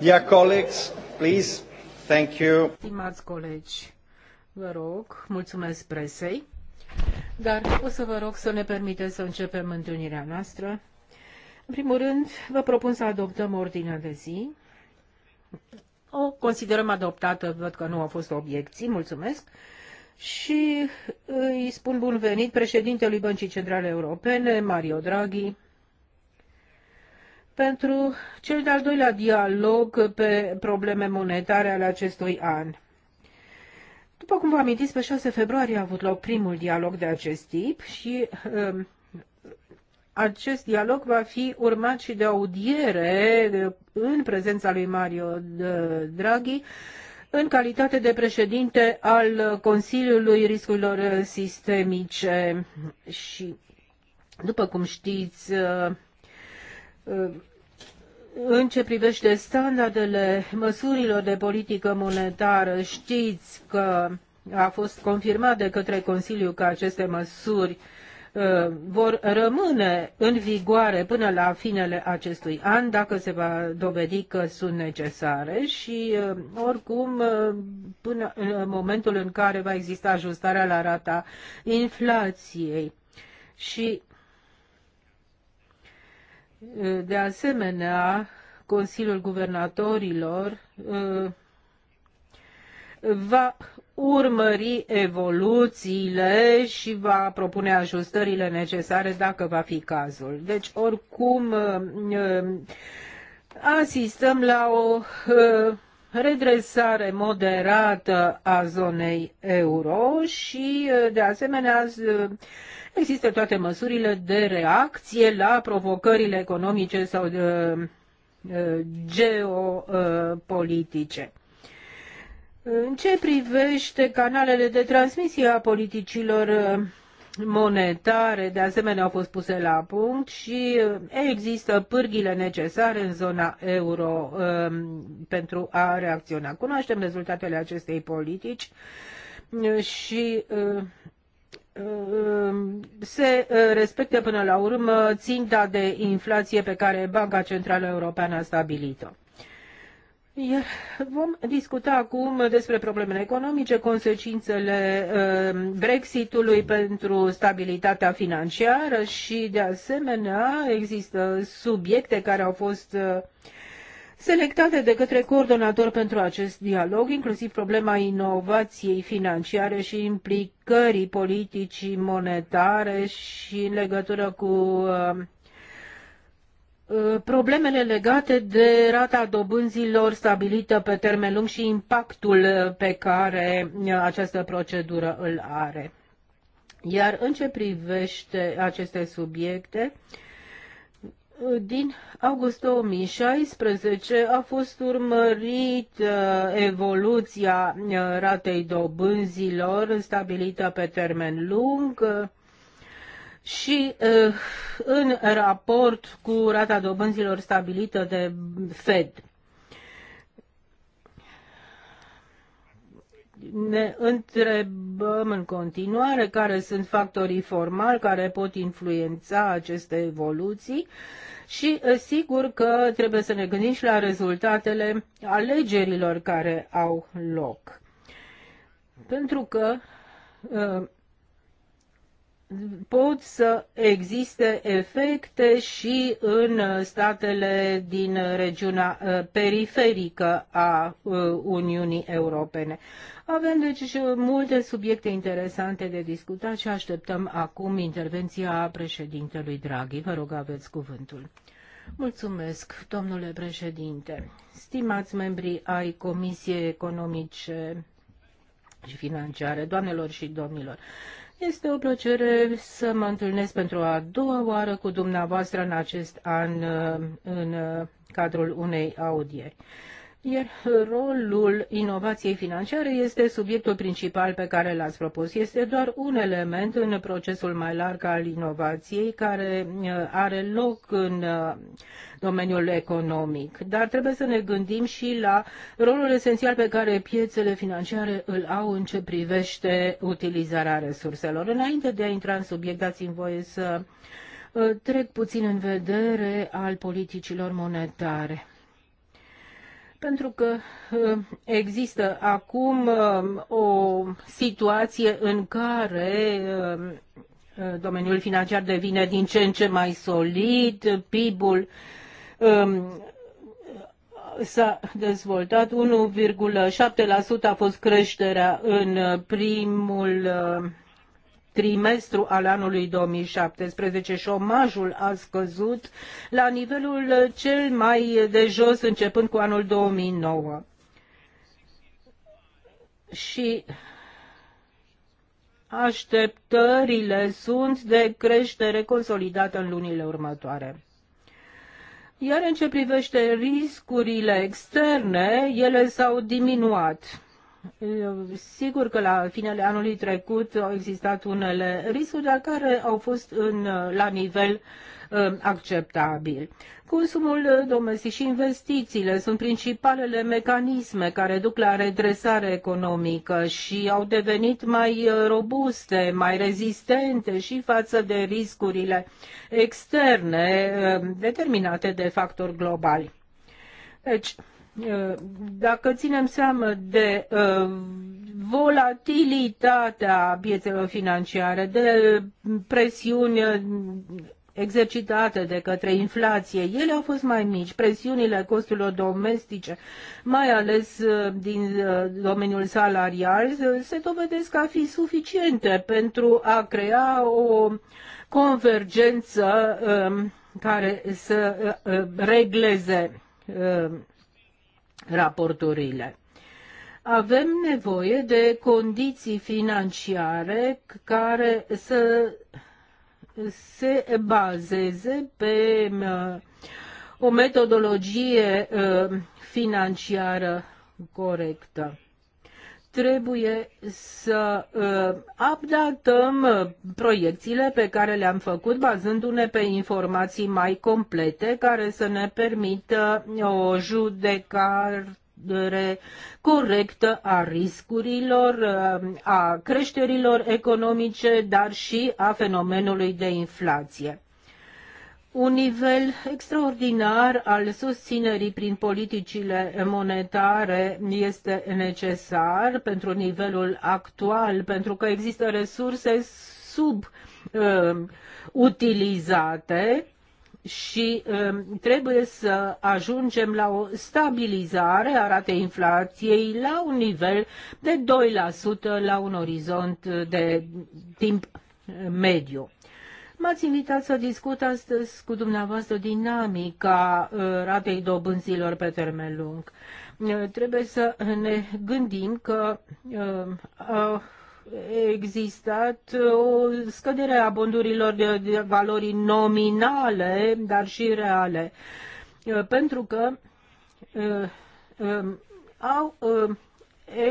Dear colleagues, please, thank you. Stimați colegi, vă rog, mulțumesc presei, dar o să vă rog să ne permiteți să începem întâlnirea noastră. În primul rând, vă propun să adoptăm ordinea de zi. O considerăm adoptată, văd că nu au fost obiecții, mulțumesc și îi spun bun venit președintelui Băncii Centrale Europene, Mario Draghi, pentru cel de-al doilea dialog pe probleme monetare ale acestui an. După cum vă amintiți, pe 6 februarie a avut loc primul dialog de acest tip și uh, acest dialog va fi urmat și de audiere în prezența lui Mario Draghi în calitate de președinte al Consiliului Riscurilor Sistemice și, după cum știți, uh, uh, în ce privește standardele măsurilor de politică monetară, știți că a fost confirmat de către Consiliu că aceste măsuri uh, vor rămâne în vigoare până la finele acestui an, dacă se va dovedi că sunt necesare și uh, oricum uh, până în momentul în care va exista ajustarea la rata inflației. Și de asemenea, Consiliul Guvernatorilor uh, va urmări evoluțiile și va propune ajustările necesare dacă va fi cazul. Deci, oricum, uh, uh, asistăm la o redresare moderată a zonei euro și, de asemenea, Există toate măsurile de reacție la provocările economice sau de, uh, uh, geopolitice. În ce privește canalele de transmisie a politicilor uh, monetare, de asemenea, au fost puse la punct și există pârghile necesare în zona euro pentru a reacționa. Cunoaștem rezultatele acestei politici și Um, se uh, respecte până la urmă ținta de inflație pe care Banca Centrală Europeană a stabilit-o. Vom discuta acum despre problemele economice, consecințele um, Brexitului pentru stabilitatea financiară și, de asemenea, există subiecte care au fost uh, selectate de către coordonator pentru acest dialog, inclusiv problema inovației financiare și implicării politicii monetare și în legătură cu uh, uh, problemele legate de rata dobânzilor stabilită pe termen lung și impactul pe care uh, această procedură îl are. Iar în ce privește aceste subiecte, uh, din august 2016 a fost urmărit uh, evoluția uh, ratei dobânzilor stabilită pe termen lung uh, și în raport cu rata dobânzilor stabilită de Fed. ne întrebăm în continuare care sunt factorii formali care pot influența aceste evoluții și eh, sigur că trebuie să ne gândim și la rezultatele alegerilor care au loc. Pentru că eh, pot să existe efecte și în statele din regiunea uh, periferică a uh, Uniunii Europene. Avem deci multe subiecte interesante de discutat și așteptăm acum intervenția președintelui Draghi. Vă rog, aveți cuvântul. Mulțumesc, domnule președinte. Stimați membri ai Comisiei Economice și Financiare, doamnelor și domnilor, este o plăcere să mă întâlnesc pentru a doua oară cu dumneavoastră în acest an în cadrul unei audieri. Iar rolul inovației financiare este subiectul principal pe care l-ați propus. Este doar un element în procesul mai larg al inovației care uh, are loc în uh, domeniul economic. Dar trebuie să ne gândim și la rolul esențial pe care piețele financiare îl au în ce privește utilizarea resurselor. Înainte de a intra în subiect, dați-mi voie să uh, trec puțin în vedere al politicilor monetare pentru că uh, există acum uh, o situație în care uh, domeniul financiar devine din ce în ce mai solid, PIB-ul um, s-a dezvoltat, 1,7% a fost creșterea în primul trimestru al anului 2017. Șomajul a scăzut la nivelul cel mai de jos începând cu anul 2009. Și așteptările sunt de creștere consolidată în lunile următoare. Iar în ce privește riscurile externe, ele s-au diminuat Sigur că la finele anului trecut au existat unele riscuri, dar care au fost în, la nivel acceptabil. Consumul domestic și investițiile sunt principalele mecanisme care duc la redresare economică și au devenit mai robuste, mai rezistente și față de riscurile externe determinate de factori globali. Deci, dacă ținem seama de uh, volatilitatea piețelor financiare, de presiuni exercitate de către inflație, ele au fost mai mici, presiunile costurilor domestice, mai ales uh, din uh, domeniul salarial, se dovedesc a fi suficiente pentru a crea o convergență um, care să regleze um, raporturile. Avem nevoie de condiții financiare care să se bazeze pe uh, o metodologie uh, financiară corectă trebuie să uh, updatăm uh, proiecțiile pe care le-am făcut bazându-ne pe informații mai complete care să ne permită uh, o judecare corectă a riscurilor, uh, a creșterilor economice, dar și a fenomenului de inflație un nivel extraordinar al susținerii prin politicile monetare este necesar pentru nivelul actual, pentru că există resurse subutilizate um, uh, și uh, trebuie să ajungem la o stabilizare a ratei inflației la un nivel de 2% la un orizont de timp uh, mediu. M-ați invitat să discut astăzi cu dumneavoastră dinamica uh, ratei dobânzilor pe termen lung. Uh, trebuie să ne gândim că uh, a existat o scădere a bondurilor de valori nominale, dar și reale, pentru că um, au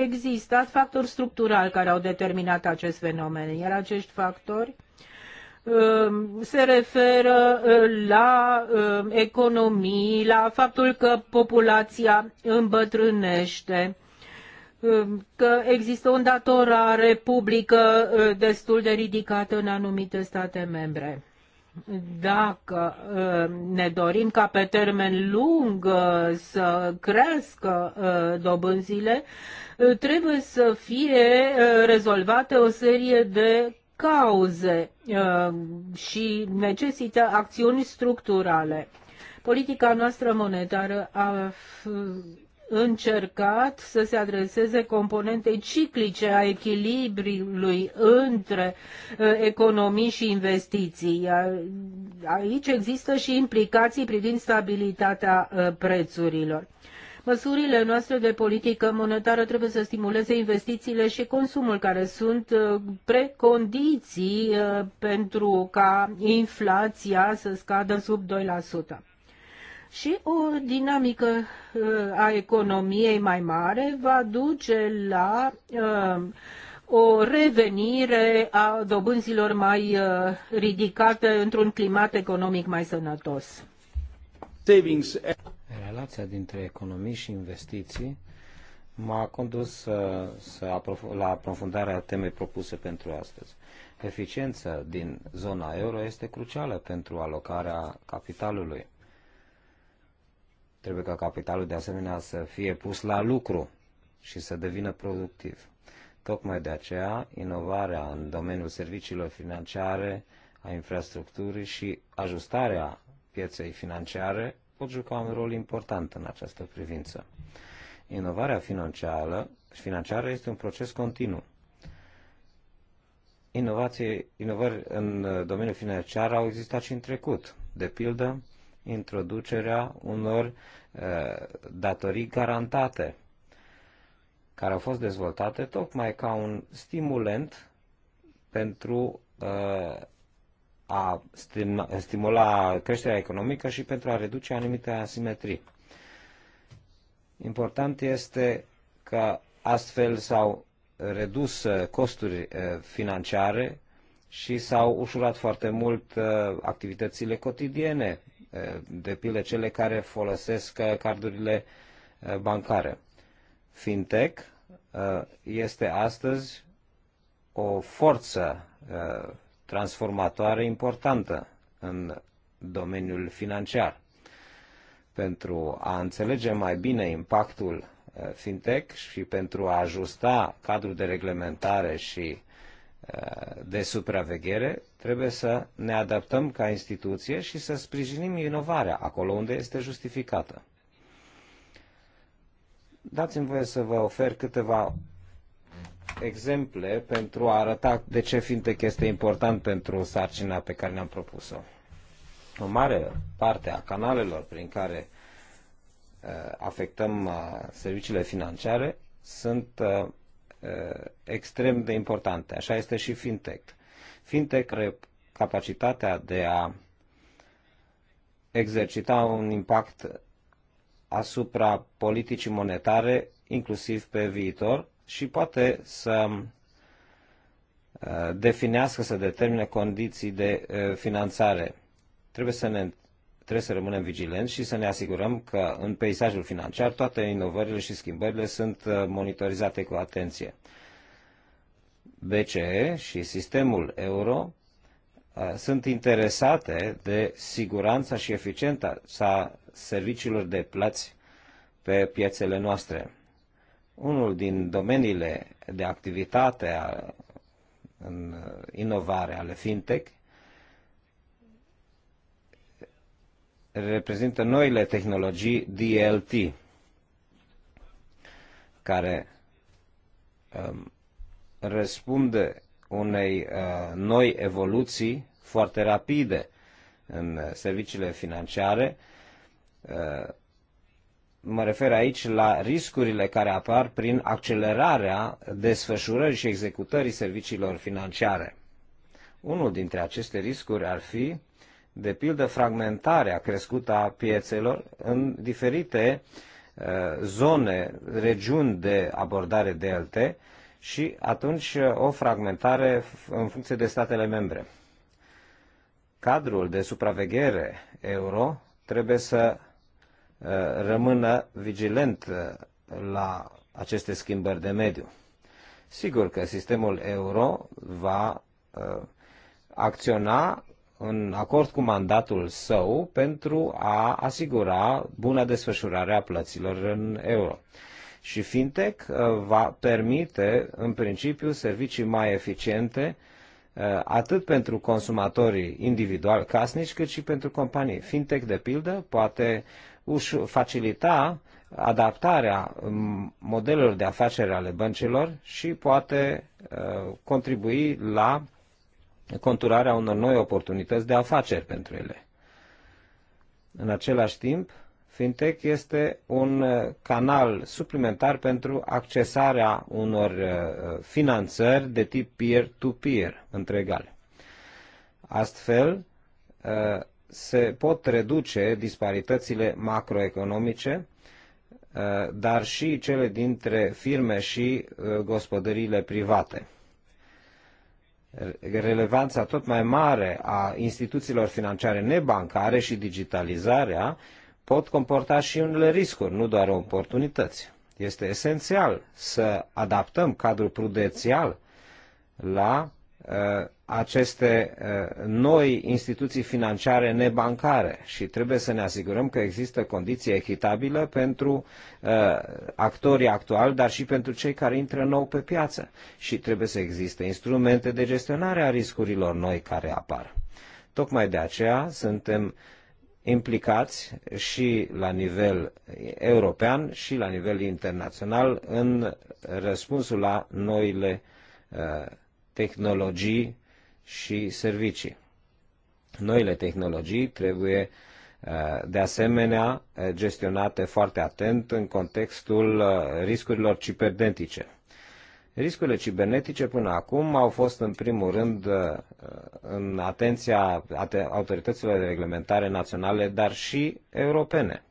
existat factori structurali care au determinat acest fenomen, iar acești factori Ehm, se referă eh, la ehm, economii, la faptul că populația îmbătrânește ehm, că există o îndatorare publică eh, destul de ridicată în anumite state membre. Dacă ne dorim ca pe termen lung eh, să crească dobânzile, trebuie să fie rezolvate o serie de cauze uh, și necesită acțiuni structurale. Politica noastră monetară a încercat să se adreseze componentei ciclice a echilibrului între uh, economii și investiții. Aici există și implicații privind stabilitatea uh, prețurilor. Măsurile noastre de politică monetară trebuie să stimuleze investițiile și consumul, care sunt uh, precondiții uh, pentru ca inflația să scadă sub 2% și o dinamică uh, a economiei mai mare va duce la o revenire a dobânzilor mai ridicate într-un climat economic mai sănătos. Savings relația dintre economii și investiții m-a condus să, să aprof- la aprofundarea temei propuse pentru astăzi. Eficiența din zona euro este crucială pentru alocarea capitalului. Trebuie ca capitalul de asemenea să fie pus la lucru și să devină productiv. Tocmai de aceea, inovarea în domeniul serviciilor financiare, a infrastructurii și ajustarea pieței financiare pot juca un rol important în această privință. Inovarea financiară, financiară este un proces continuu. Inovații, inovări în domeniul financiar au existat și în trecut. De pildă, introducerea unor uh, datorii garantate, care au fost dezvoltate tocmai ca un stimulent pentru uh, a stimula creșterea economică și pentru a reduce anumite asimetrii. Important este că astfel s-au redus uh, costuri uh, financiare și s-au ușurat foarte mult uh, activitățile cotidiene, de pile cele care folosesc cardurile bancare. Fintech este astăzi o forță transformatoare importantă în domeniul financiar. Pentru a înțelege mai bine impactul uh, fintech și pentru a ajusta cadrul de reglementare și uh, de supraveghere, trebuie să ne adaptăm ca instituție și să sprijinim inovarea acolo unde este justificată. Dați-mi voie să vă ofer câteva exemple pentru a arăta de ce fintech este important pentru sarcina pe care ne-am propus-o. O mare parte a canalelor prin care uh, afectăm uh, serviciile financiare sunt uh, extrem de importante. Așa este și fintech. Fintech are capacitatea de a exercita un impact asupra politicii monetare, inclusiv pe viitor, și poate să uh, definească, să determine condiții de uh, finanțare. Trebuie să ne trebuie să rămânem vigilenți și să ne asigurăm că în peisajul financiar toate inovările și schimbările sunt uh, monitorizate cu atenție. BCE și sistemul euro sunt interesate de siguranța și eficiența serviciilor de plăți pe piețele noastre unul din domeniile de activitate a, în inovare ale fintech reprezintă noile tehnologii DLT, care um, răspunde unei uh, noi evoluții foarte rapide în uh, serviciile financiare, uh, mă refer aici la riscurile care apar prin accelerarea desfășurării și executării serviciilor financiare. Unul dintre aceste riscuri ar fi, de pildă, fragmentarea crescută a piețelor în diferite uh, zone, regiuni de abordare DLT și atunci uh, o fragmentare în funcție de statele membre. Cadrul de supraveghere euro trebuie să Uh, rămână vigilent uh, la aceste schimbări de mediu. Sigur că sistemul euro va uh, acționa în acord cu mandatul său pentru a asigura buna desfășurare a plăților în euro. Și fintech va permite, în principiu, servicii mai eficiente atât pentru consumatorii individuali casnici, cât și pentru companii. Fintech, de pildă, poate își facilita adaptarea mm, modelelor de afaceri ale băncilor și poate uh, contribui la conturarea unor noi oportunități de afaceri pentru ele. În același timp, fintech este un uh, canal suplimentar pentru accesarea unor uh, finanțări de tip peer-to-peer -peer între egale. Astfel, se pot reduce disparitățile macroeconomice, uh, dar și cele dintre firme și uh, gospodăriile private. Relevanța tot mai mare a instituțiilor financiare nebancare și digitalizarea pot comporta și unele riscuri, nu doar oportunități. Este esențial să adaptăm cadrul prudențial la uh, aceste uh, noi instituții financiare nebancare și trebuie să ne asigurăm că există condiții echitabile pentru uh, actorii actuali, dar și pentru cei care intră nou pe piață. Și trebuie să existe instrumente de gestionare a riscurilor noi care apar. Tocmai de aceea suntem implicați și la nivel european și la nivel internațional în răspunsul la noile uh, tehnologii și servicii. Noile tehnologii trebuie uh, de asemenea gestionate foarte atent în contextul uh, riscurilor cibernetice. Riscurile cibernetice până acum au fost în primul rând uh, în atenția autorităților de reglementare naționale, dar și europene,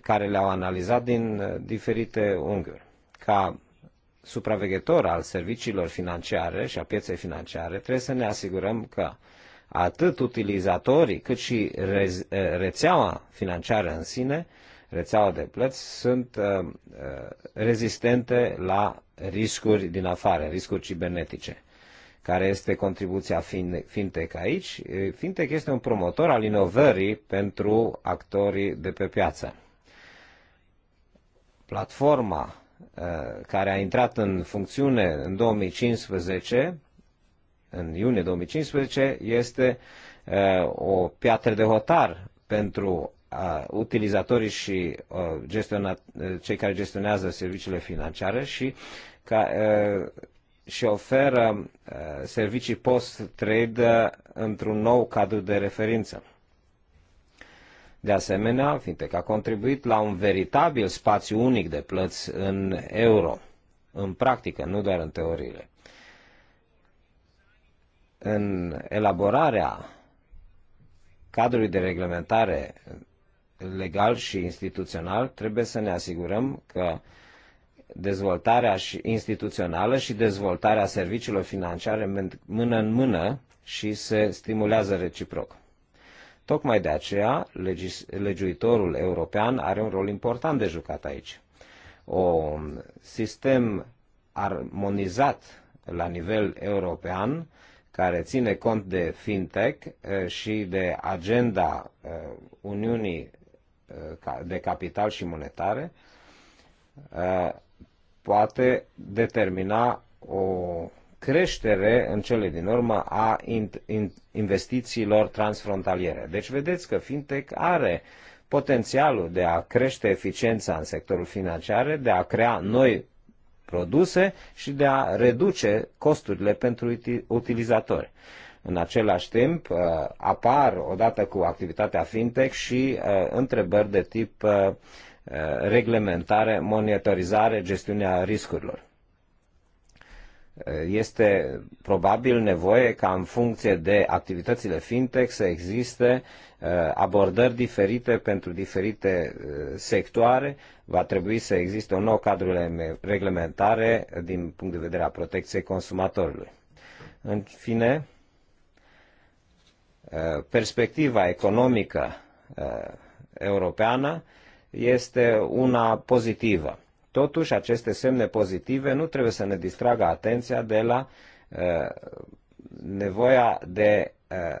care le-au analizat din diferite unghiuri. Ca supraveghetor al serviciilor financiare și a pieței financiare, trebuie să ne asigurăm că atât utilizatorii cât și eh, rețeaua financiară în sine, rețeaua de plăți, sunt eh, eh, rezistente la riscuri din afară, riscuri cibernetice. Care este contribuția fintech aici? Fintech este un promotor al inovării pentru actorii de pe piață. Platforma Uh, care a intrat în funcțiune în 2015, în iunie 2015, este uh, o piatră de hotar pentru uh, utilizatorii și gestiona, cei care gestionează serviciile financiare și, ca, și oferă servicii post-trade într-un nou cadru de referință. De asemenea, Fintech a contribuit la un veritabil spațiu unic de plăți în euro, în practică, nu doar în teoriile. În elaborarea cadrului de reglementare legal și instituțional, trebuie să ne asigurăm că dezvoltarea instituțională și dezvoltarea serviciilor financiare merg mână în mână și se stimulează reciproc. Tocmai de aceea, legiuitorul european are un rol important de jucat aici. O sistem armonizat la nivel european care ține cont de fintech eh, și de agenda eh, Uniunii eh, de capital și monetare poate determina o creștere în cele din urmă a investițiilor transfrontaliere. Deci vedeți că fintech are potențialul de a crește eficiența în sectorul financiar, de a crea noi produse și de a reduce costurile pentru utilizatori. În același timp, uh, apar odată cu activitatea fintech și uh, întrebări de tip uh, reglementare, monitorizare, gestiunea riscurilor este probabil nevoie ca în funcție de activitățile fintech să existe uh, abordări diferite pentru diferite uh, sectoare. Va trebui să existe un nou cadru reglementare din punct de vedere a protecției consumatorului. În fine, uh, perspectiva economică europeană este una pozitivă Totuși, aceste semne pozitive nu trebuie să ne distragă atenția de la uh, nevoia de uh,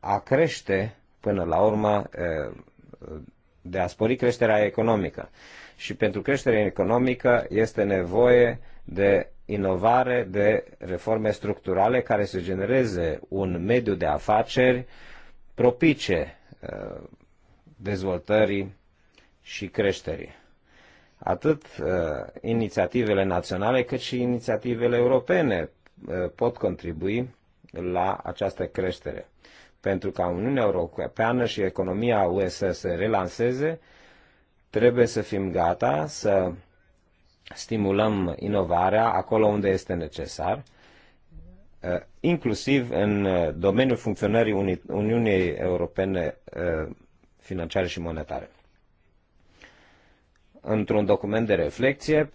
a crește, până la urmă, uh, de a spori creșterea economică. Și pentru creșterea economică este nevoie de inovare, de reforme structurale care să genereze un mediu de afaceri propice dezvoltării și creșterii. Atât uh, inițiativele naționale cât și inițiativele europene uh, pot contribui la această creștere. Pentru ca Uniunea Europeană și economia UE să se relanseze, trebuie să fim gata să stimulăm inovarea acolo unde este necesar, uh, inclusiv în uh, domeniul funcționării Uniunii Europene uh, financiare și monetare într-un document de reflexie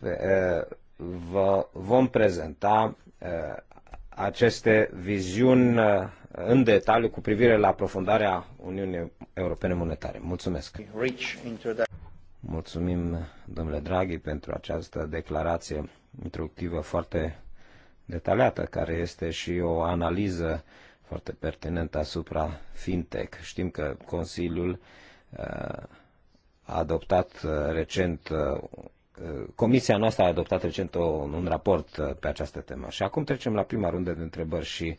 vă vom prezenta aceste viziuni în detaliu cu privire la aprofundarea Uniunii Europene Monetare. Mulțumesc! Mulțumim, domnule Draghi, pentru această declarație introductivă foarte detaliată, care este și o analiză foarte pertinentă asupra fintech. Știm că Consiliul uh, a adoptat uh, recent, uh, uh, comisia noastră a adoptat recent un raport pe această temă. Și acum trecem la prima rundă de întrebări și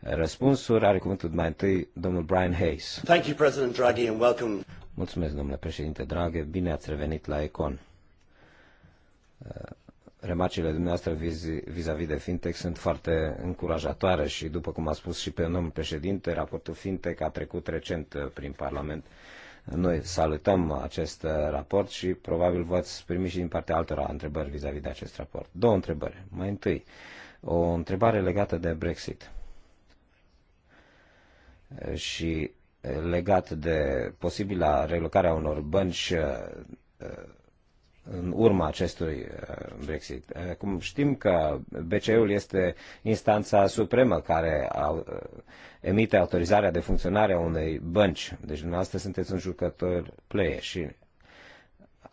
răspunsuri. Are cuvântul mai întâi domnul Brian Hayes. Thank you, President Draghi, and welcome. Mulțumesc, domnule președinte Draghi, bine ați revenit la Econ. Remarcile dumneavoastră vis-a-vis -vis de fintech sunt foarte încurajatoare și, după cum a spus și pe domnul președinte, raportul fintech a trecut recent prin Parlament noi salutăm acest uh, raport și probabil v-ați primit și din partea altora întrebări vis-a-vis -vis de acest raport. Două întrebări. Mai întâi, o întrebare legată de Brexit și uh, legat de posibila relocarea unor bănci uh, în urma acestui uh, Brexit. Uh, cum știm că BCE-ul este instanța supremă care uh, emite autorizarea de funcționare a unei bănci, deci dumneavoastră sunteți un jucător play. și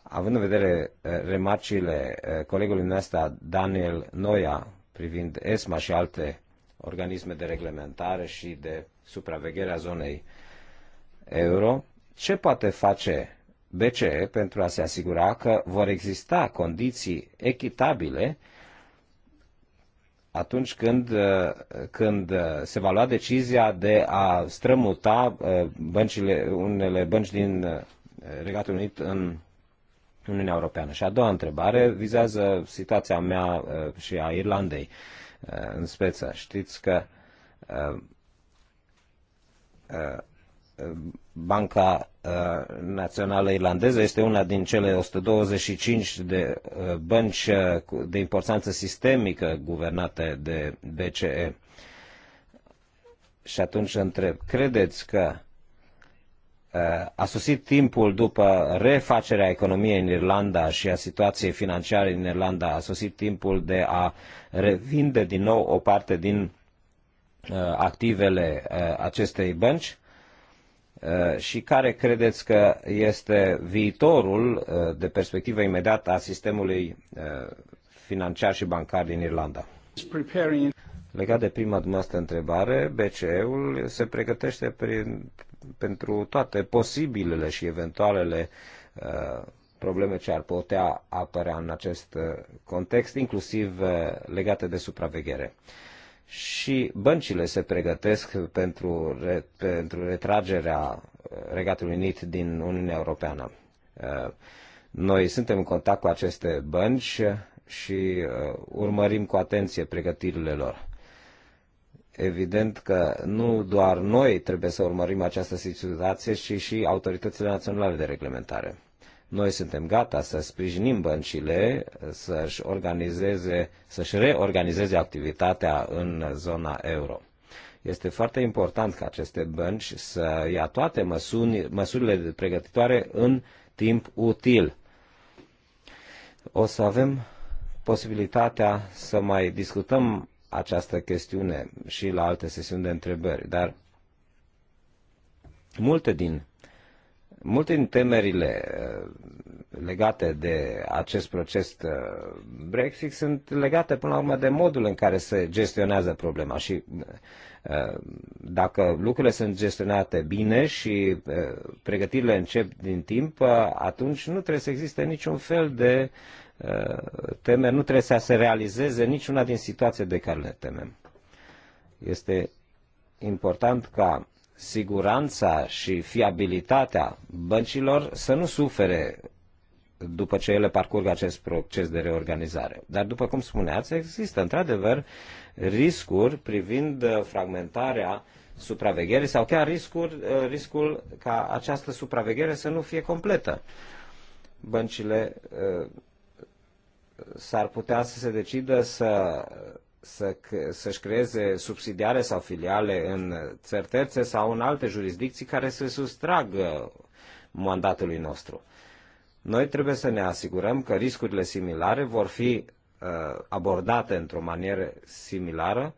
având în vedere remarcile colegului nostru Daniel Noia privind ESMA și alte organisme de reglementare și de supraveghere a zonei euro, ce poate face BCE pentru a se asigura că vor exista condiții echitabile atunci când, uh, când uh, se va lua decizia de a strămuta uh, băncile, unele bănci din Regatul Unit în Uniunea Europeană. Și a doua întrebare vizează situația mea și a Irlandei în speță. Știți că Banca uh, Națională Irlandeză este una din cele 125 de uh, bănci uh, de importanță sistemică guvernate de BCE. Și atunci întreb, credeți că a sosit timpul după refacerea economiei în Irlanda și a situației financiare în Irlanda, a sosit timpul de a revinde din nou o parte din activele acestei bănci? Uh, și care credeți că este viitorul uh, de perspectivă imediată a sistemului uh, financiar și bancar din Irlanda? Legat de prima dumneavoastră întrebare, BCE-ul se pregătește prin, pentru toate posibilele și eventualele probleme ce ar putea apărea în acest context, inclusiv legate de supraveghere și băncile se pregătesc pentru, re, pentru retragerea uh, Regatului Unit din Uniunea Europeană. Uh, noi suntem în contact cu aceste bănci și uh, urmărim cu atenție pregătirile lor. Evident că nu doar noi trebuie să urmărim această situație, ci și autoritățile naționale de reglementare. Noi suntem gata să sprijinim băncile să-și organizeze, să-și reorganizeze activitatea în zona euro. Este foarte important ca aceste bănci să ia toate măsuri, măsurile pregătitoare în timp util. O să avem posibilitatea să mai discutăm această chestiune și la alte sesiuni de întrebări, dar multe din Multe din temerile uh, legate de acest proces uh, Brexit sunt legate până la urmă de modul în care se gestionează problema și uh, dacă lucrurile sunt gestionate bine și pregătirile încep din timp, atunci nu trebuie să existe niciun fel de temer, nu trebuie să se realizeze niciuna din situații de care le temem. Este important ca siguranța și fiabilitatea băncilor să nu sufere după ce ele parcurg acest proces de reorganizare. Dar, după cum spuneați, există într-adevăr riscuri privind uh, fragmentarea supravegherii sau chiar riscuri, uh, riscul ca această supraveghere să nu fie completă. Băncile uh, s-ar putea să se decidă să să, să-și creeze subsidiare sau filiale în țări terțe sau în alte jurisdicții care se sustragă mandatului nostru. Noi trebuie să ne asigurăm că riscurile similare vor fi uh, abordate într-o manieră similară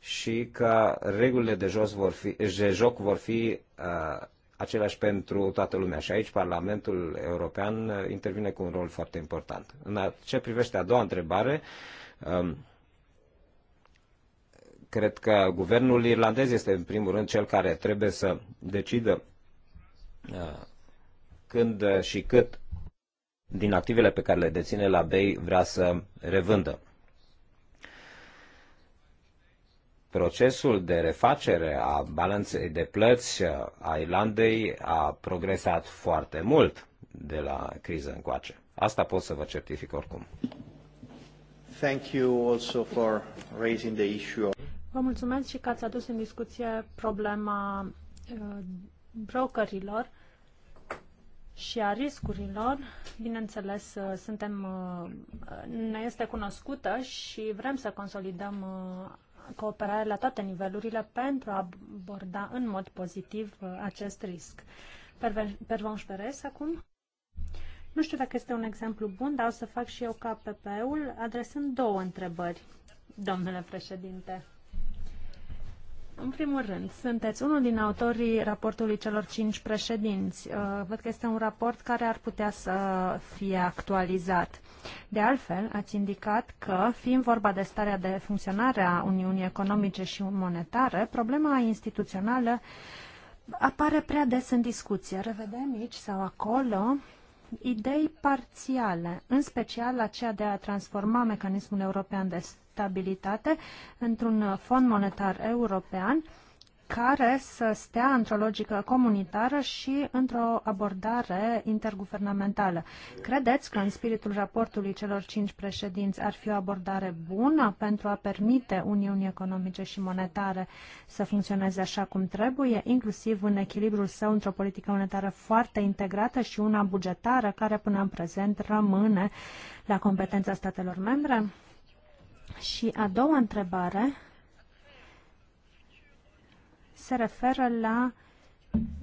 și că regulile de, jos vor fi, de joc vor fi uh, aceleași pentru toată lumea. Și aici Parlamentul European uh, intervine cu un rol foarte important. În ce privește a doua întrebare, um, cred că guvernul irlandez este în primul rând cel care trebuie să decidă uh, când și cât din activele pe care le deține la BEI vrea să revândă. Procesul de refacere a balanței de plăți a Irlandei a progresat foarte mult de la criză încoace. Asta pot să vă certific oricum. Thank you also for raising the issue. Vă mulțumesc și că ați adus în discuție problema uh, brokerilor și a riscurilor. Bineînțeles, uh, suntem, uh, ne este cunoscută și vrem să consolidăm cooperarea la toate nivelurile pentru a aborda în mod pozitiv acest risc. Pervenș Perez acum. Nu știu dacă este un exemplu bun, dar o să fac și eu ca PP-ul, adresând două întrebări, domnule președinte. În primul rând, sunteți unul din autorii raportului celor cinci președinți. Uh, văd că este un raport care ar putea să fie actualizat. De altfel, ați indicat că, fiind vorba de starea de funcționare a Uniunii Economice și Monetare, problema instituțională apare prea des în discuție. Revedem aici sau acolo idei parțiale, în special aceea de a transforma mecanismul european de stabilitate într-un fond monetar european care să stea într-o logică comunitară și într-o abordare interguvernamentală. Credeți că în spiritul raportului celor cinci președinți ar fi o abordare bună pentru a permite Uniunii Economice și Monetare să funcționeze așa cum trebuie, inclusiv în echilibrul său într-o politică monetară foarte integrată și una bugetară care până în prezent rămâne la competența statelor membre? Și a doua întrebare se referă la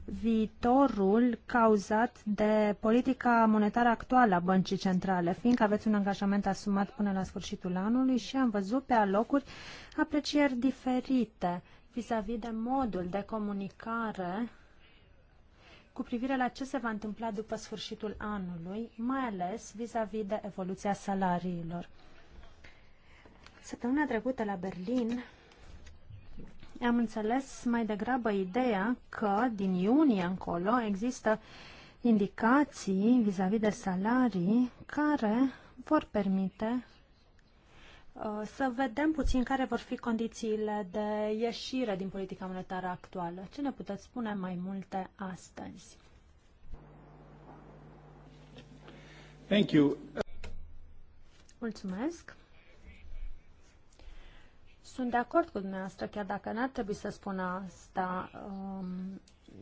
viitorul cauzat de politica monetară actuală a băncii centrale, fiindcă aveți un angajament asumat până la sfârșitul anului și am văzut pe alocuri aprecieri diferite vis-a-vis -vis de modul de comunicare cu privire la ce se va întâmpla după sfârșitul anului, mai ales vis-a-vis -vis de evoluția salariilor. Săptămâna trecută la Berlin am înțeles mai degrabă ideea că din iunie încolo există indicații vis-a-vis -vis de salarii care vor permite uh, să vedem puțin care vor fi condițiile de ieșire din politica monetară actuală. Ce ne puteți spune mai multe astăzi? Thank you. Mulțumesc. Sunt de acord cu dumneavoastră, chiar dacă n-ar trebui să spun asta, um,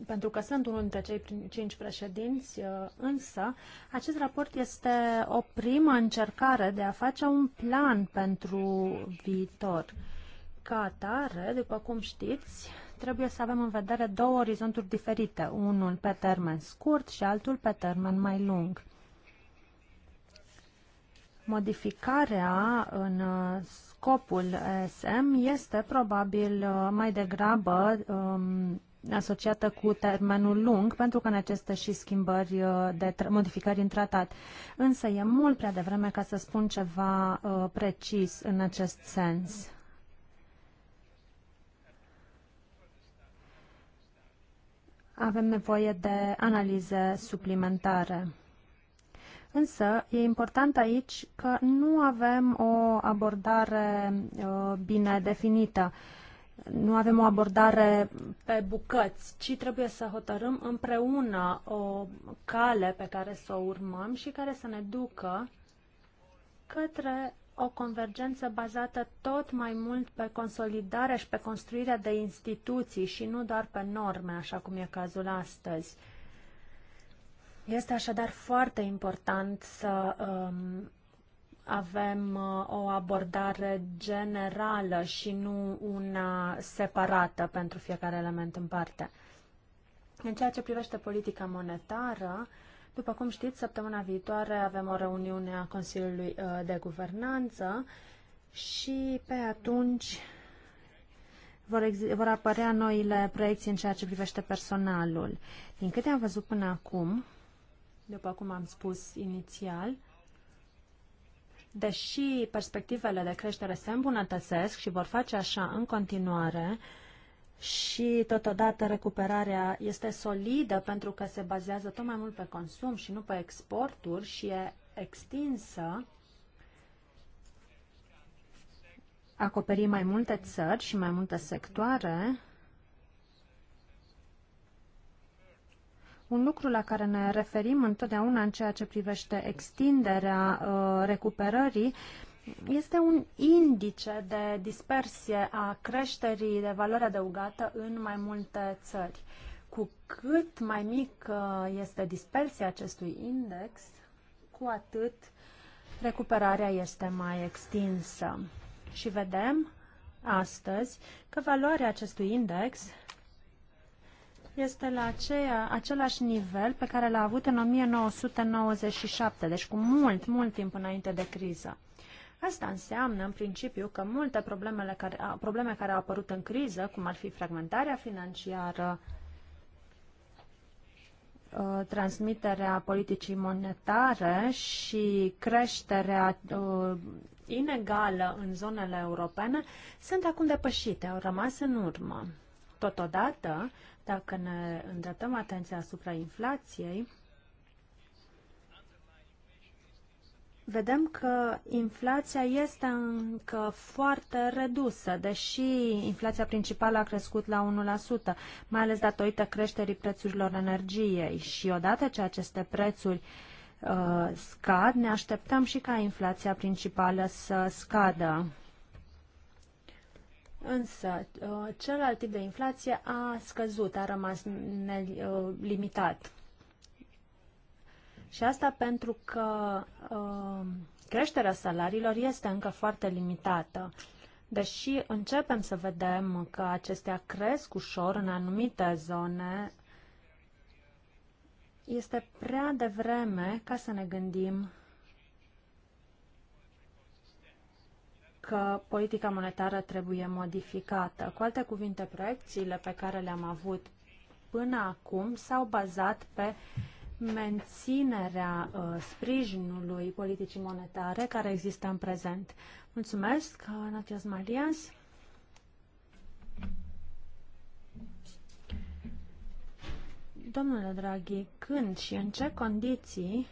pentru că sunt unul dintre cei cinci președinți, uh, însă acest raport este o primă încercare de a face un plan pentru viitor. Ca atare, după cum știți, trebuie să avem în vedere două orizonturi diferite, unul pe termen scurt și altul pe termen mai lung. Modificarea în uh, scopul ESM este probabil uh, mai degrabă um, asociată cu termenul lung, pentru că necesită și schimbări uh, de modificări în tratat. Însă e mult prea devreme ca să spun ceva uh, precis în acest sens. Avem nevoie de analize suplimentare. Însă, e important aici că nu avem o abordare uh, bine definită. Nu avem o abordare pe bucăți, ci trebuie să hotărâm împreună o cale pe care să o urmăm și care să ne ducă către o convergență bazată tot mai mult pe consolidarea și pe construirea de instituții și nu doar pe norme, așa cum e cazul astăzi. Este așadar foarte important să um, avem uh, o abordare generală și nu una separată pentru fiecare element în parte. În ceea ce privește politica monetară, după cum știți, săptămâna viitoare avem o reuniune a Consiliului uh, de Guvernanță și pe atunci vor, vor apărea noile proiecții în ceea ce privește personalul. Din câte am văzut până acum, după cum am spus inițial, deși perspectivele de creștere se îmbunătățesc și vor face așa în continuare, și totodată recuperarea este solidă pentru că se bazează tot mai mult pe consum și nu pe exporturi și e extinsă, acoperi mai multe țări și mai multe sectoare, Un lucru la care ne referim întotdeauna în ceea ce privește extinderea uh, recuperării este un indice de dispersie a creșterii de valoare adăugată în mai multe țări. Cu cât mai mic uh, este dispersia acestui index, cu atât recuperarea este mai extinsă. Și vedem astăzi că valoarea acestui index este la aceea, același nivel pe care l-a avut în 1997, deci cu mult, mult timp înainte de criză. Asta înseamnă, în principiu, că multe problemele care, probleme care au apărut în criză, cum ar fi fragmentarea financiară, uh, transmiterea politicii monetare și creșterea uh, inegală în zonele europene, sunt acum depășite, au rămas în urmă. Totodată, dacă ne îndreptăm atenția asupra inflației, vedem că inflația este încă foarte redusă, deși inflația principală a crescut la 1%, mai ales datorită creșterii prețurilor energiei. Și odată ce aceste prețuri uh, scad, ne așteptăm și ca inflația principală să scadă. Însă, uh, celălalt tip de inflație a scăzut, a rămas uh, limitat. Și asta pentru că uh, creșterea salariilor este încă foarte limitată. Deși începem să vedem că acestea cresc ușor în anumite zone, este prea devreme ca să ne gândim că politica monetară trebuie modificată. Cu alte cuvinte, proiecțiile pe care le-am avut până acum s-au bazat pe menținerea uh, sprijinului politicii monetare care există în prezent. Mulțumesc, Natias Marias. Domnule Draghi, când și în ce condiții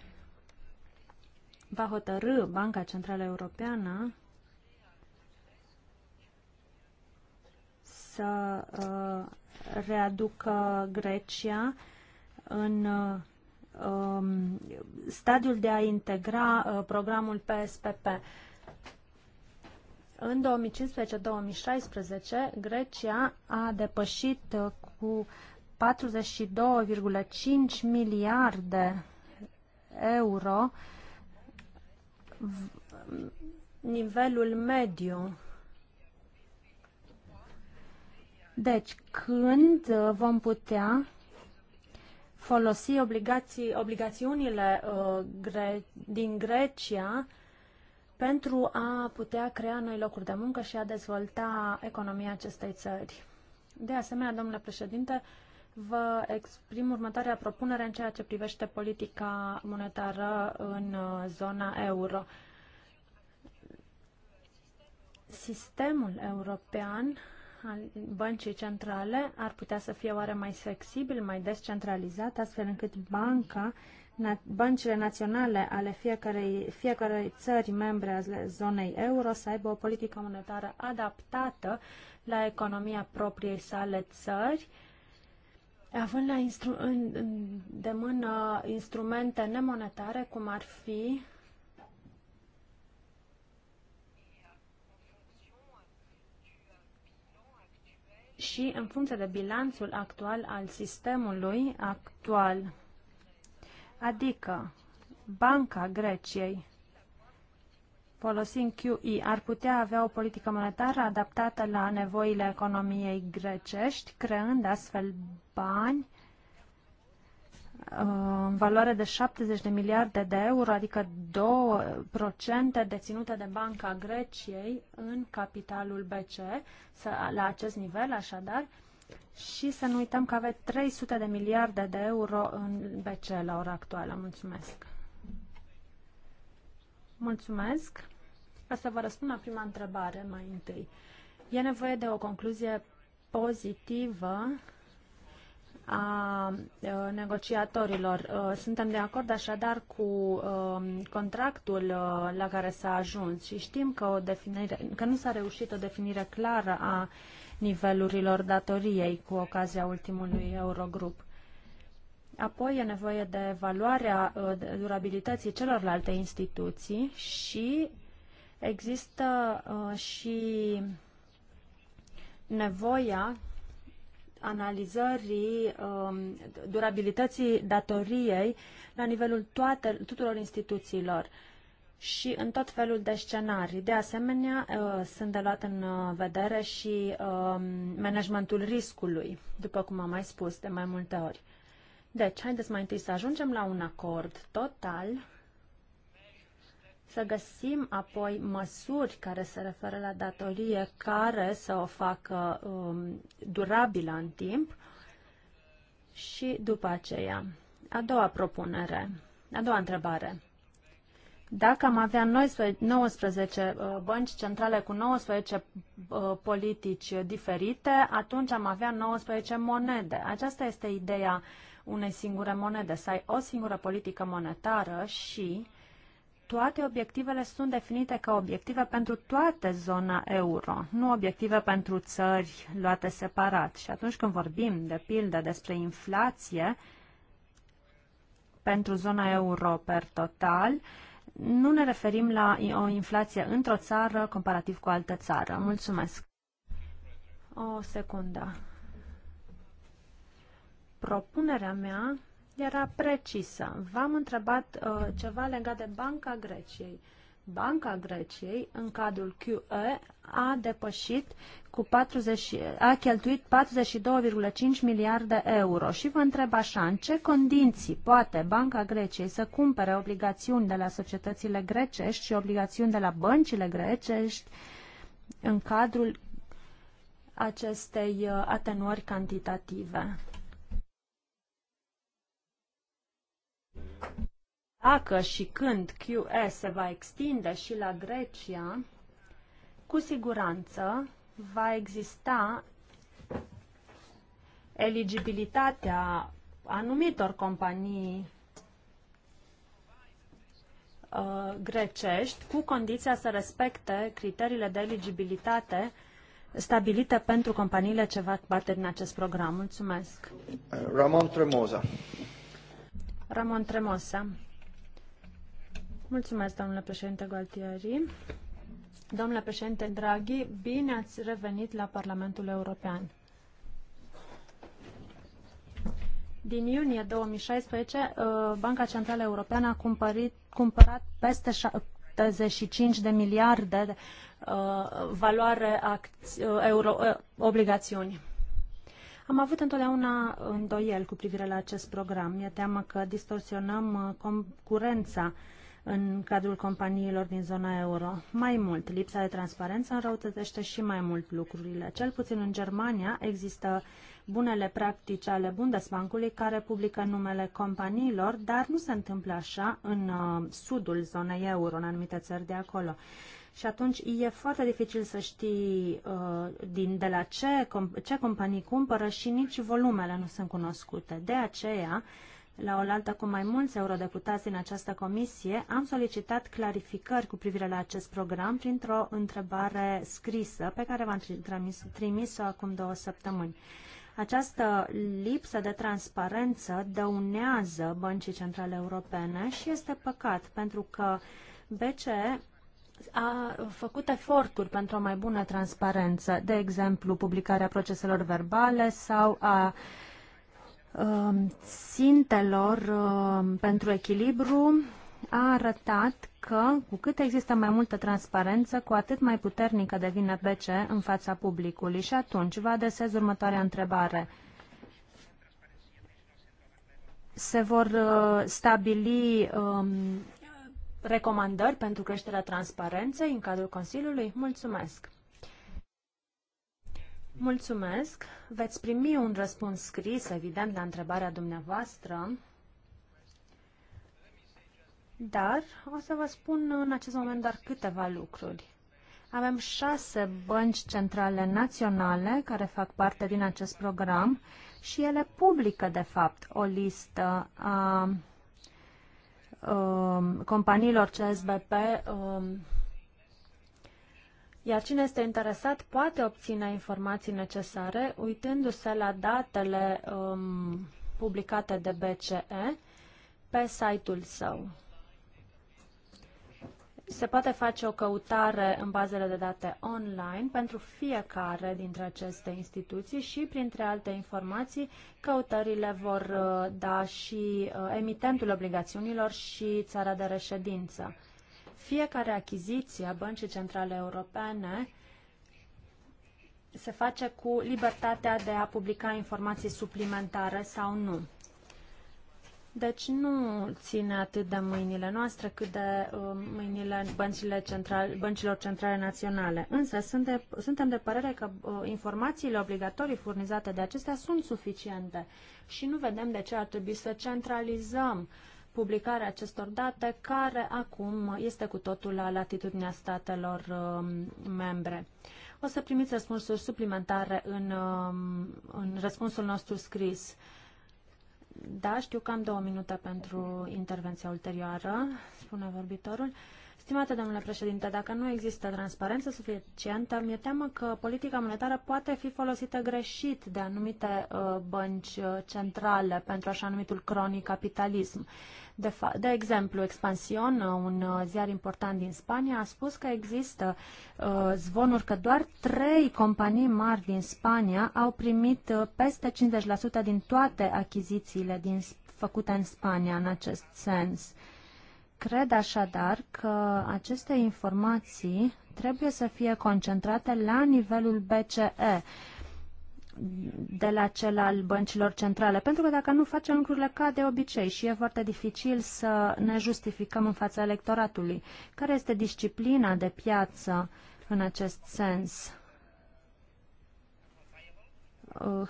va hotărâ Banca Centrală Europeană să uh, readucă Grecia în um, stadiul de a integra uh, programul PSPP. În 2015-2016, Grecia a depășit uh, cu 42,5 miliarde euro nivelul mediu deci, când uh, vom putea folosi obligații, obligațiunile uh, gre, din Grecia pentru a putea crea noi locuri de muncă și a dezvolta economia acestei țări. De asemenea, domnule președinte, vă exprim următoarea propunere în ceea ce privește politica monetară în uh, zona euro. Sistemul european băncii centrale ar putea să fie oare mai flexibil, mai descentralizat, astfel încât banca, na, băncile naționale ale fiecarei, fiecarei țări membre a zonei euro să aibă o politică monetară adaptată la economia propriei sale țări, având la instru- în, de mână instrumente nemonetare, cum ar fi și în funcție de bilanțul actual al sistemului actual. Adică, Banca Greciei, folosind QE, ar putea avea o politică monetară adaptată la nevoile economiei grecești, creând astfel bani Uh, în valoare de 70 de miliarde de euro, adică 2% deținute de Banca Greciei în capitalul BC, la acest nivel așadar, și să nu uităm că aveți 300 de miliarde de euro în BC la ora actuală. Mulțumesc! Mulțumesc! O să vă răspund la prima întrebare mai întâi. E nevoie de o concluzie pozitivă a negociatorilor. Suntem de acord așadar cu contractul la care s-a ajuns și știm că, o definire, că nu s-a reușit o definire clară a nivelurilor datoriei cu ocazia ultimului Eurogrup. Apoi e nevoie de evaluarea durabilității celorlalte instituții și există și nevoia analizării um, durabilității datoriei la nivelul toate, tuturor instituțiilor și în tot felul de scenarii. De asemenea, uh, sunt de luat în uh, vedere și um, managementul riscului, după cum am mai spus de mai multe ori. Deci, haideți mai întâi să ajungem la un acord total să găsim apoi măsuri care se referă la datorie, care să o facă um, durabilă în timp și după aceea. A doua propunere, a doua întrebare. Dacă am avea 19 uh, bănci centrale cu 19 uh, politici diferite, atunci am avea 19 monede. Aceasta este ideea unei singure monede, să ai o singură politică monetară și uh, toate obiectivele sunt definite ca obiective pentru toată zona euro, nu obiective pentru țări luate separat. Și atunci când vorbim, de pildă, despre inflație pentru zona euro per total, nu ne referim la o inflație într-o țară comparativ cu altă țară. Mulțumesc. O secundă. Propunerea mea era precisă. V-am întrebat uh, ceva legat de Banca Greciei. Banca Greciei, în cadrul QE, a depășit cu 40, a cheltuit 42,5 miliarde euro și vă întreb așa, în ce condiții poate Banca Greciei să cumpere obligațiuni de la societățile grecești și obligațiuni de la băncile grecești în cadrul acestei uh, atenuări cantitative? Dacă și când QS se va extinde și la Grecia, cu siguranță va exista eligibilitatea anumitor companii uh, grecești cu condiția să respecte criteriile de eligibilitate stabilite pentru companiile ce fac parte din acest program. Mulțumesc. Ramon Tremosa. Ramon Tremosa. Mulțumesc, domnule președinte Gualtieri. Domnule președinte Draghi, bine ați revenit la Parlamentul European. Din iunie 2016, uh, Banca Centrală Europeană a cumpărit, cumpărat peste 75 de miliarde de uh, valoare uh, euro, obligațiuni. Am avut întotdeauna îndoiel cu privire la acest program. Mi-e teamă că distorsionăm concurența uh, în cadrul companiilor din zona euro. Mai mult, lipsa de transparență înrăutătește și mai mult lucrurile. Cel puțin în Germania există bunele practici ale Bundesbankului care publică numele companiilor, dar nu se întâmplă așa în uh, sudul zonei euro, în anumite țări de acolo. Și atunci e foarte dificil să știi uh, din, de la ce, com- ce companii cumpără și nici volumele nu sunt cunoscute. De aceea, uh, la oaltă cu mai mulți eurodeputați din această comisie, am solicitat clarificări cu privire la acest program printr-o întrebare scrisă pe care v-am trimis-o acum două săptămâni. Această lipsă de transparență dăunează băncii centrale europene și este păcat pentru că BCE a făcut eforturi pentru o mai bună transparență, de exemplu publicarea proceselor verbale sau a uh, Um, țintelor um, pentru echilibru a arătat că cu cât există mai multă transparență, cu atât mai puternică devine BC în fața publicului. Și atunci vă adesez următoarea întrebare. Se vor uh, stabili um, recomandări pentru creșterea transparenței în cadrul Consiliului? Mulțumesc! Mulțumesc. Veți primi un răspuns scris, evident, la întrebarea dumneavoastră. Dar o să vă spun în acest moment doar câteva lucruri. Avem șase bănci centrale naționale care fac parte din acest program și ele publică, de fapt, o listă a, a um, companiilor CSBP a, um, iar cine este interesat poate obține informații necesare uitându-se la datele um, publicate de BCE pe site-ul său. Se poate face o căutare în bazele de date online pentru fiecare dintre aceste instituții și, printre alte informații, căutările vor uh, da și uh, emitentul obligațiunilor și țara de reședință. Fiecare achiziție a Băncii Centrale Europene se face cu libertatea de a publica informații suplimentare sau nu. Deci nu ține atât de mâinile noastre cât de um, mâinile băncile central, băncilor centrale naționale. Însă suntem, suntem de părere că uh, informațiile obligatorii furnizate de acestea sunt suficiente și nu vedem de ce ar trebui să centralizăm uh, publicarea acestor date, care acum este cu totul la latitudinea statelor um, membre. O să primiți răspunsuri suplimentare în, um, în răspunsul nostru scris. Da, știu că am două minute pentru intervenția ulterioară, spune vorbitorul. Stimată domnule președinte, dacă nu există transparență suficientă, mi-e teamă că politica monetară poate fi folosită greșit de anumite uh, bănci uh, centrale pentru așa numitul cronic capitalism. De, de exemplu, Expansion, uh, un uh, ziar important din Spania, a spus că există uh, zvonuri că doar trei companii mari din Spania au primit uh, peste 50% din toate achizițiile din, făcute în Spania în acest sens. Uh, Cred așadar că aceste informații trebuie să fie concentrate la nivelul BCE, de la cel al băncilor centrale, pentru că dacă nu facem lucrurile ca de obicei și e foarte dificil să ne justificăm în fața electoratului, care este disciplina de piață în acest sens?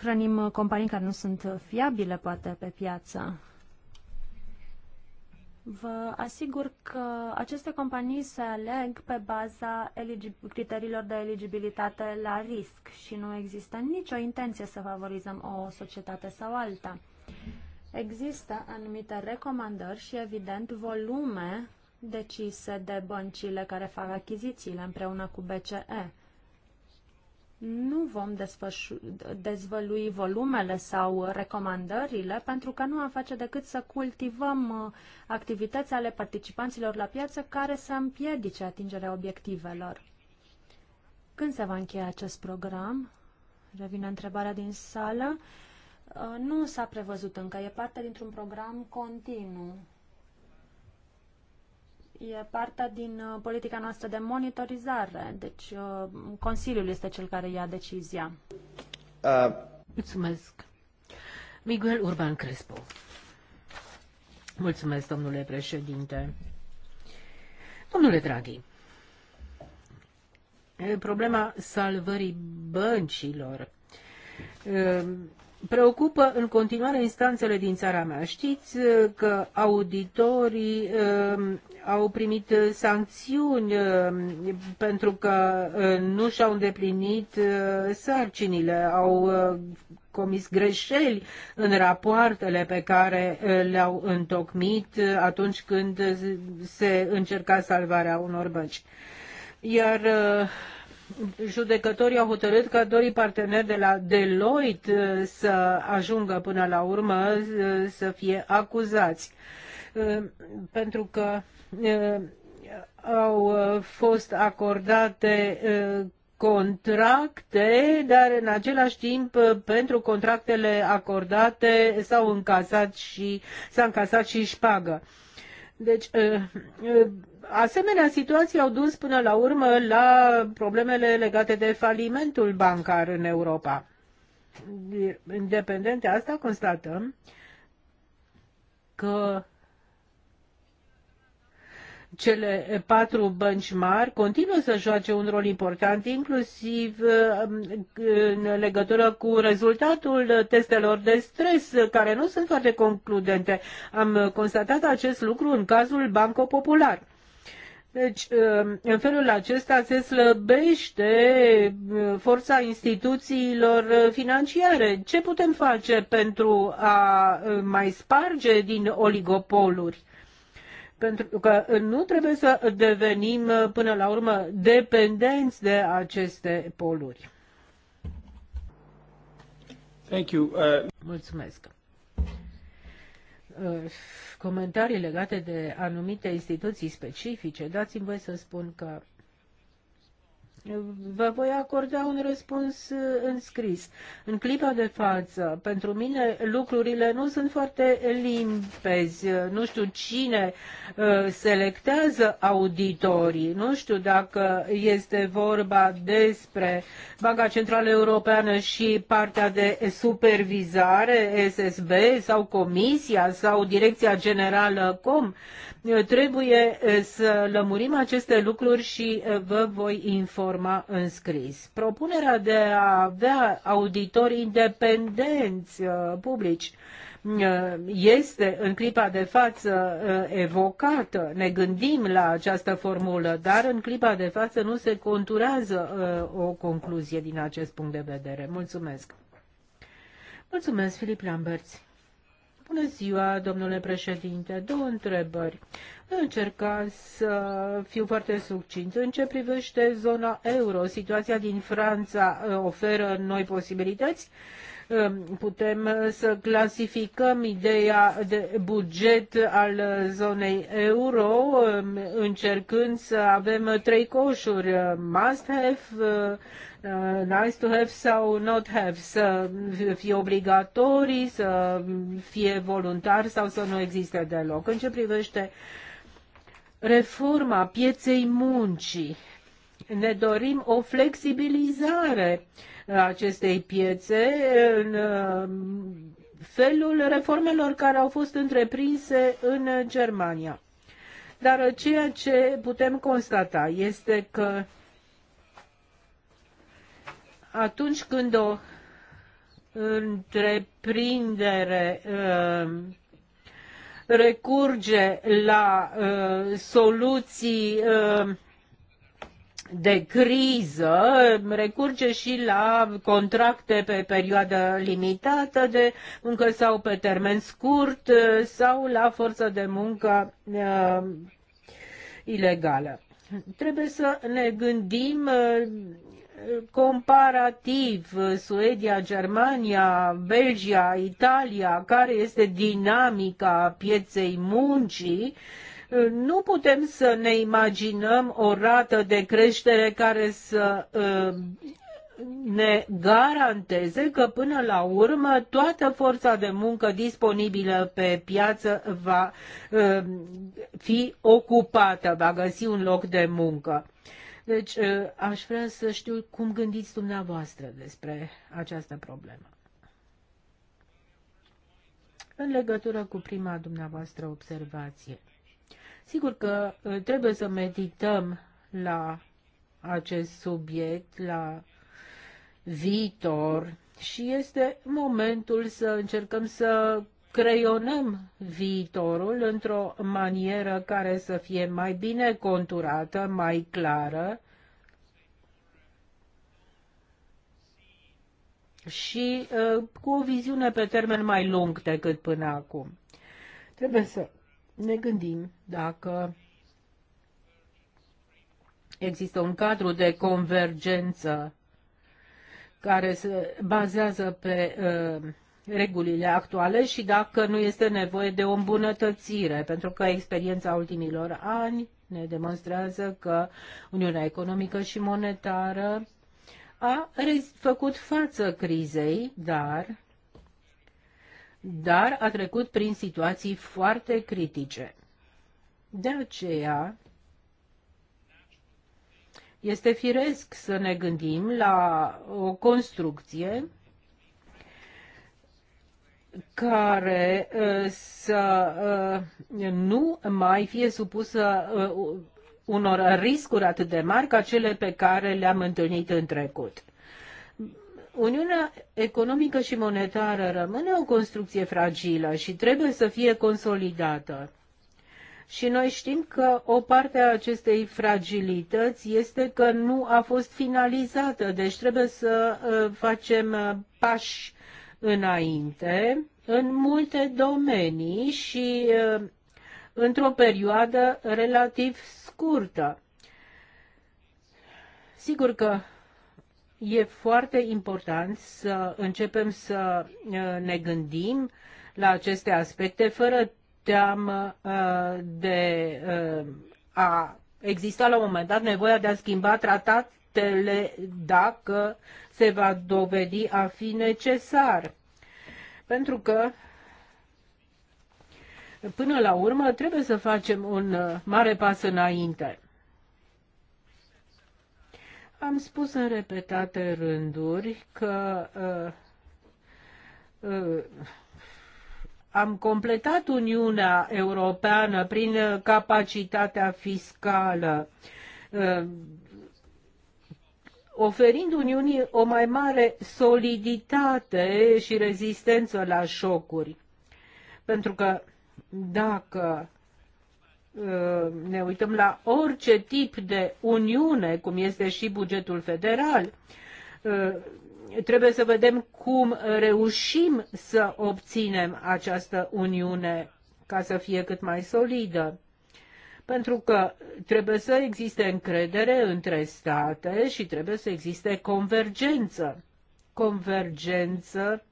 Hrănim companii care nu sunt fiabile, poate, pe piață. Vă asigur că aceste companii se aleg pe baza criteriilor de eligibilitate la risc și nu există nicio intenție să favorizăm o societate sau alta. Există anumite recomandări și, evident, volume decise de băncile care fac achizițiile împreună cu BCE nu vom dezvălui volumele sau recomandările, pentru că nu am face decât să cultivăm uh, activități ale participanților la piață care să împiedice atingerea obiectivelor. Când se va încheia acest program? Revine întrebarea din sală. Uh, nu s-a prevăzut încă, e parte dintr-un program continuu e partea din uh, politica noastră de monitorizare, deci uh, Consiliul este cel care ia decizia. Uh. Mulțumesc. Miguel Urban Crespo. Mulțumesc, domnule președinte. Domnule Draghi, problema salvării băncilor uh, preocupă în continuare instanțele din țara mea. Știți uh, că auditorii uh, au primit uh, sancțiuni uh, pentru că uh, nu și-au îndeplinit uh, sarcinile, au comis greșeli în rapoartele pe care le-au întocmit atunci când se încerca salvarea unor bănci. Iar uh, judecătorii au hotărât ca doi parteneri de la Deloitte uh, să ajungă până la urmă uh, să fie acuzați. Uh, pentru că au fost acordate contracte, dar în același timp pentru contractele acordate s-au încasat și s-a încasat și șpagă. Deci Asemenea, situații au dus până la urmă la problemele legate de falimentul bancar în Europa. Independent de asta, constatăm că cele patru bănci mari continuă să joace un rol important, inclusiv um, în legătură cu rezultatul testelor de stres, care nu sunt foarte concludente. Am constatat acest lucru în cazul Banco Popular. Deci, uh, în felul acesta se slăbește uh, forța instituțiilor uh, financiare. Ce putem face pentru a mai sparge din oligopoluri? Pentru că nu trebuie să devenim, până la urmă, dependenți de aceste poluri. Thank you. Uh... Mulțumesc. Uh, comentarii legate de anumite instituții specifice, dați-mi voi să spun că Vă voi acorda un răspuns uh, în scris. În clipa de față, pentru mine lucrurile nu sunt foarte limpezi. Nu știu cine uh, selectează auditorii. Nu știu dacă este vorba despre Banca Centrală Europeană și partea de supervizare, SSB sau Comisia sau Direcția Generală Com. Trebuie să lămurim aceste lucruri și vă voi informa în scris. Propunerea de a avea auditori independenți publici este în clipa de față evocată, ne gândim la această formulă, dar în clipa de față nu se conturează o concluzie din acest punct de vedere. Mulțumesc! Mulțumesc, Filip Lamberți! Bună ziua, domnule președinte. Două întrebări. Voi încerca să fiu foarte succint. În ce privește zona euro, situația din Franța eh, oferă noi posibilități? Ehm, putem eh, să clasificăm ideea de buget al zonei euro, ehm, încercând să avem eh, trei coșuri, eh, must have, nice to have sau not have, să fie obligatorii, să fie voluntar sau să nu existe deloc. În ce privește reforma pieței muncii, ne dorim o flexibilizare a acestei piețe în uh, felul reformelor care au fost întreprinse în Germania. Dar ceea ce putem constata este că atunci când o întreprindere uh, recurge la uh, soluții de criză recurge și la contracte pe perioadă limitată de muncă sau pe termen scurt uh, sau la forță de muncă uh, ilegală. Trebuie să ne gândim uh, comparativ uh, Suedia, Germania, Belgia, Italia, care este dinamica pieței muncii uh, nu putem să ne imaginăm o rată de creștere care să uh, ne garanteze că până la urmă toată forța de muncă disponibilă pe piață va uh, fi ocupată, va găsi un loc de muncă. Deci uh, aș vrea să știu cum gândiți dumneavoastră despre această problemă. În legătură cu prima dumneavoastră observație, Sigur că uh, trebuie să medităm la acest subiect, la viitor și este momentul să încercăm să creionăm viitorul într-o manieră care să fie mai bine conturată, mai clară și uh, cu o viziune pe termen mai lung decât până acum. Trebuie să ne gândim dacă există un cadru de convergență care se bazează pe uh, regulile actuale și dacă nu este nevoie de o îmbunătățire, pentru că experiența ultimilor ani ne demonstrează că Uniunea Economică și Monetară a făcut față crizei, dar dar a trecut prin situații foarte critice. De aceea, este firesc să ne gândim la o construcție care uh, să uh, nu mai fie supusă uh, unor riscuri atât de mari ca cele pe care le-am întâlnit în trecut. Uniunea economică și monetară rămâne o construcție fragilă și trebuie să fie consolidată. Și noi știm că o parte a acestei fragilități este că nu a fost finalizată, deci trebuie să uh, facem uh, pași înainte în multe domenii și uh, într-o perioadă relativ scurtă. Sigur că E foarte important să începem să uh, ne gândim la aceste aspecte fără teamă uh, de uh, a exista la un moment dat nevoia de a schimba tratatele dacă se va dovedi a fi necesar. Pentru că până la urmă trebuie să facem un mare pas înainte. Am spus în repetate rânduri că uh, uh, am completat Uniunea Europeană prin capacitatea fiscală, uh, oferind Uniunii o mai mare soliditate și rezistență la șocuri. Pentru că dacă Uh, ne uităm la orice tip de uniune, cum este și bugetul federal, uh, trebuie să vedem cum reușim să obținem această uniune ca să fie cât mai solidă. Pentru că trebuie să existe încredere între state și trebuie să existe convergență. Convergență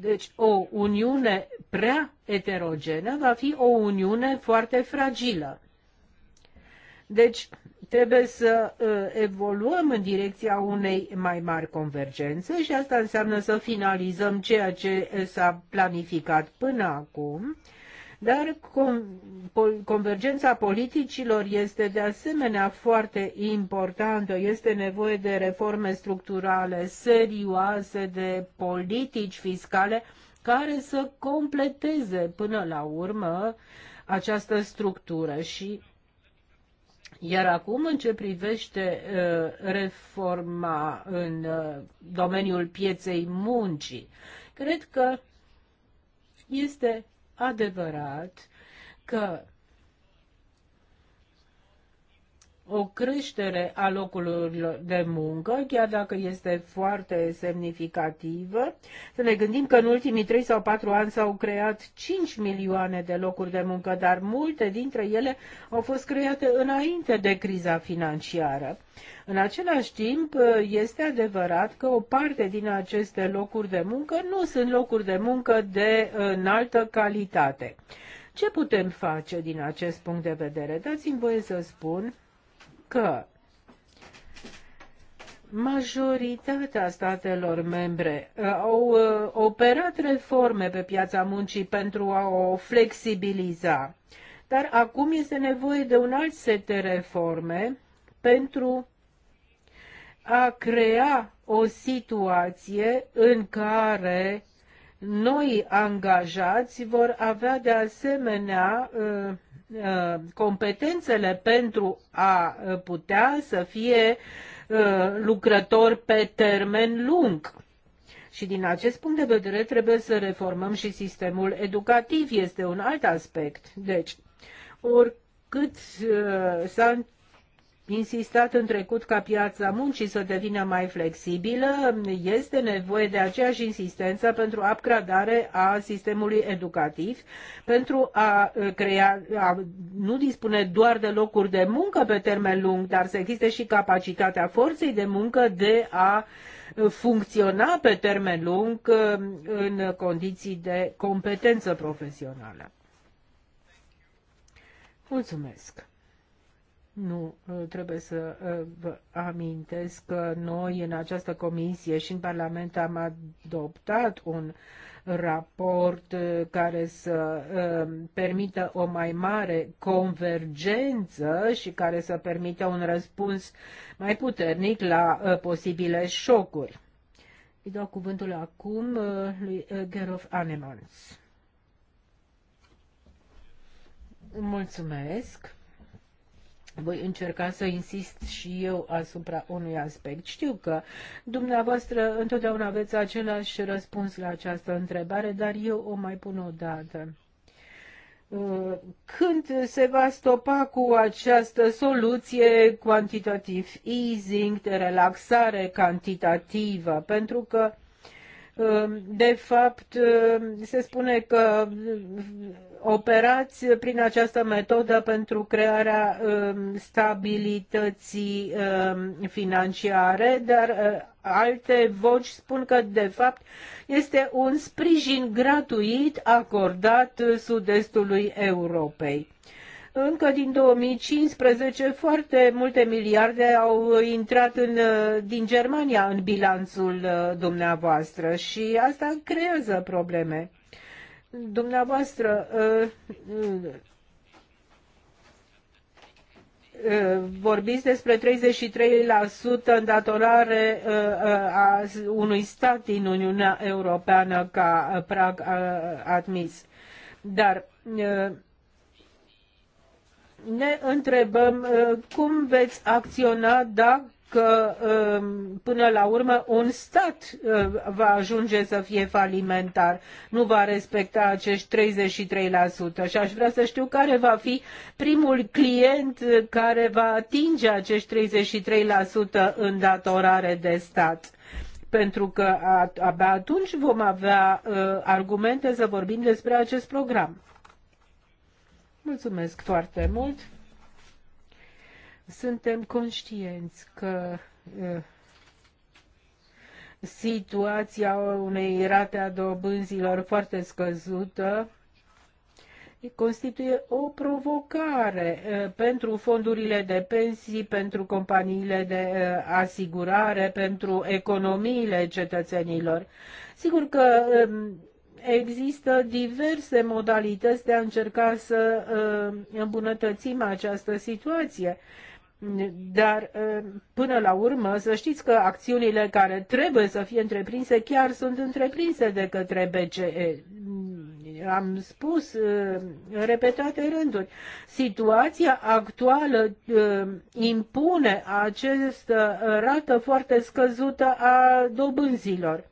deci o uniune prea eterogenă va fi o uniune foarte fragilă. Deci trebuie să uh, evoluăm în direcția unei mai mari convergențe și asta înseamnă să finalizăm ceea ce s-a planificat până acum dar convergența politicilor este de asemenea foarte importantă. Este nevoie de reforme structurale serioase, de politici fiscale care să completeze până la urmă această structură și iar acum, în ce privește uh, reforma în uh, domeniul pieței muncii, cred că este adevărat că o creștere a locurilor de muncă, chiar dacă este foarte semnificativă. Să ne gândim că în ultimii 3 sau 4 ani s-au creat 5 milioane de locuri de muncă, dar multe dintre ele au fost create înainte de criza financiară. În același timp, este adevărat că o parte din aceste locuri de muncă nu sunt locuri de muncă de uh, înaltă calitate. Ce putem face din acest punct de vedere? Dați-mi voie să spun că majoritatea statelor membre uh, au uh, operat reforme pe piața muncii pentru a o flexibiliza. Dar acum este nevoie de un alt set de reforme pentru a crea o situație în care noi angajați vor avea de asemenea uh, uh, competențele pentru a putea să fie uh, lucrător pe termen lung. Și din acest punct de vedere trebuie să reformăm și sistemul educativ, este un alt aspect. Deci, oricât s-a insistat în trecut ca piața muncii să devină mai flexibilă, este nevoie de aceeași insistență pentru upgradare a sistemului educativ, pentru a uh, crea, a nu dispune doar de locuri de muncă pe termen lung, dar să existe și capacitatea forței de muncă de a uh, funcționa pe termen lung uh, în condiții de competență profesională. Mulțumesc! Nu, uh, trebuie să uh, vă amintesc că noi în această comisie și în Parlament am adoptat un raport uh, care să permită o mai mare convergență și care să permită un răspuns mai puternic la posibile șocuri. Îi dau cuvântul acum lui Gerov Anemans. Mulțumesc voi încerca să insist și eu asupra unui aspect. Știu că dumneavoastră întotdeauna aveți același răspuns la această întrebare, dar eu o mai pun o dată. Uh, când se va stopa cu această soluție cuantitativ easing de relaxare cantitativă? Pentru că Um, de fapt, um, se spune că um, operați prin această metodă pentru crearea stabilității financiare, dar uh, alte voci spun că, de fapt, este un sprijin gratuit acordat sud-estului Europei. Încă din 2015 foarte multe miliarde au intrat în, uh, din Germania în bilanțul uh, dumneavoastră și asta creează probleme. Dumneavoastră, uh, vorbiți despre 33% îndatorare a unui stat din Uniunea Europeană ca prag admis. Dar ne întrebăm uh, cum veți acționa dacă um, până la urmă un stat uh, va ajunge să fie falimentar, nu va respecta acești 33% și aș vrea să știu care va fi primul client uh, care va atinge acești 33% în datorare de stat pentru că abia atunci vom avea argumente să vorbim despre acest program. Mulțumesc foarte mult. Suntem conștienți că situația unei rate a dobânzilor foarte scăzută constituie o provocare pentru fondurile de pensii, pentru companiile de asigurare, pentru economiile cetățenilor. Sigur că există diverse modalități de a încerca să uh, îmbunătățim această situație. Dar uh, până la urmă, să știți că acțiunile care trebuie să fie întreprinse chiar sunt întreprinse de către BCE. Am spus uh, repetate rânduri, situația actuală impune această rată foarte scăzută a dobânzilor.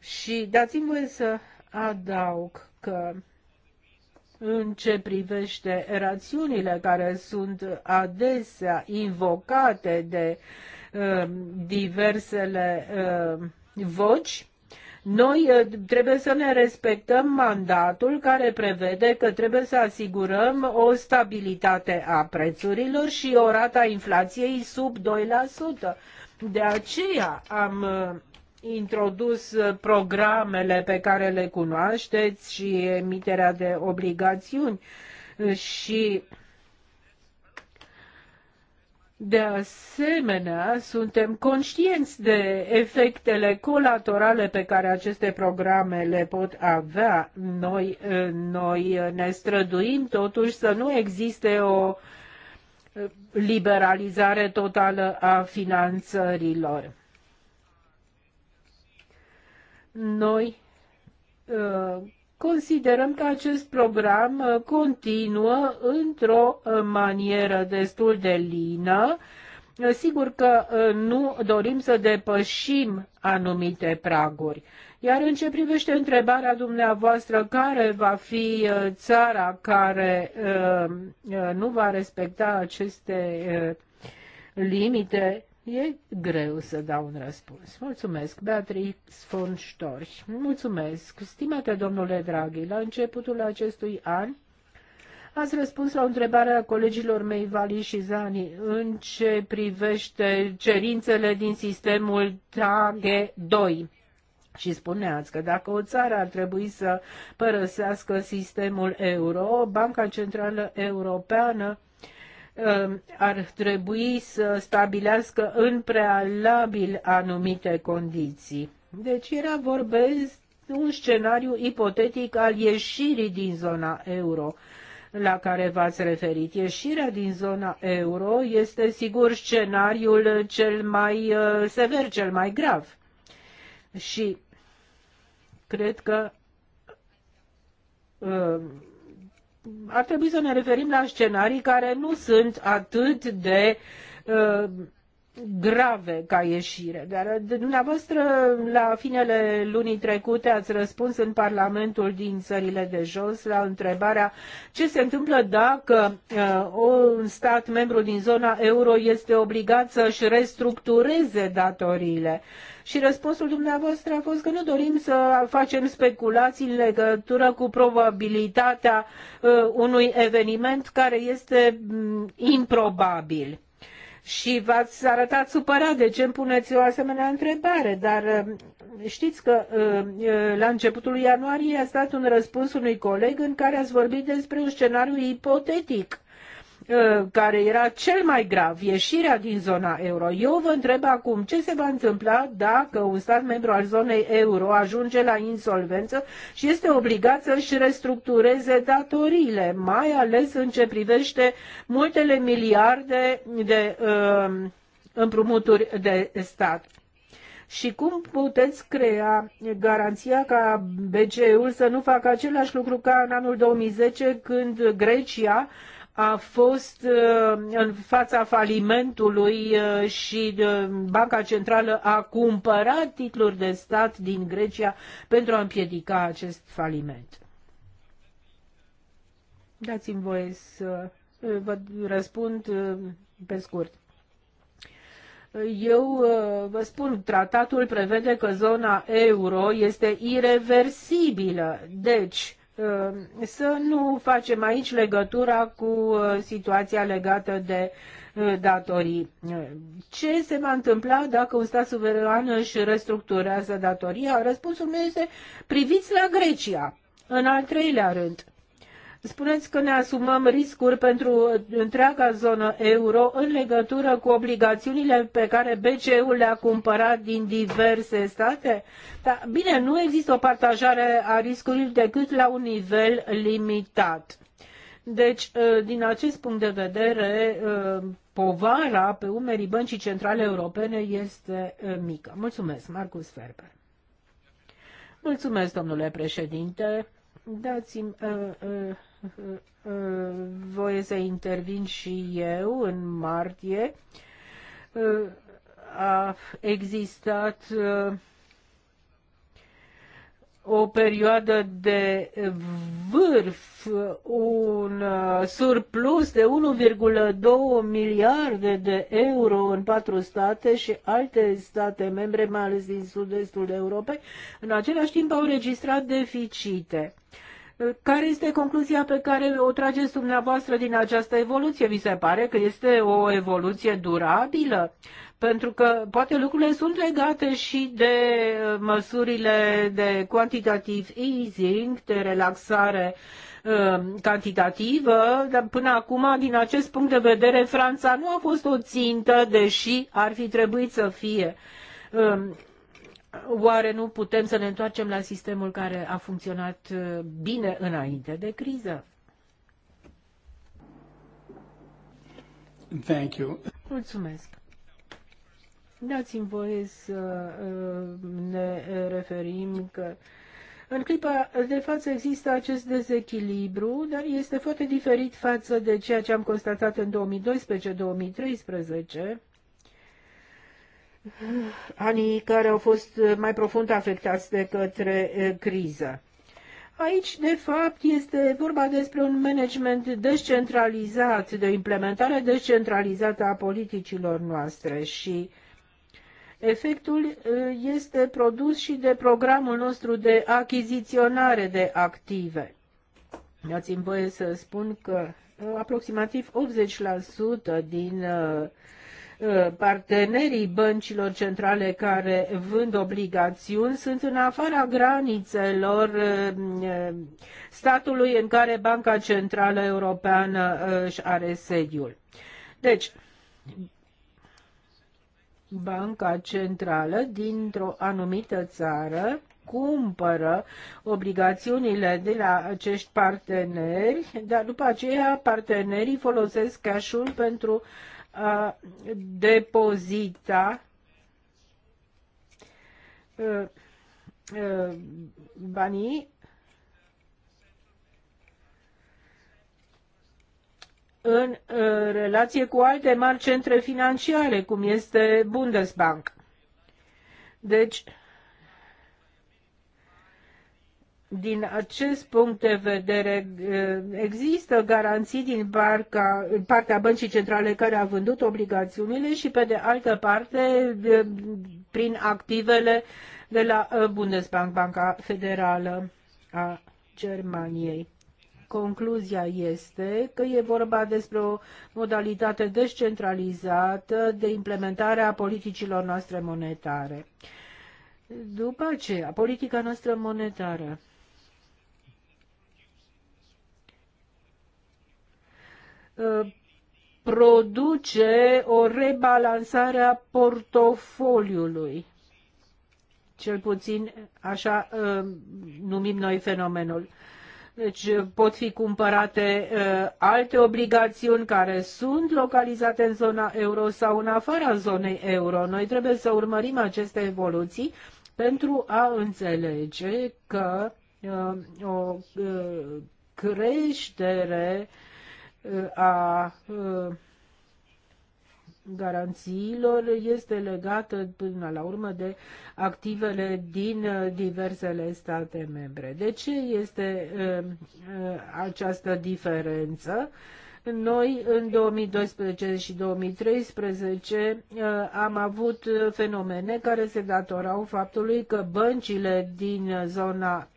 Și dați-mi voie să adaug că în ce privește rațiunile care sunt adesea invocate de uh, diversele uh, voci, noi uh, trebuie să ne respectăm mandatul care prevede că trebuie să asigurăm o stabilitate a prețurilor și o a inflației sub 2%. De aceea am uh, introdus uh, programele pe care le cunoașteți și emiterea de obligațiuni uh, și de asemenea, suntem conștienți de efectele colaterale pe care aceste programe le pot avea. Noi, uh, noi ne străduim totuși să nu existe o liberalizare totală a finanțărilor. Noi uh, considerăm că acest program uh, continuă într-o uh, manieră destul de lină. Sigur că nu dorim să depășim anumite praguri. Iar în ce privește întrebarea dumneavoastră care va fi țara care nu va respecta aceste limite, E greu să dau un răspuns. Mulțumesc, Beatrice von Storch. Mulțumesc, stimate domnule Draghi, la începutul acestui an ați răspuns la întrebarea colegilor mei Vali și Zani în ce privește cerințele din sistemul TAG2. Și spuneați că dacă o țară ar trebui să părăsească sistemul euro, Banca Centrală Europeană Um, ar trebui să stabilească în prealabil anumite condiții. Deci era vorbesc un scenariu ipotetic al ieșirii din zona euro la care v-ați referit. Ieșirea din zona euro este sigur scenariul cel mai uh, sever, cel mai grav. Și cred că uh, ar trebui să ne referim la scenarii care nu sunt atât de uh, grave ca ieșire. Dar uh, dumneavoastră, la finele lunii trecute, ați răspuns în Parlamentul din țările de jos la întrebarea ce se întâmplă dacă uh, un stat membru din zona euro este obligat să-și restructureze datoriile. Și răspunsul dumneavoastră a fost că nu dorim să facem speculații în legătură cu probabilitatea uh, unui eveniment care este mm, improbabil și v-ați arătat supărat de ce îmi puneți o asemenea întrebare, dar um, știți că uh, uh, la începutul ianuarie a stat un răspuns unui coleg în care ați vorbit despre un scenariu ipotetic Uh, care era cel mai grav, ieșirea din zona euro. Eu vă întreb acum ce se va întâmpla dacă un stat membru al zonei euro ajunge la insolvență și este obligat să-și restructureze datoriile, mai ales în ce privește multele miliarde de uh, împrumuturi de stat. Și cum puteți crea garanția ca BCE-ul să nu facă același lucru ca în anul 2010 când Grecia a fost uh, în fața falimentului uh, și uh, Banca Centrală a cumpărat titluri de stat din Grecia pentru a împiedica acest faliment. Dați-mi voie să vă răspund pe scurt. Eu vă spun, tratatul prevede că zona euro este irreversibilă. Deci, Uh, să nu facem aici legătura cu uh, situația legată de uh, datorii. Ce se va întâmpla dacă un stat suveran își restructurează datoria? Răspunsul meu este priviți la Grecia. În al treilea rând, Spuneți că ne asumăm riscuri pentru întreaga zonă euro în legătură cu obligațiunile pe care BCE-ul le-a cumpărat din diverse state? Dar, bine, nu există o partajare a riscurilor decât la un nivel limitat. Deci, ă, din acest punct de vedere, ă, povara pe umerii băncii centrale europene este ă, mică. Mulțumesc, Marcus Ferber. Mulțumesc, domnule președinte. Dați-mi uh, uh, voie să intervin și eu în martie. A existat uh, o perioadă de vârf, un uh, surplus de 1,2 miliarde de euro în patru state și alte state membre, mai ales din sud-estul Europei, în același timp au registrat deficite. Uh, care este concluzia pe care o trageți dumneavoastră din această evoluție? Vi se pare că este o evoluție durabilă? Pentru că poate lucrurile sunt legate și de uh, măsurile de quantitativ easing, de relaxare uh, cantitativă, dar până acum, din acest punct de vedere, Franța nu a fost o țintă, deși ar fi trebuit să fie uh, Oare nu putem să ne întoarcem la sistemul care a funcționat uh, bine înainte de criză? Thank you. Mulțumesc. Dați-mi voie să uh, ne uh, referim că în clipa de față există acest dezechilibru, dar este foarte diferit față de ceea ce am constatat în 2012-2013 anii care au fost mai profund afectați de către criză. Aici, de fapt, este vorba despre un management descentralizat, de o implementare descentralizată a politicilor noastre și efectul este produs și de programul nostru de achiziționare de active. Dați-mi voie să spun că aproximativ 80% din uh, Uh, partenerii băncilor centrale care vând obligațiuni sunt în afara granițelor uh, uh, statului în care Banca Centrală Europeană își are sediul. Deci, Banca Centrală dintr-o anumită țară cumpără obligațiunile de la acești parteneri, dar după aceea partenerii folosesc cash pentru a depozita uh, uh, banii în uh, relație cu alte mari centre financiare, cum este Bundesbank. Deci, din acest punct de vedere, eh, există garanții din barca, partea băncii centrale care a vândut obligațiunile și, pe de altă parte, prin activele de la eh, Bundesbank, Banca Federală a Germaniei. Concluzia este că e vorba despre o modalitate descentralizată de implementare a politicilor noastre monetare. După aceea, politica noastră monetară Uh, produce o rebalansare a portofoliului. Cel puțin așa uh, numim noi fenomenul. Deci uh, pot fi cumpărate alte obligațiuni care sunt localizate în zona euro sau în afara zonei euro. Noi trebuie să urmărim aceste evoluții pentru a înțelege că o creștere uh, a garanțiilor este legată până la urmă de activele din diversele state membre. De ce este această diferență? Noi, în 2012 și 2013, am avut fenomene care se datorau faptului că băncile din zona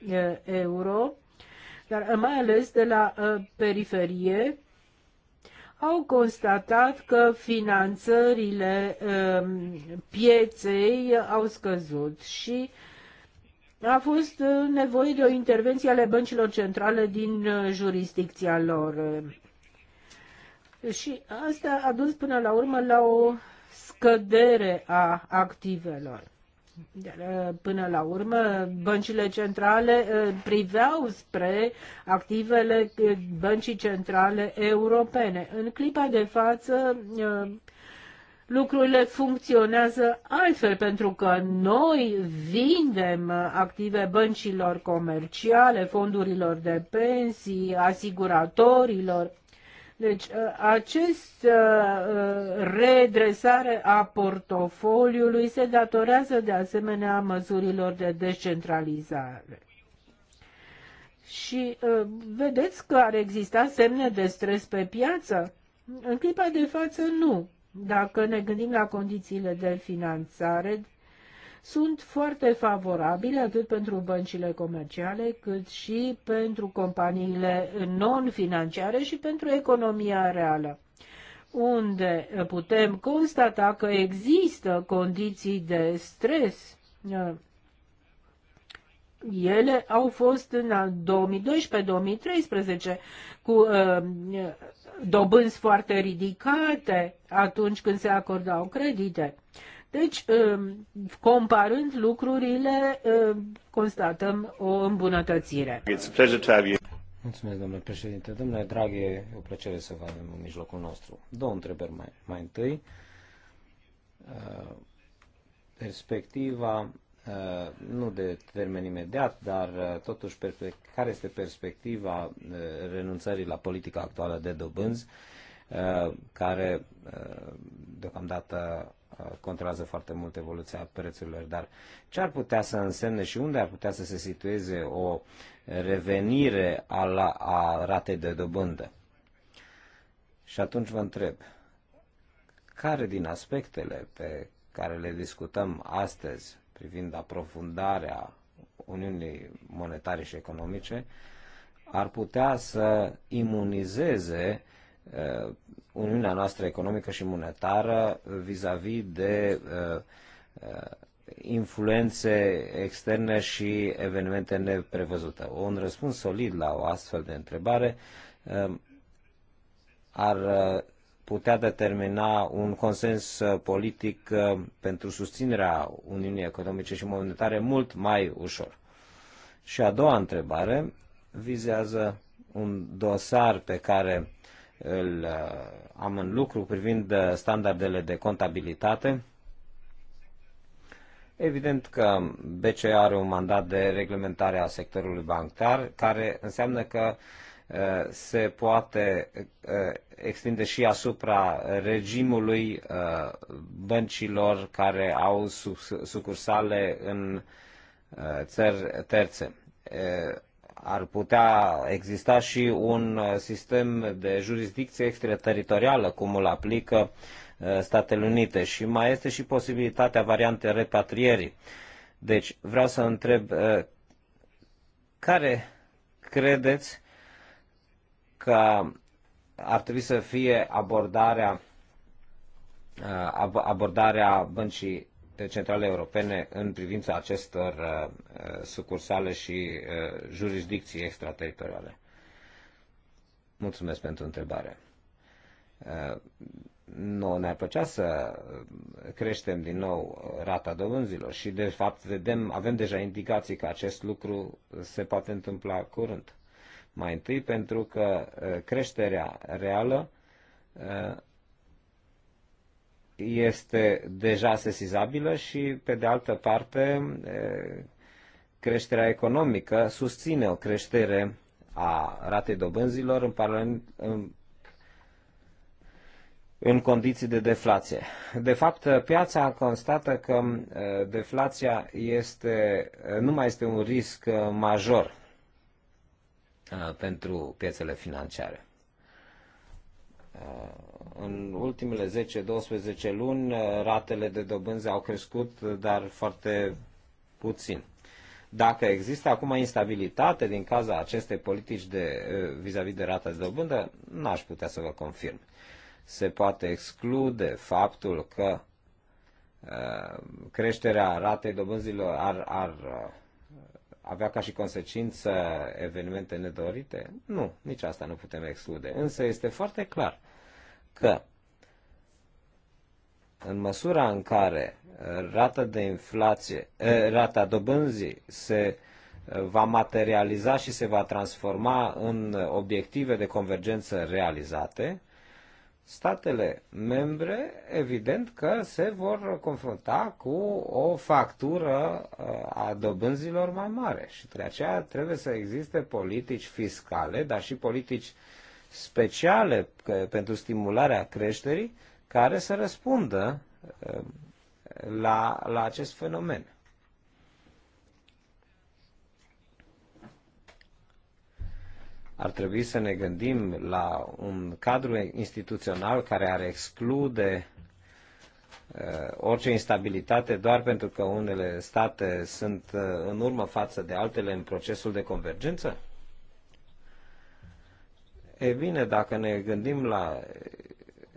euro, dar mai ales de la periferie, au constatat că finanțările um, pieței au scăzut și a fost uh, nevoie de o intervenție ale băncilor centrale din uh, jurisdicția lor. Și asta a dus până la urmă la o scădere a activelor. Până la urmă, băncile centrale priveau spre activele băncii centrale europene. În clipa de față, lucrurile funcționează altfel, pentru că noi vindem active băncilor comerciale, fondurilor de pensii, asiguratorilor deci, uh, această uh, uh, redresare a portofoliului se datorează de asemenea măsurilor de descentralizare. Și vedeți că ar exista semne de stres pe piață? În clipa de față, nu. Dacă ne gândim la condițiile de finanțare, sunt foarte favorabile atât pentru băncile comerciale cât și pentru companiile non-financiare și pentru economia reală unde putem constata că există condiții de stres. Ele au fost în 2012-2013 cu uh, dobânzi foarte ridicate atunci când se acordau credite. Deci, um, comparând lucrurile, um, constatăm o îmbunătățire. Mulțumesc, domnule președinte. Domnule Draghi, e o plăcere să vă avem în mijlocul nostru. Două întrebări mai, mai întâi. Uh, perspectiva, uh, nu de termen imediat, dar uh, totuși care este perspectiva renunțării la politica actuală de dobânzi, care deocamdată Uh, controlează foarte mult evoluția prețurilor, dar ce ar putea să însemne și unde ar putea să se situeze o revenire a, la, a ratei de dobândă? Și atunci vă întreb, care din aspectele pe care le discutăm astăzi privind aprofundarea Uniunii Monetare și Economice ar putea să imunizeze uh, Uh, Uniunea noastră economică și monetară vis-a-vis -vis de uh, uh, influențe externe și evenimente neprevăzute. Un răspuns solid la o astfel de întrebare ar putea determina un consens politic pentru susținerea Uniunii Economice și Monetare mult mai ușor. Și a doua întrebare vizează un dosar pe care îl uh, am în lucru privind uh, standardele de contabilitate. Evident că BCE are un mandat de reglementare a sectorului bancar, care înseamnă că uh, se poate extinde și asupra regimului băncilor care au sucursale în țări terțe ar putea exista și un uh, sistem de jurisdicție extrateritorială, cum îl aplică uh, Statele Unite, și mai este și posibilitatea variante repatrierii. Deci, vreau să întreb, uh, care credeți că ar trebui să fie abordarea abordarea băncii de centrale europene în privința acestor uh, uh, sucursale și uh, jurisdicții extrateritoriale? Mulțumesc pentru întrebare. Nu ne-ar plăcea să creștem din nou rata dobânzilor și, de fapt, vedem, avem deja indicații că acest lucru se poate întâmpla curând. Mai întâi pentru că creșterea reală este deja sesizabilă și, pe de altă parte, creșterea economică susține o creștere a ratei dobânzilor în, în, în condiții de deflație. De fapt, piața constată că deflația este, nu mai este un risc major pentru piețele financiare. Uh, în ultimele 10-12 luni uh, ratele de dobânzi au crescut, uh, dar foarte puțin. Dacă există acum instabilitate din cauza acestei politici de, vis-a-vis -vis de rata de dobândă, n-aș putea să vă confirm. Se poate exclude faptul că creșterea ratei dobânzilor ar, ar avea ca și consecință evenimente nedorite? Nu, nici asta nu putem exclude. Însă este foarte clar că în măsura în care rata de inflație, eh, rata dobânzii se eh, va materializa și se va transforma în obiective de convergență realizate, statele membre, evident că se vor confrunta cu o factură uh, a dobânzilor mai mare și de aceea trebuie să existe politici fiscale, dar și politici speciale uh, pentru stimularea creșterii care să răspundă uh, la, la acest fenomen. ar trebui să ne gândim la un cadru instituțional care ar exclude uh, orice instabilitate doar pentru că unele state sunt uh, în urmă față de altele în procesul de convergență? E bine, dacă ne gândim la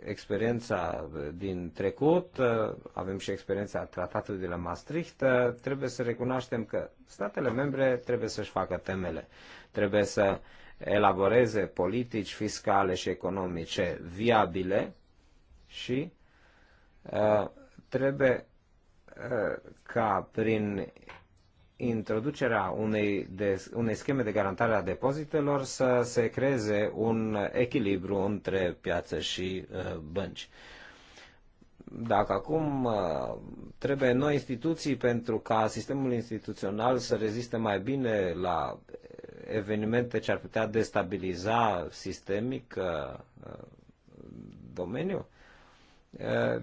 experiența din trecut, uh, avem și experiența tratatului de la Maastricht, trebuie să recunoaștem că statele membre trebuie să-și facă temele, trebuie să uh, elaboreze politici fiscale și economice viabile și uh, trebuie uh, ca prin introducerea unei, de, unei scheme de garantare a depozitelor să se creeze un echilibru între piață și uh, bănci. Dacă acum trebuie noi instituții pentru ca sistemul instituțional să reziste mai bine la evenimente ce ar putea destabiliza sistemic uh, domeniul? Uh,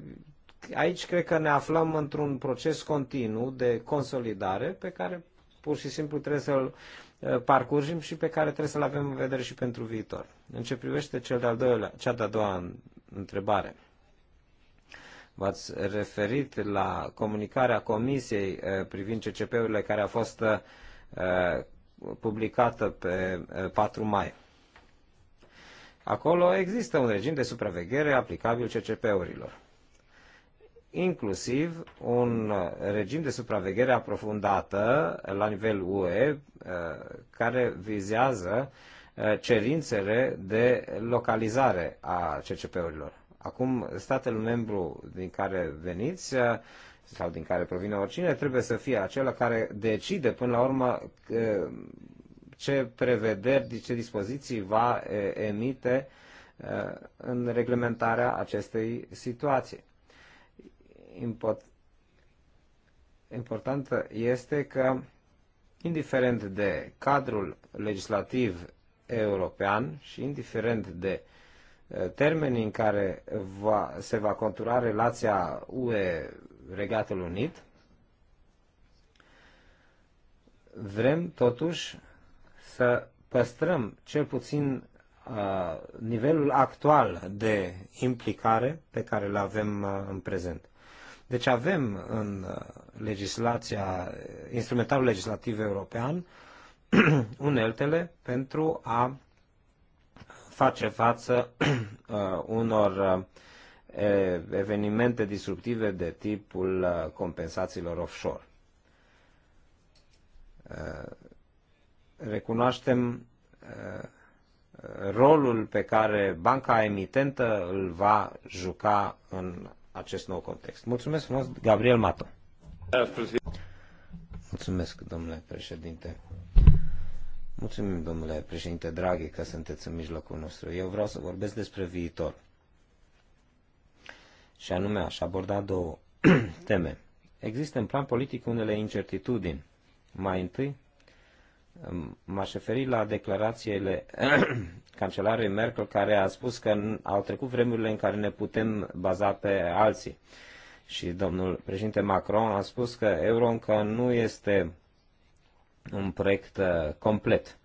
aici cred că ne aflăm într-un proces continuu de consolidare pe care pur și simplu trebuie să-l uh, parcurgem și pe care trebuie să-l avem în vedere și pentru viitor. În ce privește cel de-al doilea, cea de-a doua întrebare, v-ați referit la comunicarea Comisiei privind CCP-urile care a fost publicată pe 4 mai. Acolo există un regim de supraveghere aplicabil CCP-urilor, inclusiv un regim de supraveghere aprofundată la nivel UE care vizează cerințele de localizare a CCP-urilor. Acum, statele membru din care veniți sau din care provine oricine, trebuie să fie acela care decide până la urmă ce prevederi, ce dispoziții va emite în reglementarea acestei situații. Important este că, indiferent de cadrul legislativ european și indiferent de termenii în care va, se va contura relația UE Regatul Unit, vrem totuși să păstrăm cel puțin nivelul actual de implicare pe care îl avem în prezent. Deci avem în legislația, instrumentarul legislativ european, uneltele pentru a face față unor evenimente disruptive de tipul uh, compensațiilor offshore. Recunoaștem rolul pe care banca emitentă îl va juca în acest nou context. Mulțumesc frumos, Gabriel Mato. Mulțumesc, domnule președinte. Mulțumim, domnule președinte Draghi, că sunteți în mijlocul nostru. Eu vreau să vorbesc despre viitor și anume aș aborda două teme. Există în plan politic unele incertitudini. Mai întâi, m-aș referi la declarațiile cancelarului Merkel, care a spus că au trecut vremurile în care ne putem baza pe alții. Și domnul președinte Macron a spus că euro încă nu este un proiect uh, complet.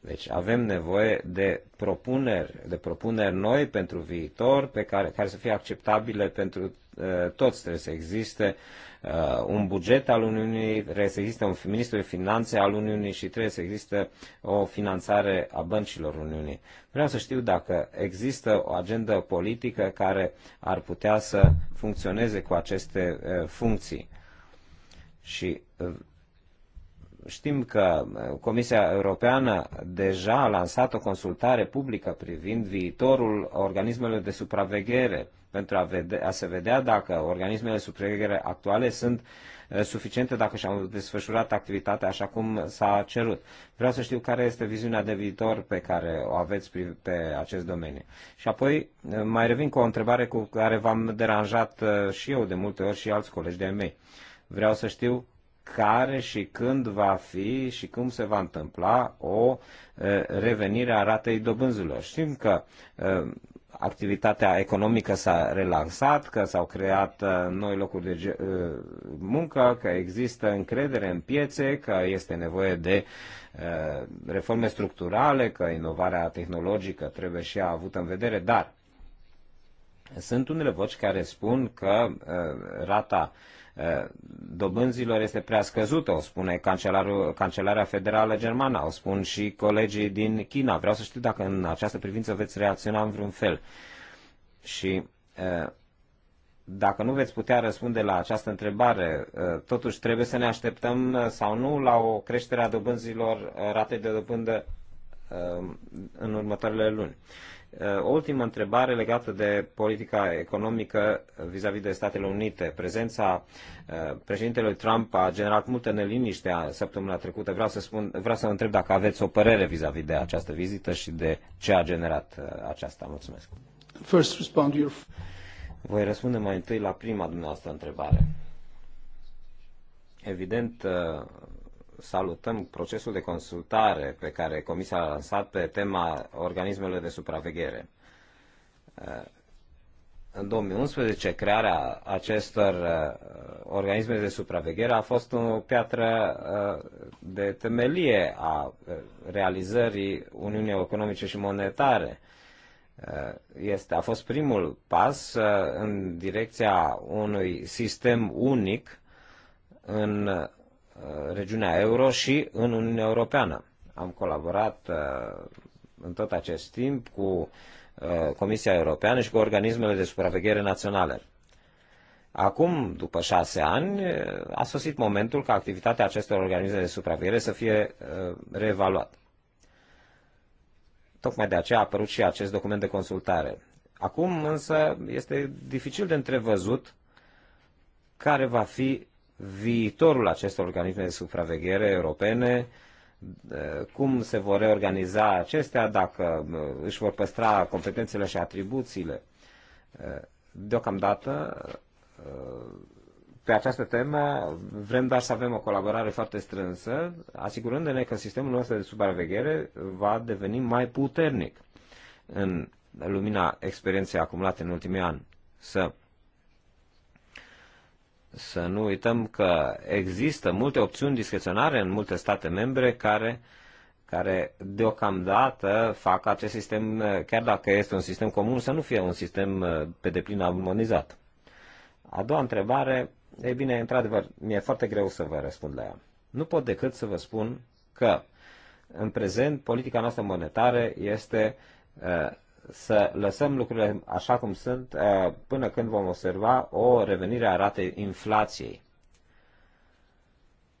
Deci avem nevoie de propuneri, de propuneri noi pentru viitor, pe care, care să fie acceptabile pentru uh, toți. Trebuie să existe uh, un buget al Uniunii, trebuie să existe un ministru de finanțe al Uniunii și trebuie să existe o finanțare a băncilor Uniunii. Vreau să știu dacă există o agendă politică care ar putea să funcționeze cu aceste uh, funcții. Și uh, Știm că uh, Comisia Europeană deja a lansat o consultare publică privind viitorul organismelor de supraveghere pentru a, vede, a se vedea dacă organismele de supraveghere actuale sunt uh, suficiente dacă și-au desfășurat activitatea așa cum s-a cerut. Vreau să știu care este viziunea de viitor pe care o aveți pe acest domeniu. Și apoi uh, mai revin cu o întrebare cu care v-am deranjat și eu de multe ori și alți colegi de-ai mei. Vreau să știu care și când va fi și cum se va întâmpla o revenire a ratei dobânzilor. Știm că activitatea economică s-a relansat, că s-au creat noi locuri de muncă, că există încredere în piețe, că este nevoie de reforme structurale, că inovarea tehnologică trebuie și a avută în vedere, dar sunt unele voci care spun că rata uh, dobânzilor este prea scăzută, o spune Cancelarea Federală Germană, o spun și colegii din China. Vreau să știu dacă în această privință veți reacționa în vreun fel. Și dacă nu veți putea răspunde la această întrebare, totuși trebuie să ne așteptăm sau nu la o creștere a dobânzilor, ratei de dobândă în următoarele luni. Eh, o ultimă întrebare legată de politica economică vis-a-vis -vis de Statele Unite. Prezența eh, președintelui Trump a generat multă neliniște săptămâna trecută. Vreau să, spun, vreau să întreb dacă aveți o părere vis-a-vis -vis de această vizită și de ce a generat eh, aceasta. Mulțumesc. First respond your... Voi răspunde mai întâi la prima dumneavoastră întrebare. Evident, salutăm procesul de consultare pe care Comisia a lansat pe tema organismelor de supraveghere. Uh, în 2011, crearea acestor uh, organisme de supraveghere a fost o piatră uh, de temelie a realizării Uniunii Economice și Monetare este, a fost primul pas în direcția unui sistem unic în Uh, regiunea euro și în Uniunea Europeană. Am colaborat uh, în tot acest timp cu uh, Comisia Europeană și cu organismele de supraveghere naționale. Acum, după șase ani, a sosit momentul ca activitatea acestor organisme de supraveghere să fie reevaluată. Tocmai de aceea a apărut și acest document de consultare. Acum însă este dificil de întrevăzut care va fi viitorul acestor organisme de supraveghere europene, cum se vor reorganiza acestea, dacă uh, își vor păstra competențele și atribuțiile. Uh, deocamdată, uh, pe această temă, vrem doar să avem o colaborare foarte strânsă, asigurându-ne că sistemul nostru de supraveghere va deveni mai puternic în lumina experienței acumulate în ultimii ani. Să să nu uităm că există multe opțiuni discreționare în multe state membre care, care deocamdată fac acest sistem, chiar dacă este un sistem comun, să nu fie un sistem uh, pe deplin armonizat. A doua întrebare, e bine, într-adevăr, mi-e foarte greu să vă răspund la ea. Nu pot decât să vă spun că, în prezent, politica noastră monetară este uh, să lăsăm lucrurile așa cum sunt uh, până când vom observa o revenire a ratei inflației.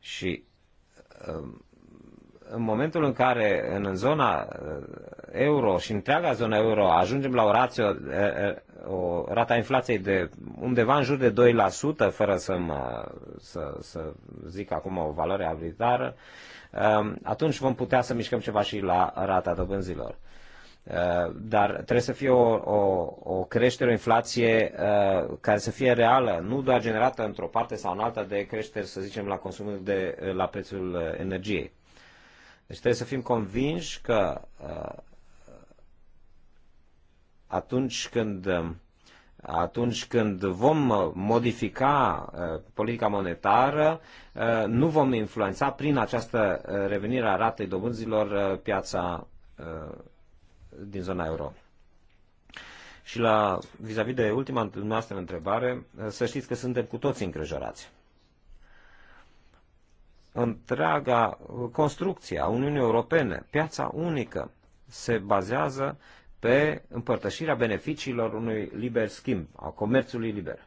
Și um, în momentul în care în zona uh, euro și întreaga zona euro ajungem la o, rație, uh, o rata inflației de undeva în jur de 2%, fără să, mă, să, să zic acum o valoare arbitrară, um, atunci vom putea să mișcăm ceva și la rata dobânzilor. Uh, dar trebuie să fie o, o, o creștere, o inflație uh, care să fie reală, nu doar generată într-o parte sau în alta de creșteri, să zicem, la consumul de, uh, la prețul uh, energiei. Deci trebuie să fim convinși că uh, atunci când um, atunci când vom modifica uh, politica monetară, uh, nu vom influența prin această revenire a ratei dobânzilor uh, piața din zona euro. Și la, vis-a-vis -vis de ultima noastră întrebare, să știți că suntem cu toți îngrijorați. Întreaga construcție a Uniunii Europene, piața unică, se bazează pe împărtășirea beneficiilor unui liber schimb, a comerțului liber.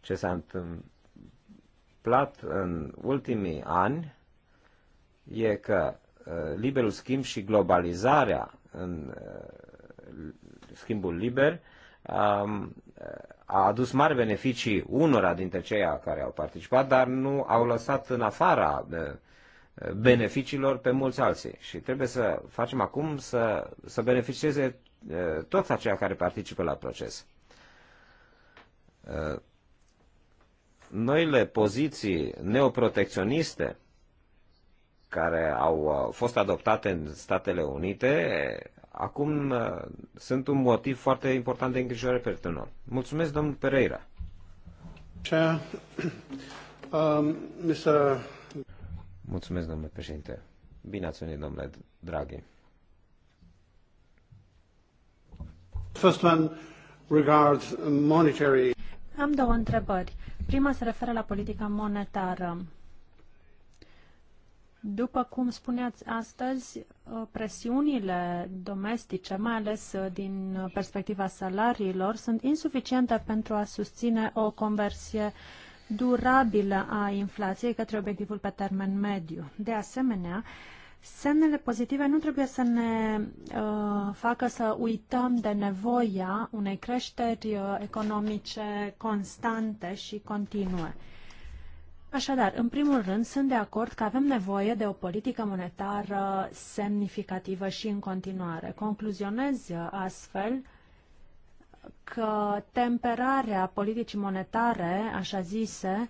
Ce s-a întâmplat în ultimii ani e că uh, liberul schimb și globalizarea în uh, schimbul liber um, a adus mari beneficii unora dintre cei care au participat, dar nu au lăsat în afara uh, beneficiilor pe mulți alții. Și trebuie să facem acum să, să beneficieze uh, toți aceia care participă la proces. Noile poziții neoprotecționiste care au uh, fost adoptate în Statele Unite, acum uh, sunt un motiv foarte important de îngrijorare pentru noi. Mulțumesc, domnul Pereira. Um, Mulțumesc, domnule președinte. Bine ați venit, domnule Draghi. First one regards monetary. Am două întrebări. Prima se referă la politica monetară. După cum spuneați astăzi, uh, presiunile domestice, mai ales uh, din perspectiva salariilor, sunt insuficiente pentru a susține o conversie durabilă a inflației către obiectivul pe termen mediu. De asemenea, semnele pozitive nu trebuie să ne uh, facă să uităm de nevoia unei creșteri uh, economice constante și continue. Așadar, în primul rând, sunt de acord că avem nevoie de o politică monetară semnificativă și în continuare. Concluzionez astfel că temperarea politicii monetare, așa zise,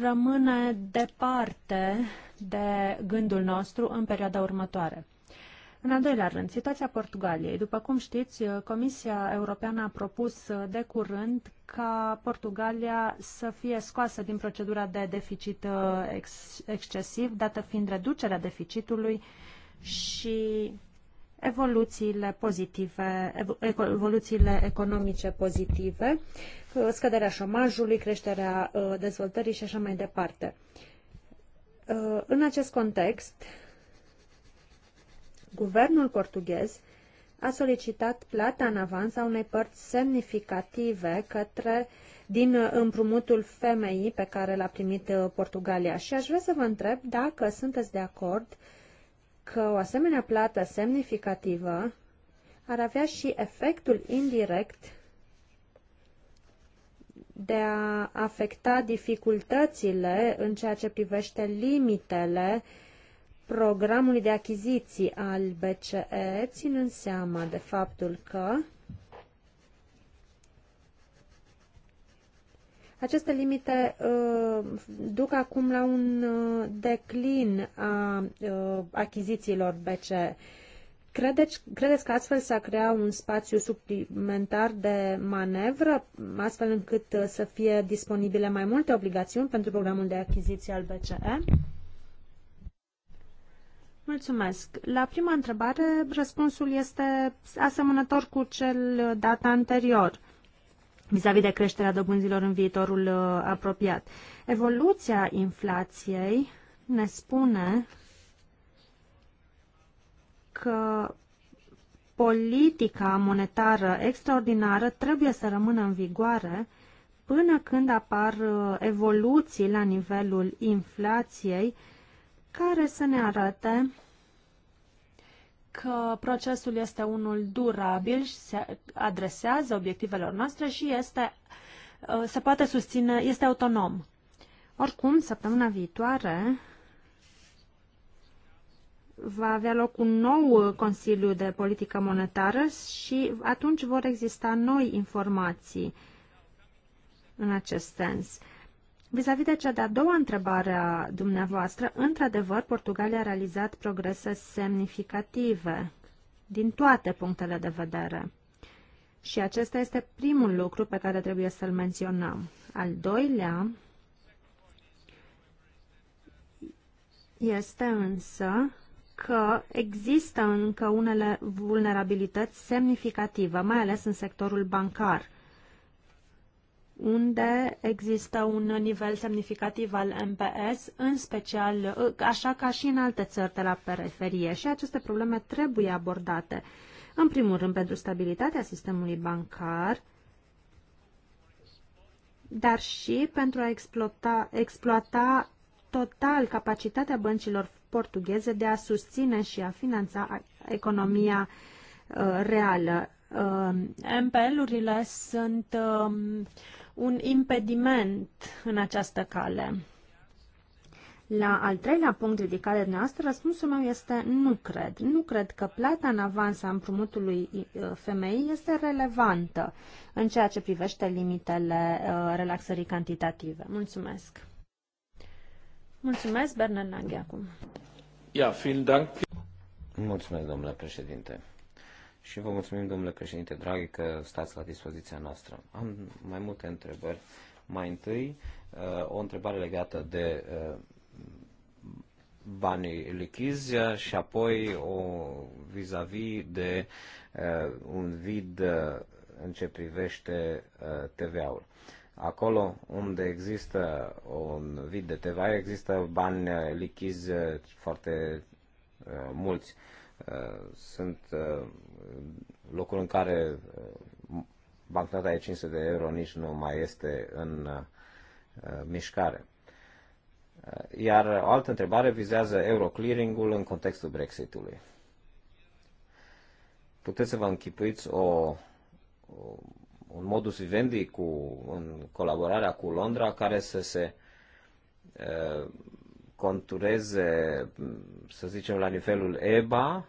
rămâne departe de gândul nostru în perioada următoare. În al doilea rând, situația Portugaliei. După cum știți, Comisia Europeană a propus de curând ca Portugalia să fie scoasă din procedura de deficit uh, ex- excesiv, dată fiind reducerea deficitului și evoluțiile pozitive, evoluțiile economice pozitive, uh, scăderea șomajului, creșterea uh, dezvoltării și așa mai departe. În acest context, guvernul portughez a solicitat plata în avans a unei părți semnificative către, din uh, împrumutul femeii pe care l-a primit uh, Portugalia. Și aș vrea să vă întreb dacă sunteți de acord că o asemenea plată semnificativă ar avea și efectul indirect de a afecta dificultățile în ceea ce privește limitele uh, programului de achiziții al BCE, ținând seama de faptul că Aceste limite uh, duc acum la un uh, declin a uh, achizițiilor BCE. Credeți, credeți că astfel s-a creat un spațiu suplimentar de manevră, astfel încât uh, să fie disponibile mai multe obligațiuni pentru programul de achiziții al BCE? Mulțumesc. La prima întrebare, răspunsul este asemănător cu cel dat anterior vis-a-vis -vis de creșterea dobânzilor în viitorul uh, apropiat. Evoluția inflației ne spune că politica monetară extraordinară trebuie să rămână în vigoare până când apar uh, evoluții la nivelul inflației care să ne arate că procesul este unul durabil, se adresează obiectivelor noastre și este, uh, se poate susține, este autonom. Oricum, săptămâna viitoare va avea loc un nou Consiliu de Politică Monetară și atunci vor exista noi informații în acest sens. Vis-a-vis de cea de-a doua întrebare a dumneavoastră, într-adevăr, Portugalia a realizat progrese semnificative din toate punctele de vedere. Și acesta este primul lucru pe care trebuie să-l menționăm. Al doilea este însă că există încă unele vulnerabilități semnificative, mai ales în sectorul bancar – unde există un nivel semnificativ al MPS, în special, așa ca și în alte țări de la periferie. Și aceste probleme trebuie abordate. În primul rând, pentru stabilitatea sistemului bancar, dar și pentru a exploata, exploata total capacitatea băncilor portugheze de a susține și a finanța economia uh, reală. Uh, MPL-urile sunt uh, un impediment în această cale. La al treilea punct ridicat de noastră, răspunsul meu este nu cred. Nu cred că plata în avans a împrumutului uh, femeii este relevantă în ceea ce privește limitele uh, relaxării cantitative. Mulțumesc. Mulțumesc, Bernard Nanghe, acum. Ia, ja, vielen Dank. Mulțumesc, domnule președinte și vă mulțumim, domnule președinte Draghi, că stați la dispoziția noastră. Am mai multe întrebări. Mai întâi, uh, o întrebare legată de uh, banii lichizi și apoi o vis-a-vis -vis de uh, un vid în ce privește TVA-ul. Acolo unde există un vid de TVA, există bani lichizi foarte mulți. Uh, Uh, sunt uh, locul în care uh, bancnota de 500 de euro nici nu mai este în mișcare. Iar o altă întrebare vizează euroclearing-ul în contextul Brexitului. Puteți să vă închipuiți o, o, un modus vivendi cu, în colaborarea cu Londra care să se uh, contureze, să zicem, la nivelul EBA?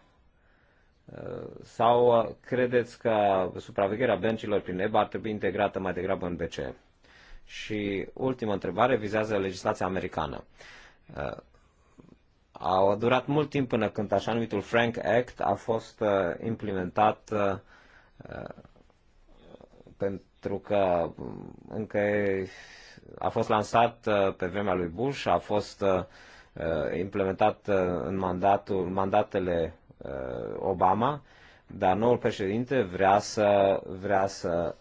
Sau credeți că supravegherea băncilor prin EBA ar trebui integrată mai degrabă în BCE? Și ultima întrebare vizează legislația americană. A durat mult timp până când așa numitul Frank Act a fost uh, implementat uh, uh, pentru că um, încă a fost lansat uh, pe vremea lui Bush, a fost uh, uh, implementat în mandatul, mandatele Obama, dar noul președinte vrea să, vrea să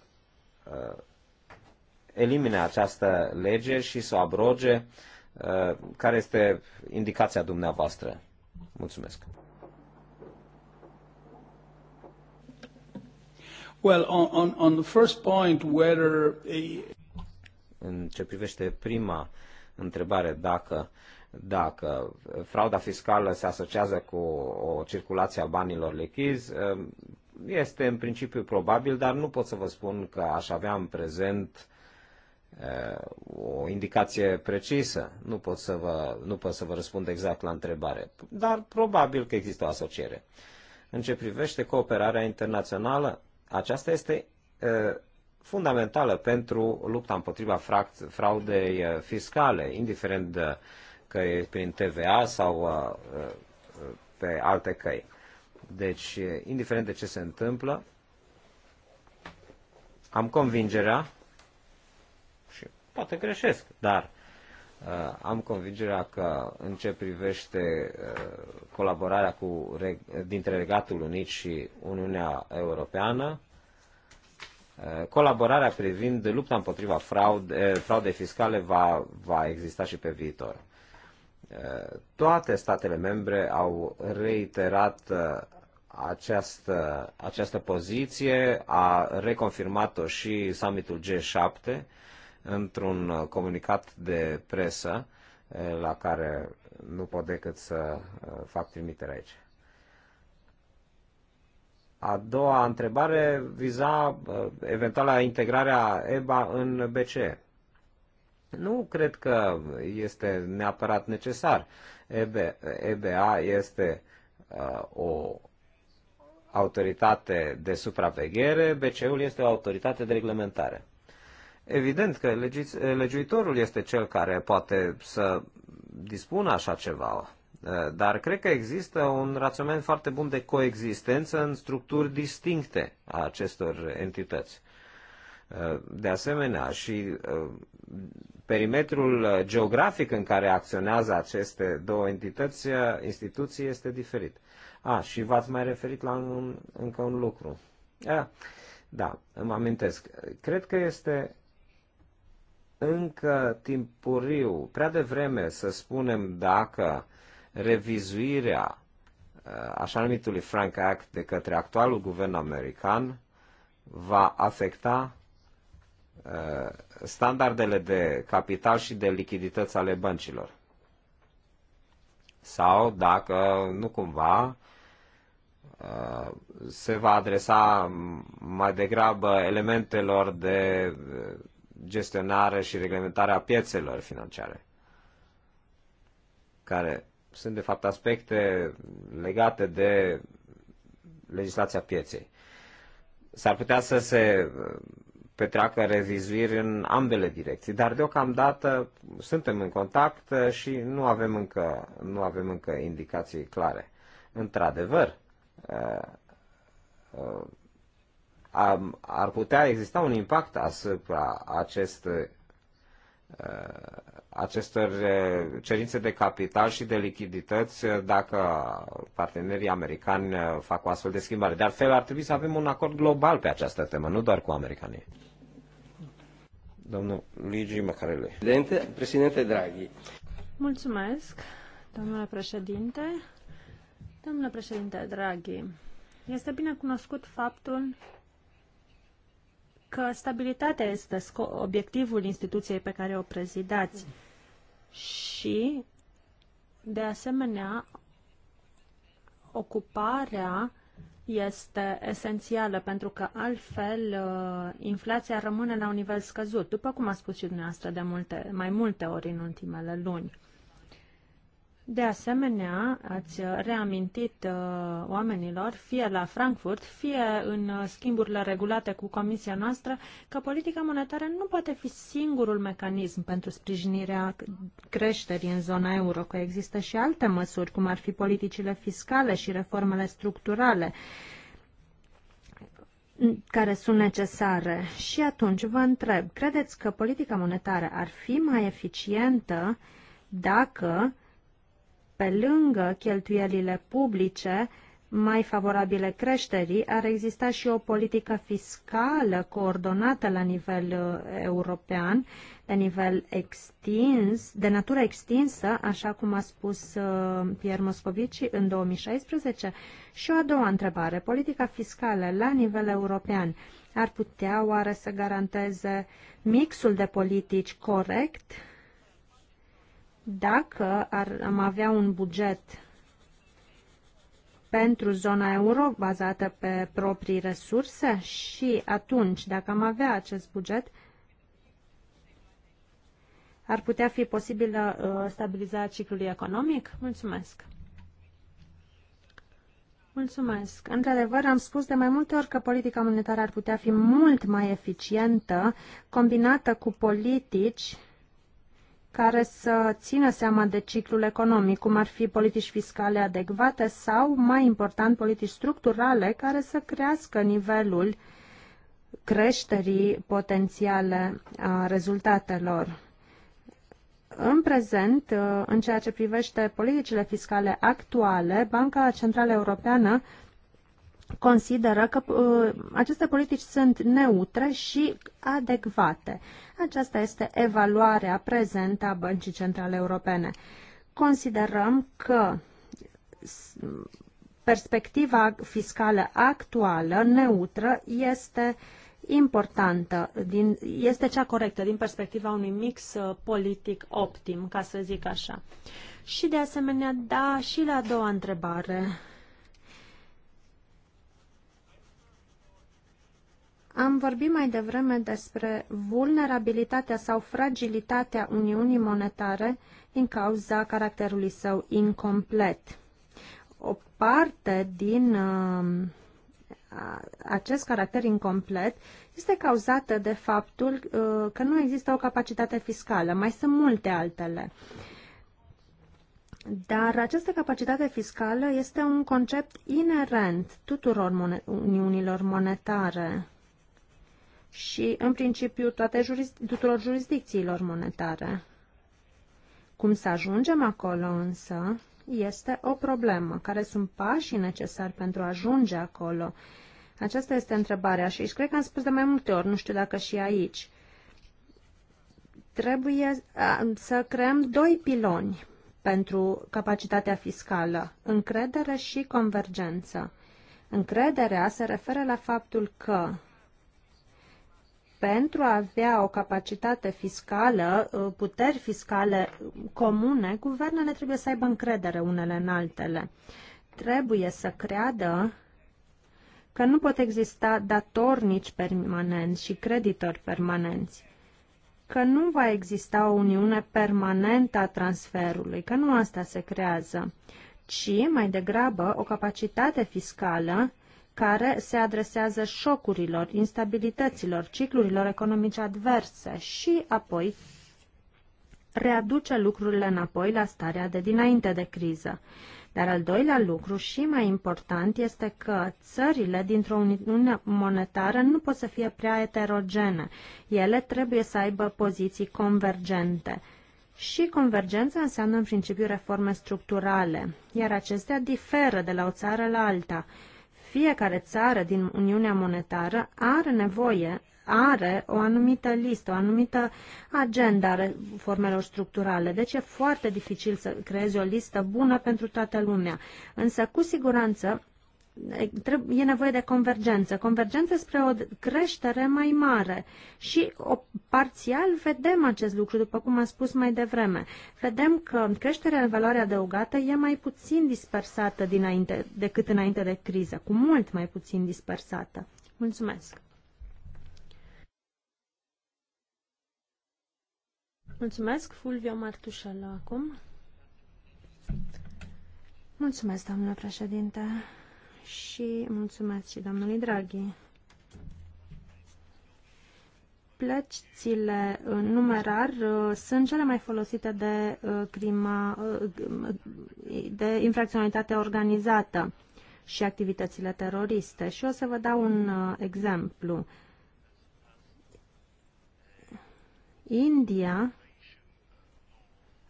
elimine această lege și să o abroge. Care este indicația dumneavoastră? Mulțumesc. Well, on, on, on the first point, whether a în ce privește prima întrebare, dacă, dacă frauda fiscală se asociază cu o circulație a banilor lichizi, eh, este în principiu probabil, dar nu pot să vă spun că aș avea în prezent eh, o indicație precisă. Nu pot, să vă, nu pot să vă răspund exact la întrebare, dar probabil că există o asociere. În ce privește cooperarea internațională, aceasta este eh, fundamentală pentru lupta împotriva fraudei uh, fiscale, indiferent că e prin TVA sau uh, uh, pe alte căi. Deci, indiferent de ce se întâmplă, am convingerea, și poate greșesc, dar uh, am convingerea că în ce privește uh, colaborarea cu, dintre Regatul Unit și Uniunea Europeană, Eh, colaborarea privind lupta împotriva fraude, eh, fraude fiscale va, va exista și pe viitor. Eh, toate statele membre au reiterat această, această poziție, a reconfirmat-o și summitul G7 într-un comunicat de presă la care nu pot decât să fac trimitere aici. A doua întrebare viza uh, eventuala integrarea EBA în BCE. Nu cred că este neapărat necesar. EBA este uh, o autoritate de supraveghere, BCE-ul este o autoritate de reglementare. Evident că legiuitorul este cel care poate să dispună așa ceva, Eh, dar cred că există un raționament foarte bun de coexistență în structuri distincte a acestor entități. Eh, de asemenea, și eh, perimetrul geografic în care acționează aceste două entități, instituții, este diferit. A, și v-ați mai referit la un, încă un lucru. A, da, îmi amintesc. Cred că este încă timpuriu, prea devreme să spunem dacă revizuirea uh, așa numitului Frank Act de către actualul guvern american va afecta uh, standardele de capital și de lichidități ale băncilor. Sau dacă nu cumva uh, se va adresa mai degrabă elementelor de gestionare și reglementare a piețelor financiare, care sunt de fapt aspecte legate de legislația pieței. S-ar putea să se uh, petreacă revizuiri în ambele direcții, dar deocamdată suntem în contact uh, și nu avem încă, nu avem încă indicații clare. Într-adevăr, uh, ar putea exista un impact asupra acestui Uh, acestor uh, cerințe de capital și de lichidități uh, dacă partenerii americani fac o astfel de schimbare. De altfel, ar trebui să avem un acord global pe această temă, nu doar cu americanii. Domnul Luigi Macarele. Președinte, președinte Draghi. Mulțumesc, domnule președinte. Domnule președinte Draghi, este bine cunoscut faptul că stabilitatea este obiectivul instituției pe care o prezidați și, de asemenea, ocuparea este esențială pentru că altfel uh, inflația rămâne la un nivel scăzut, după cum a spus și dumneavoastră de multe, mai multe ori în ultimele luni. De asemenea, ați reamintit uh, oamenilor, fie la Frankfurt, fie în uh, schimburile regulate cu comisia noastră, că politica monetară nu poate fi singurul mecanism pentru sprijinirea creșterii în zona euro, că există și alte măsuri, cum ar fi politicile fiscale și reformele structurale care sunt necesare. Și atunci vă întreb, credeți că politica monetară ar fi mai eficientă dacă pe lângă cheltuielile publice, mai favorabile creșterii, ar exista și o politică fiscală coordonată la nivel uh, european, de nivel extins, de natură extinsă, așa cum a spus uh, Pierre Moscovici în 2016. Și o a doua întrebare, politica fiscală la nivel european ar putea oare să garanteze mixul de politici corect dacă ar, am avea un buget pentru zona euro bazată pe proprii resurse și atunci, dacă am avea acest buget, ar putea fi posibilă uh, stabilizarea ciclului economic? Mulțumesc! Mulțumesc. Într-adevăr, am spus de mai multe ori că politica monetară ar putea fi mult mai eficientă, combinată cu politici care să țină seama de ciclul economic, cum ar fi politici fiscale adecvate sau, mai important, politici structurale care să crească nivelul creșterii potențiale a rezultatelor. În prezent, în ceea ce privește politicile fiscale actuale, Banca Centrală Europeană consideră că uh, aceste politici sunt neutre și adecvate. Aceasta este evaluarea prezentă a Băncii Centrale Europene. Considerăm că perspectiva fiscală actuală, neutră, este importantă, din, este cea corectă din perspectiva unui mix uh, politic optim, ca să zic așa. Și de asemenea, da, și la a doua întrebare Am vorbit mai devreme despre vulnerabilitatea sau fragilitatea Uniunii Monetare din cauza caracterului său incomplet. O parte din uh, acest caracter incomplet este cauzată de faptul uh, că nu există o capacitate fiscală. Mai sunt multe altele. Dar această capacitate fiscală este un concept inerent tuturor mon- uniunilor monetare și, în principiu, toate jurisdic- tuturor jurisdicțiilor monetare. Cum să ajungem acolo, însă, este o problemă. Care sunt pașii necesari pentru a ajunge acolo? Aceasta este întrebarea și cred că am spus de mai multe ori, nu știu dacă și aici. Trebuie să creăm doi piloni pentru capacitatea fiscală, încredere și convergență. Încrederea se referă la faptul că pentru a avea o capacitate fiscală, uh, puteri fiscale comune, guvernele trebuie să aibă încredere unele în altele. Trebuie să creadă că nu pot exista datornici permanenți și creditori permanenți, că nu va exista o uniune permanentă a transferului, că nu asta se creează, ci mai degrabă o capacitate fiscală care se adresează șocurilor, instabilităților, ciclurilor economice adverse și apoi readuce lucrurile înapoi la starea de dinainte de criză. Dar al doilea lucru și mai important este că țările dintr-o uniune monetară nu pot să fie prea heterogene. Ele trebuie să aibă poziții convergente. Și convergența înseamnă în principiu reforme structurale, iar acestea diferă de la o țară la alta fiecare țară din Uniunea Monetară are nevoie, are o anumită listă, o anumită agenda reformelor structurale. Deci e foarte dificil să creezi o listă bună pentru toată lumea. Însă, cu siguranță, e nevoie de convergență. Convergență spre o creștere mai mare și o, parțial vedem acest lucru, după cum am spus mai devreme. Vedem că creșterea în valoare adăugată e mai puțin dispersată dinainte, decât înainte de criză, cu mult mai puțin dispersată. Mulțumesc! Mulțumesc, Fulvio Martușelu, acum. Mulțumesc, doamnă președinte și mulțumesc și domnului Draghi. Plăcile în numerar uh, sunt cele mai folosite de uh, crima, uh, de infracționalitate organizată și activitățile teroriste. Și o să vă dau un exemplu. India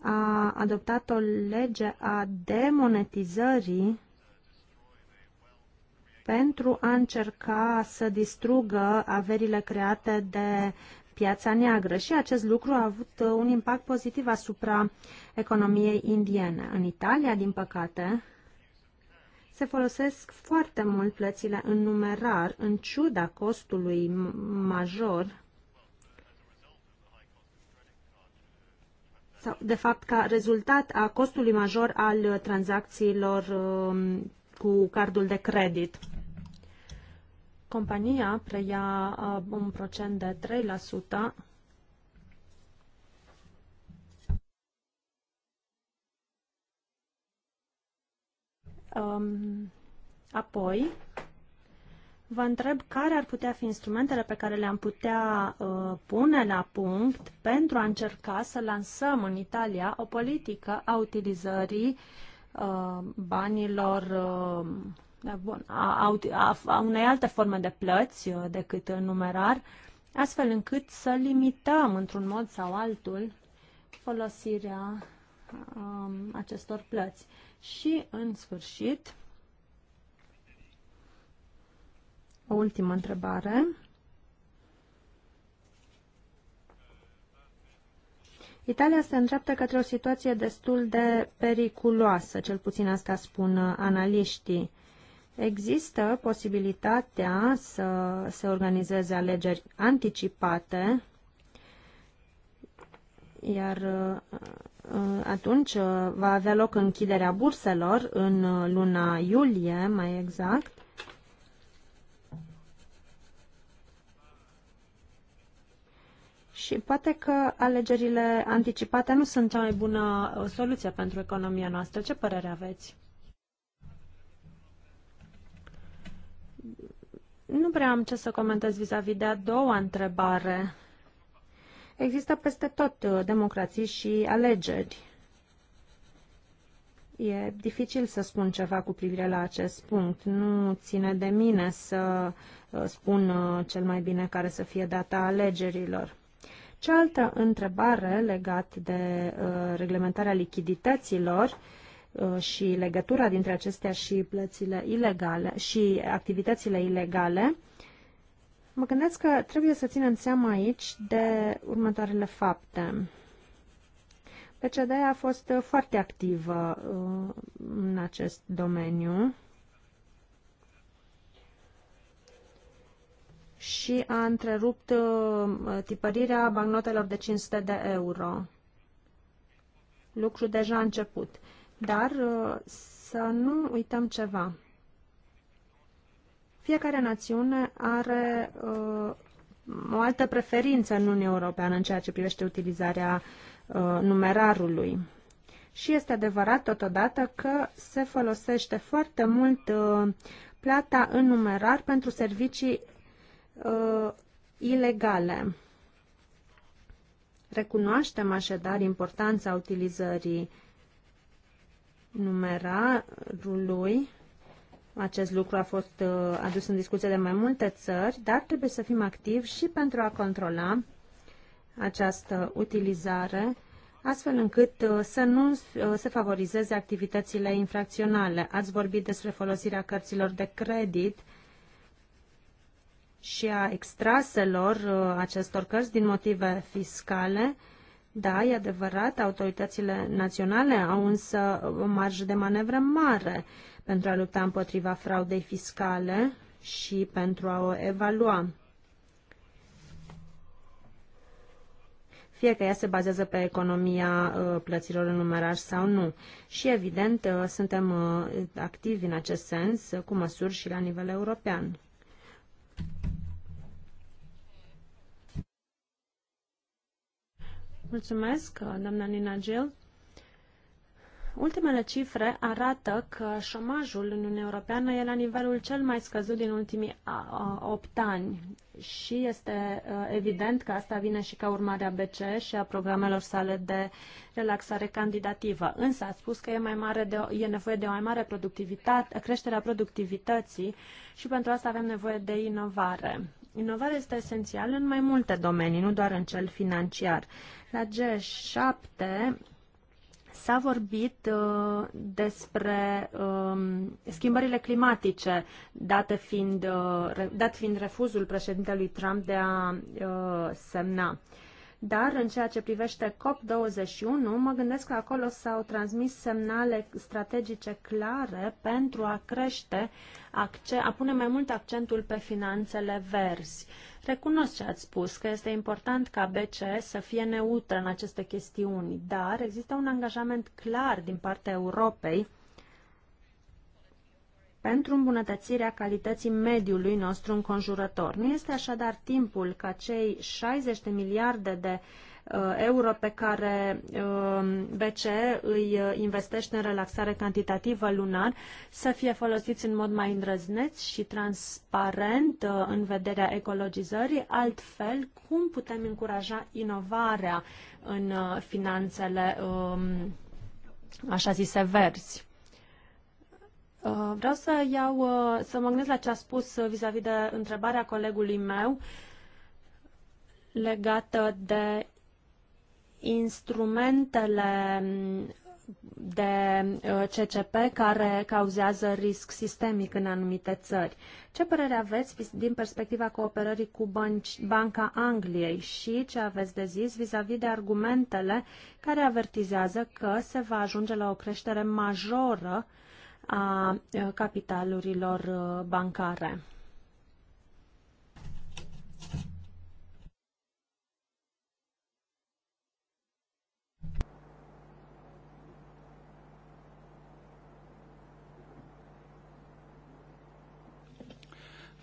a adoptat o lege a demonetizării pentru a încerca să distrugă averile create de piața neagră și acest lucru a avut un impact pozitiv asupra economiei indiene. În Italia, din păcate, se folosesc foarte mult plățile în numerar, în ciuda costului major sau, de fapt, ca rezultat a costului major al tranzacțiilor um, cu cardul de credit. Compania preia uh, un procent de 3%. Um, apoi, vă întreb care ar putea fi instrumentele pe care le-am putea uh, pune la punct pentru a încerca să lansăm în Italia o politică a utilizării uh, banilor uh, da, bun, a, a, a unei alte forme de plăți uh, decât în numerar, astfel încât să limităm într-un mod sau altul folosirea um, acestor plăți. Și, în sfârșit, o ultimă întrebare. Italia se îndreaptă către o situație destul de periculoasă, cel puțin asta spun analiștii. Există posibilitatea să se organizeze alegeri anticipate, iar uh, atunci uh, va avea loc închiderea burselor în uh, luna iulie, mai exact. Și poate că alegerile anticipate nu sunt cea mai bună soluție pentru economia noastră. Ce părere aveți? Nu prea am ce să comentez vis-a-vis -vis de a doua întrebare. Există peste tot uh, democrații și alegeri. E dificil să spun ceva cu privire la acest punct. Nu ține de mine să uh, spun uh, cel mai bine care să fie data alegerilor. Cealaltă întrebare legat de reglementarea lichidităților Uh, și legătura dintre acestea și plățile ilegale și activitățile ilegale, mă gândesc că trebuie să ținem seama aici de următoarele fapte. PCD a fost foarte activă uh, în acest domeniu și a întrerupt uh, tipărirea bancnotelor de 500 de euro. Lucru deja început. Dar uh, să nu uităm ceva. Fiecare națiune are uh, o altă preferință în Uniunea Europeană în ceea ce privește utilizarea uh, numerarului. Și este adevărat totodată că se folosește foarte mult uh, plata în numerar pentru servicii uh, ilegale. Recunoaștem așadar importanța utilizării uh, numerarului. Acest lucru a fost uh, adus în discuție de mai multe țări, dar trebuie să fim activi și pentru a controla această utilizare, astfel încât uh, să nu uh, se favorizeze activitățile infracționale. Ați vorbit despre folosirea cărților de credit și a extraselor acestor cărți din motive fiscale da, e adevărat, autoritățile naționale au însă o marjă de manevră mare pentru a lupta împotriva fraudei fiscale și pentru a o evalua. fie că ea se bazează pe economia uh, plăților în numeraj sau nu. Și, evident, uh, suntem uh, activi în acest sens cu măsuri și la nivel european. Mulțumesc, uh, doamna Nina Gil. Ultimele cifre arată că șomajul în Uniunea Europeană e la nivelul cel mai scăzut din ultimii 8 ani și este uh, evident că asta vine și ca urmare a BCE și a programelor sale de relaxare candidativă. Însă a spus că e, mai mare de, e nevoie de o mai mare productivitate, creșterea productivității și pentru asta avem nevoie de inovare. Inovarea este esențială în mai multe domenii, nu doar în cel financiar. La G7 s-a vorbit uh, despre um, schimbările climatice, date fiind, uh, dat fiind refuzul președintelui Trump de a uh, semna. Uh, dar în ceea ce privește COP21, mă gândesc că acolo s-au transmis semnale strategice clare pentru a crește, a pune mai mult accentul pe finanțele verzi. Recunosc ce ați spus, că este important ca BCE să fie neutră în aceste chestiuni, dar există un angajament clar din partea Europei pentru îmbunătățirea calității mediului nostru înconjurător. Nu este așadar timpul ca cei 60 de miliarde de uh, euro pe care uh, BCE îi uh, investește în relaxare cantitativă lunar să fie folosiți în mod mai îndrăzneț și transparent uh, în vederea ecologizării. Altfel, cum putem încuraja inovarea în uh, finanțele um, așa zise verzi? Uh, vreau să iau, uh, să mă gândesc la ce a spus vis-a-vis -vis de întrebarea colegului meu legată de instrumentele mm, de uh, CCP care cauzează risc sistemic în anumite țări. Ce părere aveți din perspectiva cooperării cu Banci, Banca Angliei și ce aveți de zis vis-a-vis -vis de argumentele care avertizează că se va ajunge la o creștere majoră a capitalurilor bancare.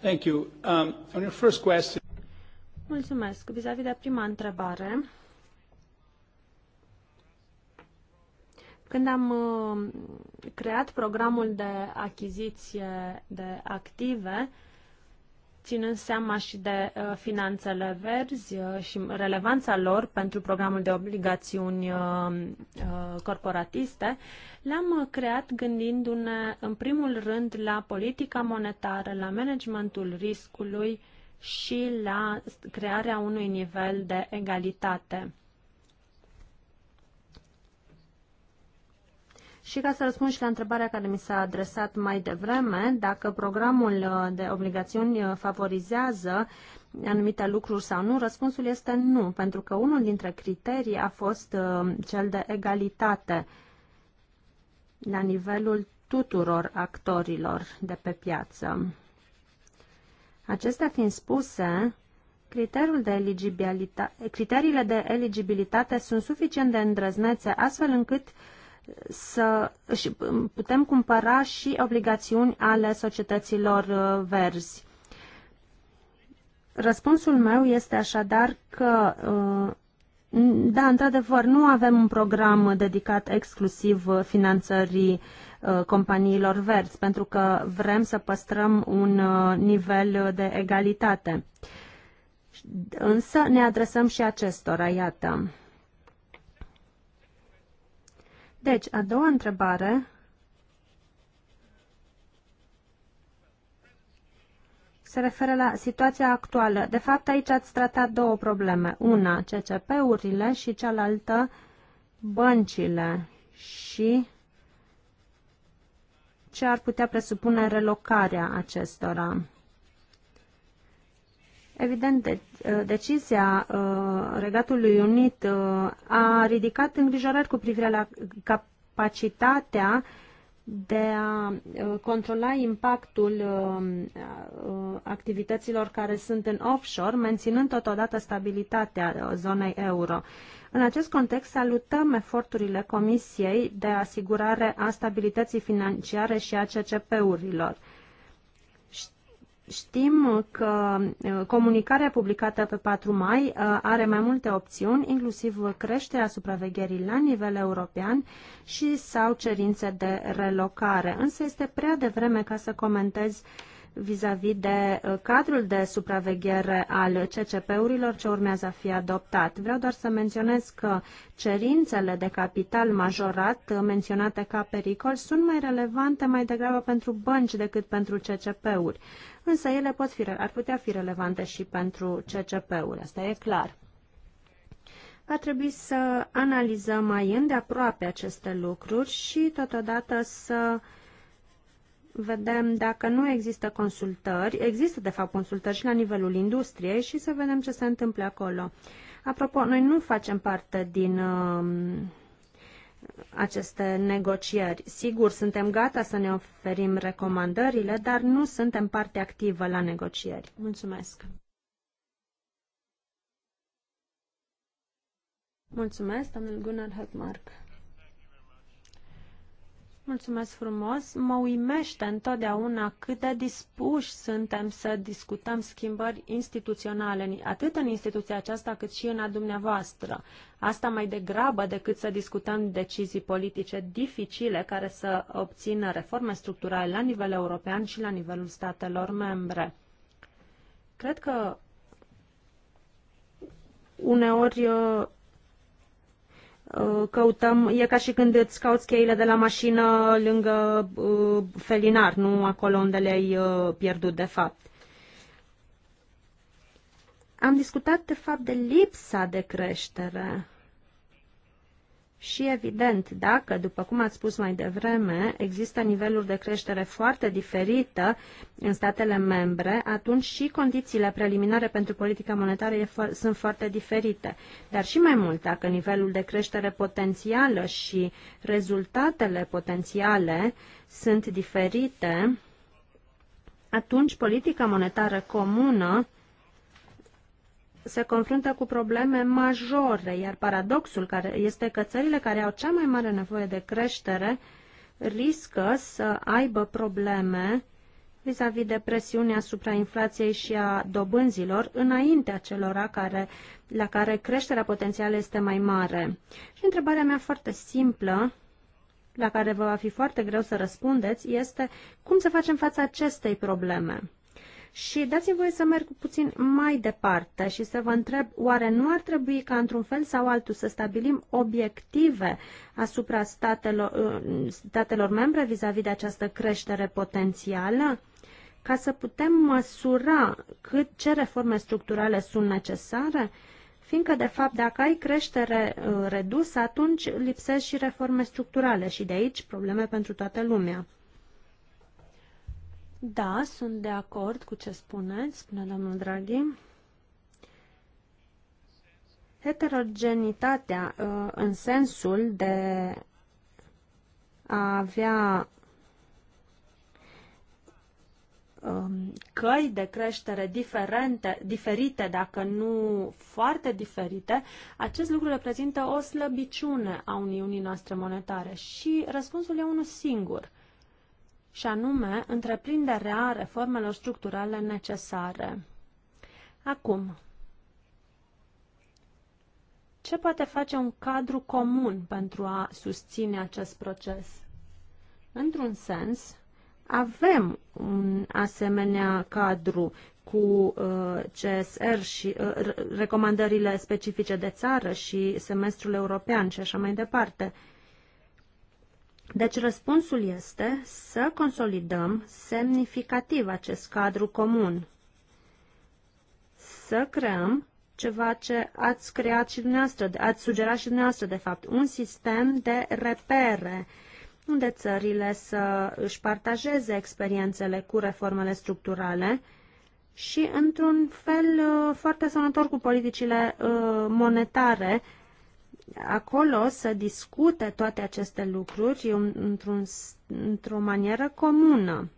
Thank you. Um, on your first question... Mulțumesc. Vis-a-vis -vis de prima întrebare, Când am uh, creat programul de achiziție de active, ținând seama și de uh, finanțele verzi uh, și relevanța lor pentru programul de obligațiuni corporatiste, le-am creat gândindu-ne în primul rând la politica monetară, la managementul riscului și la crearea unui nivel de egalitate. Și ca să răspund și la întrebarea care mi s-a adresat mai devreme, dacă programul uh, de obligațiuni uh, favorizează anumite lucruri sau nu, răspunsul este nu, pentru că unul dintre criterii a fost uh, cel de egalitate la nivelul tuturor actorilor de pe piață. Acestea fiind spuse, Criteriul de criteriile de eligibilitate sunt suficient de îndrăznețe astfel încât uh, să și putem cumpăra și obligațiuni ale societăților uh, verzi. Răspunsul meu este așadar că uh, da, într-adevăr, nu avem un program dedicat exclusiv finanțării uh, companiilor verzi, pentru că vrem să păstrăm un nivel de egalitate. Însă ne adresăm și acestora, iată. Deci, a doua întrebare se referă la situația actuală. De fapt, aici ați tratat două probleme. Una, CCP-urile și cealaltă, băncile și ce ar putea presupune relocarea acestora. Evident, de, uh, decizia uh, Regatului Unit uh, a ridicat îngrijorări cu privire la capacitatea de a controla impactul activităților care sunt în offshore, menținând totodată stabilitatea zonei euro. În acest context, salutăm eforturile Comisiei de asigurare a stabilității financiare și a CCP-urilor. Știm că uh, comunicarea publicată pe 4 mai uh, are mai multe opțiuni, inclusiv creșterea supravegherii la nivel european și sau cerințe de relocare, însă este prea devreme ca să comentez uh, vis-a-vis de uh, cadrul de supraveghere al CCP-urilor ce urmează a fi adoptat. Vreau doar să menționez că cerințele de capital majorat uh, menționate ca pericol sunt mai relevante mai degrabă pentru bănci decât pentru CCP-uri, însă ele pot fi, ar putea fi relevante și pentru CCP-uri, asta e clar. Va trebui să analizăm mai îndeaproape aceste lucruri și totodată să vedem dacă nu există consultări, există de fapt consultări și la nivelul industriei și să vedem ce se întâmplă acolo. Apropo, noi nu facem parte din uh, aceste negocieri. Sigur, suntem gata să ne oferim recomandările, dar nu suntem parte activă la negocieri. Mulțumesc! Mulțumesc, domnul Gunnar Höckmark. Mulțumesc frumos. Mă uimește întotdeauna cât de dispuși suntem să discutăm schimbări instituționale, atât în instituția aceasta cât și în a dumneavoastră. Asta mai degrabă decât să discutăm decizii politice dificile care să obțină reforme structurale la nivel european și la nivelul statelor membre. Cred că uneori uh, Uh, căutăm, e ca și când îți cauți cheile de la mașină lângă uh, felinar, nu acolo unde le-ai uh, pierdut de fapt. Am discutat de fapt de lipsa de creștere. Și evident, dacă, după cum ați spus mai devreme, există niveluri de creștere foarte diferită în statele membre, atunci și condițiile preliminare pentru politica monetară e fo- sunt foarte diferite. Dar și mai mult, dacă nivelul de creștere potențială și rezultatele potențiale sunt diferite, atunci politica monetară comună se confruntă cu probleme majore, iar paradoxul care este că țările care au cea mai mare nevoie de creștere riscă să aibă probleme vis-a-vis -vis de presiunea asupra inflației și a dobânzilor înaintea celora care, la care creșterea potențială este mai mare. Și întrebarea mea foarte simplă, la care vă va fi foarte greu să răspundeți, este cum să facem față acestei probleme. Și dați-mi voie să merg puțin mai departe și să vă întreb, oare nu ar trebui ca într-un fel sau altul să stabilim obiective asupra statelor, uh, statelor membre vis-a-vis -vis de această creștere potențială? ca să putem măsura cât, ce reforme structurale sunt necesare, fiindcă, de fapt, dacă ai creștere uh, redusă, atunci lipsesc și reforme structurale și de aici probleme pentru toată lumea. Da, sunt de acord cu ce spuneți, spune domnul Draghi. Heterogenitatea uh, în sensul de a avea um, căi de creștere diferente, diferite, dacă nu foarte diferite, acest lucru reprezintă o slăbiciune a Uniunii noastre monetare și răspunsul e unul singur și anume întreprinderea reformelor structurale necesare. Acum, ce poate face un cadru comun pentru a susține acest proces? Într-un sens, avem un asemenea cadru cu uh, CSR și uh, recomandările specifice de țară și semestrul european și așa mai departe. Deci răspunsul este să consolidăm semnificativ acest cadru comun, să creăm ceva ce ați creat și dumneavoastră, ați sugerat și dumneavoastră, de fapt, un sistem de repere unde țările să își partajeze experiențele cu reformele structurale și într-un fel uh, foarte sănător cu politicile uh, monetare acolo să discute toate aceste lucruri într-un, într-o manieră comună.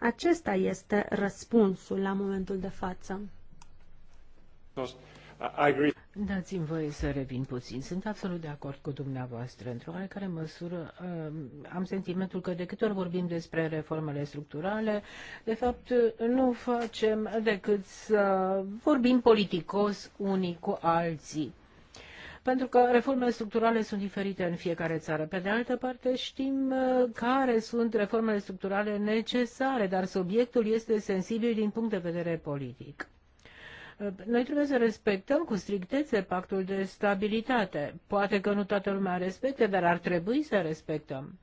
Acesta este răspunsul la momentul de față. Dați-mi voie să revin puțin. Sunt absolut de acord cu dumneavoastră. Într-o oarecare măsură um, am sentimentul că de câte ori vorbim despre reformele structurale, de fapt nu facem decât să vorbim politicos unii cu alții pentru că reformele structurale sunt diferite în fiecare țară. Pe de altă parte, știm uh, care sunt reformele structurale necesare, dar subiectul este sensibil din punct de vedere politic. Ă, noi trebuie să respectăm cu strictețe pactul de stabilitate. Poate că nu toată lumea respecte, dar ar trebui să respectăm.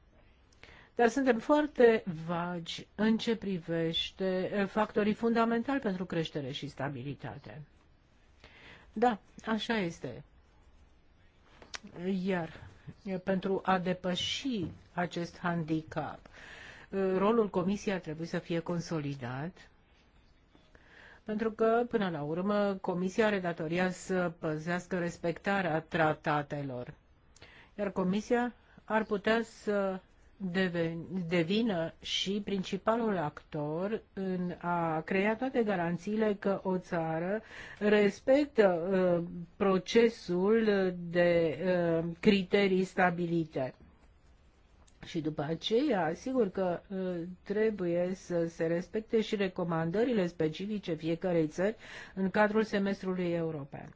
Dar suntem foarte vagi în ce privește ă, factorii fundamentali pentru creștere și stabilitate. Da, așa este. Iar pentru a depăși acest handicap, ă, rolul Comisiei ar trebui să fie consolidat pentru că, până la urmă, Comisia are datoria să păzească respectarea tratatelor. Iar Comisia ar putea să devină și principalul actor în a crea toate garanțiile că o țară respectă uh, procesul de uh, criterii stabilite. Și după aceea, sigur că uh, trebuie să se respecte și recomandările specifice fiecarei țări în cadrul semestrului european.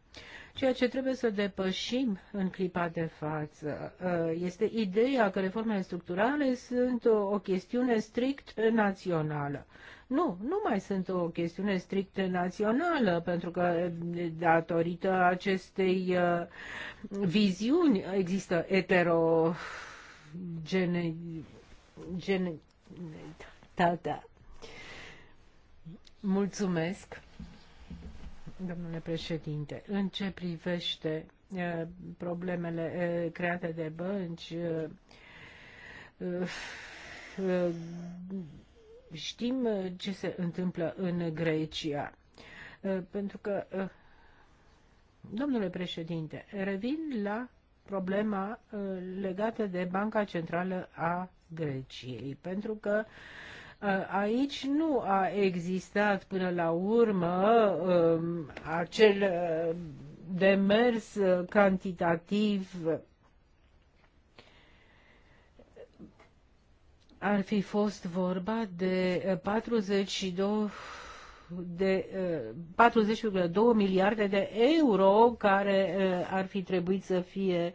Ceea ce trebuie să depășim în clipa de față uh, este ideea că reformele structurale sunt o, chestiune strict națională. Nu, nu mai sunt o chestiune strict națională, pentru că datorită acestei uh, viziuni există etero gene, Mulțumesc, domnule președinte. În ce privește problemele create de bănci, știm ce se întâmplă în Grecia. Pentru că, domnule președinte, revin la problema uh, legată de Banca Centrală a Greciei, pentru că uh, aici nu a existat până la urmă um, acel uh, demers cantitativ ar fi fost vorba de 42 de 40,2 eh, miliarde de euro care eh, ar fi trebuit să fie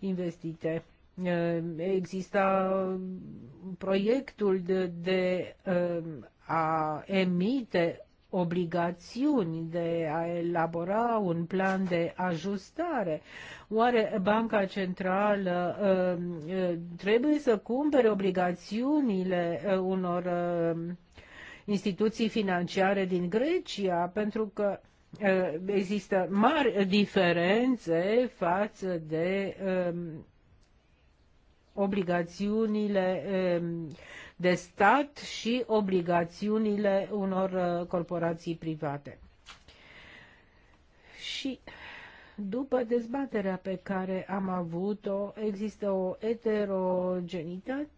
investite. Eh, exista proiectul de, de a emite obligațiuni de a elabora un plan de ajustare. Oare Banca Centrală trebuie să cumpere obligațiunile unor instituții financiare din Grecia, pentru că uh, există mari diferențe față de um, obligațiunile um, de stat și obligațiunile unor uh, corporații private. Și după dezbaterea pe care am avut-o, există o eterogenitate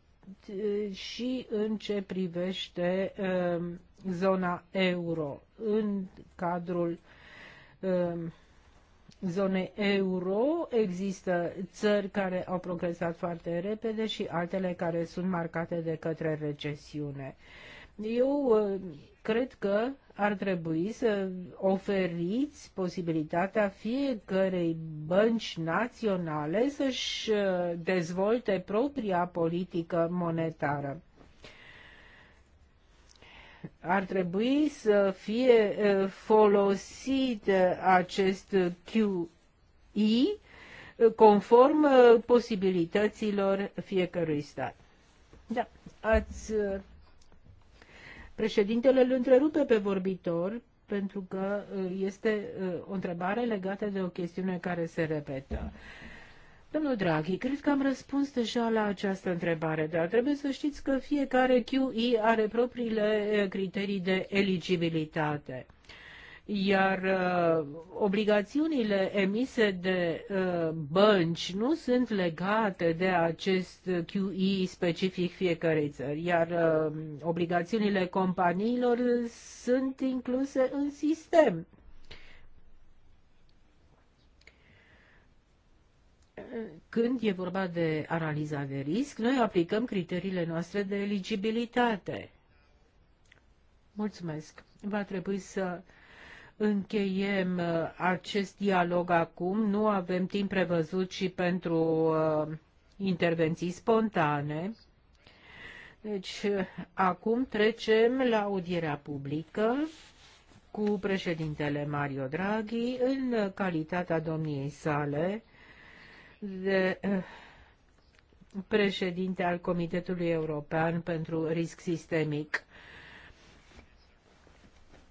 și în ce privește um, zona euro. În cadrul um, zonei euro există țări care au progresat foarte repede și altele care sunt marcate de către recesiune. Eu um, cred că ar trebui să oferiți posibilitatea fiecărei bănci naționale să-și uh, dezvolte propria politică monetară ar trebui să fie uh, folosit uh, acest QI conform posibilităților fiecărui stat. Da, ați Președintele îl întrerupe pe vorbitor pentru că uh, este uh, o întrebare legată de o chestiune care se repetă. Domnul Draghi, cred că am răspuns deja la această întrebare, dar trebuie să știți că fiecare QI are propriile uh, criterii de eligibilitate iar uh, obligațiunile emise de uh, bănci nu sunt legate de acest QE specific fiecarei țări, iar uh, obligațiunile companiilor sunt incluse în sistem. când e vorba de analiza de risc, noi aplicăm criteriile noastre de eligibilitate. Mulțumesc. Va trebui să încheiem uh, acest dialog acum. Nu avem timp prevăzut și pentru uh, intervenții spontane. Deci, uh, acum trecem la audierea publică cu președintele Mario Draghi în calitatea domniei sale de președinte al Comitetului European pentru Risc Sistemic.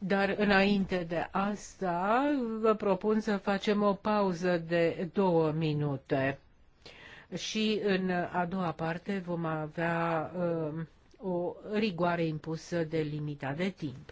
Dar înainte de asta, vă propun să facem o pauză de două minute. Și în a doua parte vom avea uh, o rigoare impusă de limita de timp.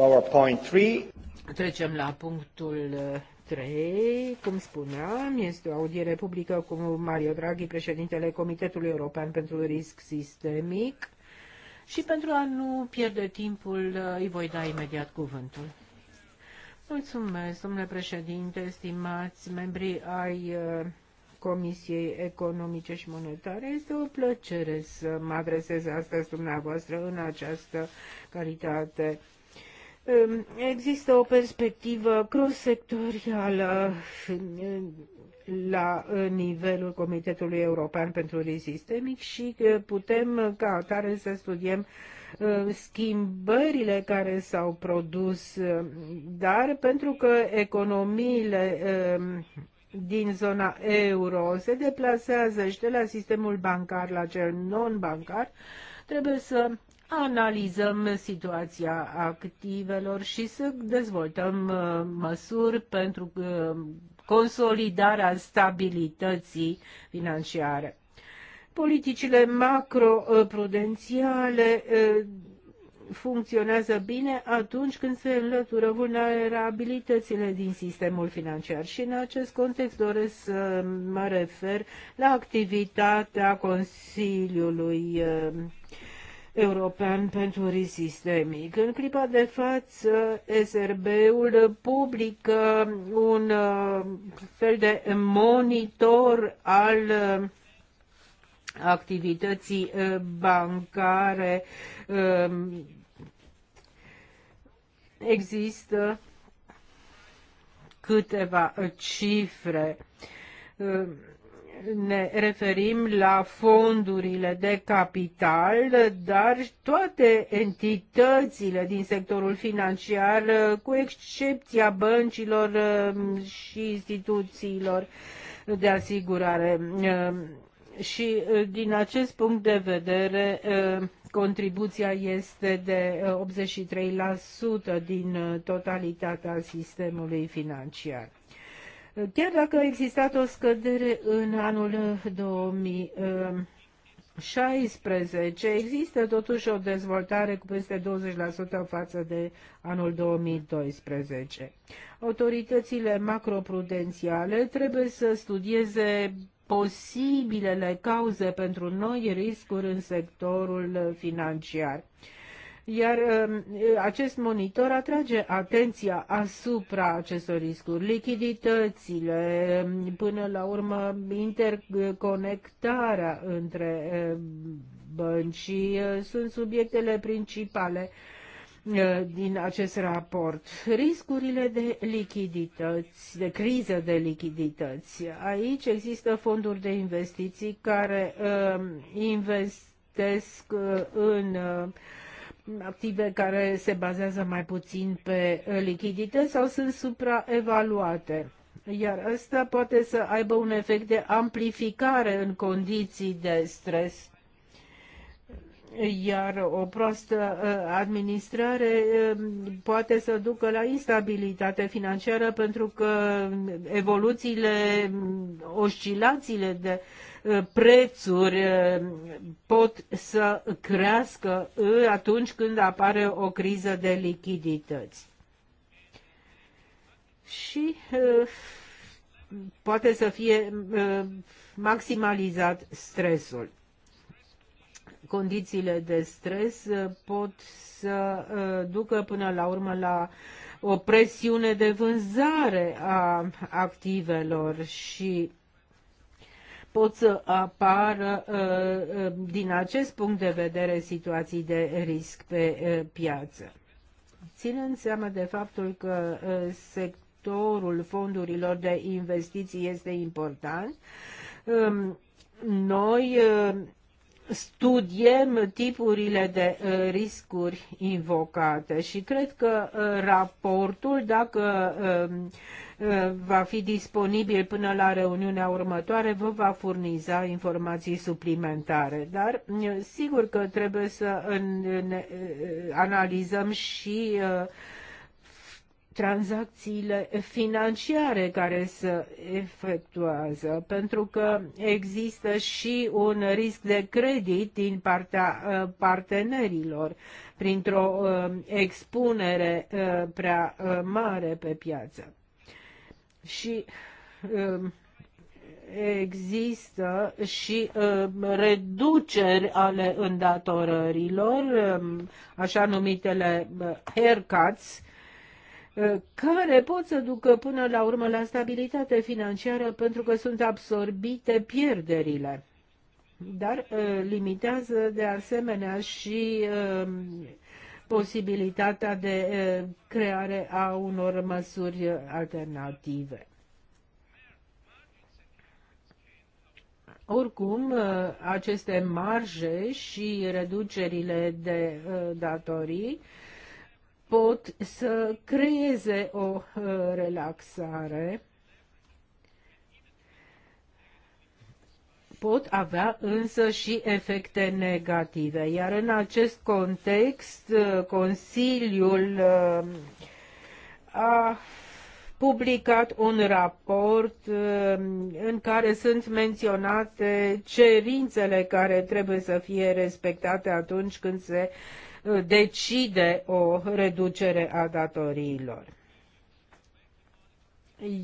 our point Trecem la punctul 3. Uh, Cum spuneam, este o audiere publică cu Mario Draghi, președintele Comitetului European pentru Risc Sistemic. Și pentru a nu pierde timpul, uh, îi voi da imediat cuvântul. Mulțumesc, domnule președinte, stimați membri ai uh, Comisiei Economice și Monetare. Este o plăcere să mă adresez astăzi dumneavoastră în această calitate Există o perspectivă cross-sectorială la nivelul Comitetului European pentru Risc Sistemic și putem ca atare să studiem uh, schimbările care s-au produs, uh, dar pentru că economiile uh, din zona euro se deplasează și de la sistemul bancar la cel non-bancar, trebuie să analizăm situația activelor și să dezvoltăm uh, măsuri pentru uh, consolidarea stabilității financiare. Politicile macroprudențiale uh, funcționează bine atunci când se înlătură vulnerabilitățile din sistemul financiar. Și în acest context doresc să mă refer la activitatea Consiliului European pentru Risc Sistemic. În clipa de față, SRB-ul publică un uh, fel de monitor al uh, activității uh, bancare. Um, există câteva cifre um, ne referim la fondurile de capital, dar toate entitățile din sectorul financiar, cu excepția băncilor uh, și instituțiilor de asigurare. Uh, și uh, din acest punct de vedere, contribuția este de 83% din totalitatea sistemului financiar. Chiar dacă a existat o scădere în anul 2016, există totuși o dezvoltare cu peste 20% față de anul 2012. Autoritățile macroprudențiale trebuie să studieze posibilele cauze pentru noi riscuri în sectorul financiar. Iar um, acest monitor atrage atenția asupra acestor riscuri, lichiditățile, um, până la urmă interconectarea între um, bănci uh, sunt subiectele principale uh, din acest raport. Riscurile de lichidități, de criză de lichidități. Aici există fonduri de investiții care investesc uh, în active care se bazează mai puțin pe lichidități sau sunt supraevaluate. Iar asta poate să aibă un efect de amplificare în condiții de stres iar o proastă ă, administrare ă, poate să ducă la instabilitate financiară pentru că evoluțiile, oscilațiile de Uh, prețuri uh, pot să crească uh, atunci când apare o criză de lichidități. Și poate să fie maximalizat stresul condițiile de stres pot să ducă până la urmă la o presiune de vânzare a activelor și pot să apară uh, uh, din acest punct de vedere situații de risc pe uh, piață. Ținând seama de faptul că sectorul fondurilor de investiții este important, um, noi studiem tipurile de riscuri invocate și cred că raportul, dacă um, va fi disponibil până la reuniunea următoare, vă va furniza informații suplimentare. Dar sigur că trebuie să ne analizăm și tranzacțiile financiare care se efectuează, pentru că există și un risc de credit din partea partenerilor printr-o expunere prea mare pe piață și um, există și um, reduceri ale îndatorărilor, um, așa numitele uh, haircuts, uh, care pot să ducă până la urmă la stabilitate financiară pentru că sunt absorbite pierderile. Dar uh, limitează de asemenea și posibilitatea de creare a unor măsuri alternative. Oricum, aceste marje și reducerile de datorii pot să creeze o relaxare pot avea însă și efecte negative. Iar în acest context, uh, Consiliul uh, a publicat un raport uh, în care sunt menționate cerințele care trebuie să fie respectate atunci când se decide o reducere a datoriilor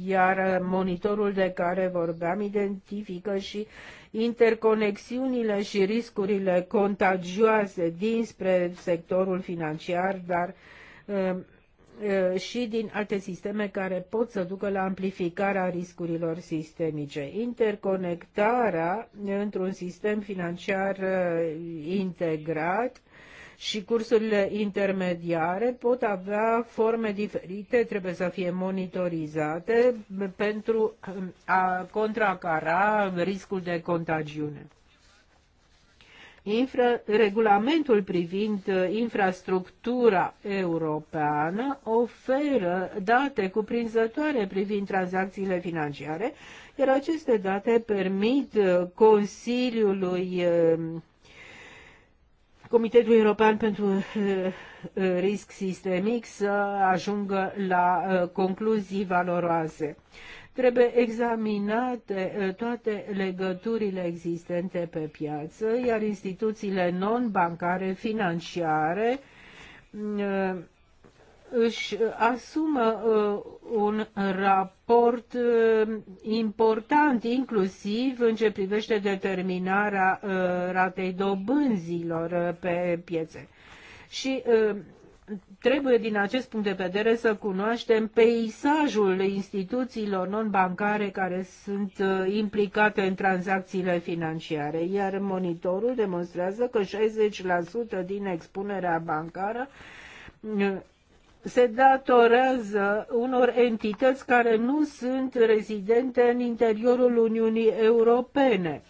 iar monitorul de care vorbeam identifică și interconexiunile și riscurile contagioase dinspre sectorul financiar, dar uh, uh, și din alte sisteme care pot să ducă la amplificarea riscurilor sistemice. Interconectarea într-un sistem financiar uh, integrat și cursurile intermediare pot avea forme diferite, trebuie să fie monitorizate pentru a contracara riscul de contagiune. Infra, regulamentul privind uh, infrastructura europeană oferă date cuprinzătoare privind tranzacțiile financiare, iar aceste date permit uh, Consiliului uh, Comitetul European pentru uh, uh, Risc Sistemic să ajungă la uh, concluzii valoroase. Trebuie examinate toate legăturile existente pe piață, iar instituțiile non-bancare financiare își asumă uh, un raport uh, important, inclusiv în ce privește determinarea uh, ratei dobânzilor pe piețe. Și trebuie din acest punct de vedere să cunoaștem peisajul instituțiilor non-bancare care sunt implicate în tranzacțiile financiare, iar monitorul demonstrează că 60% din expunerea bancară se datorează unor entități care nu sunt rezidente în interiorul Uniunii Europene.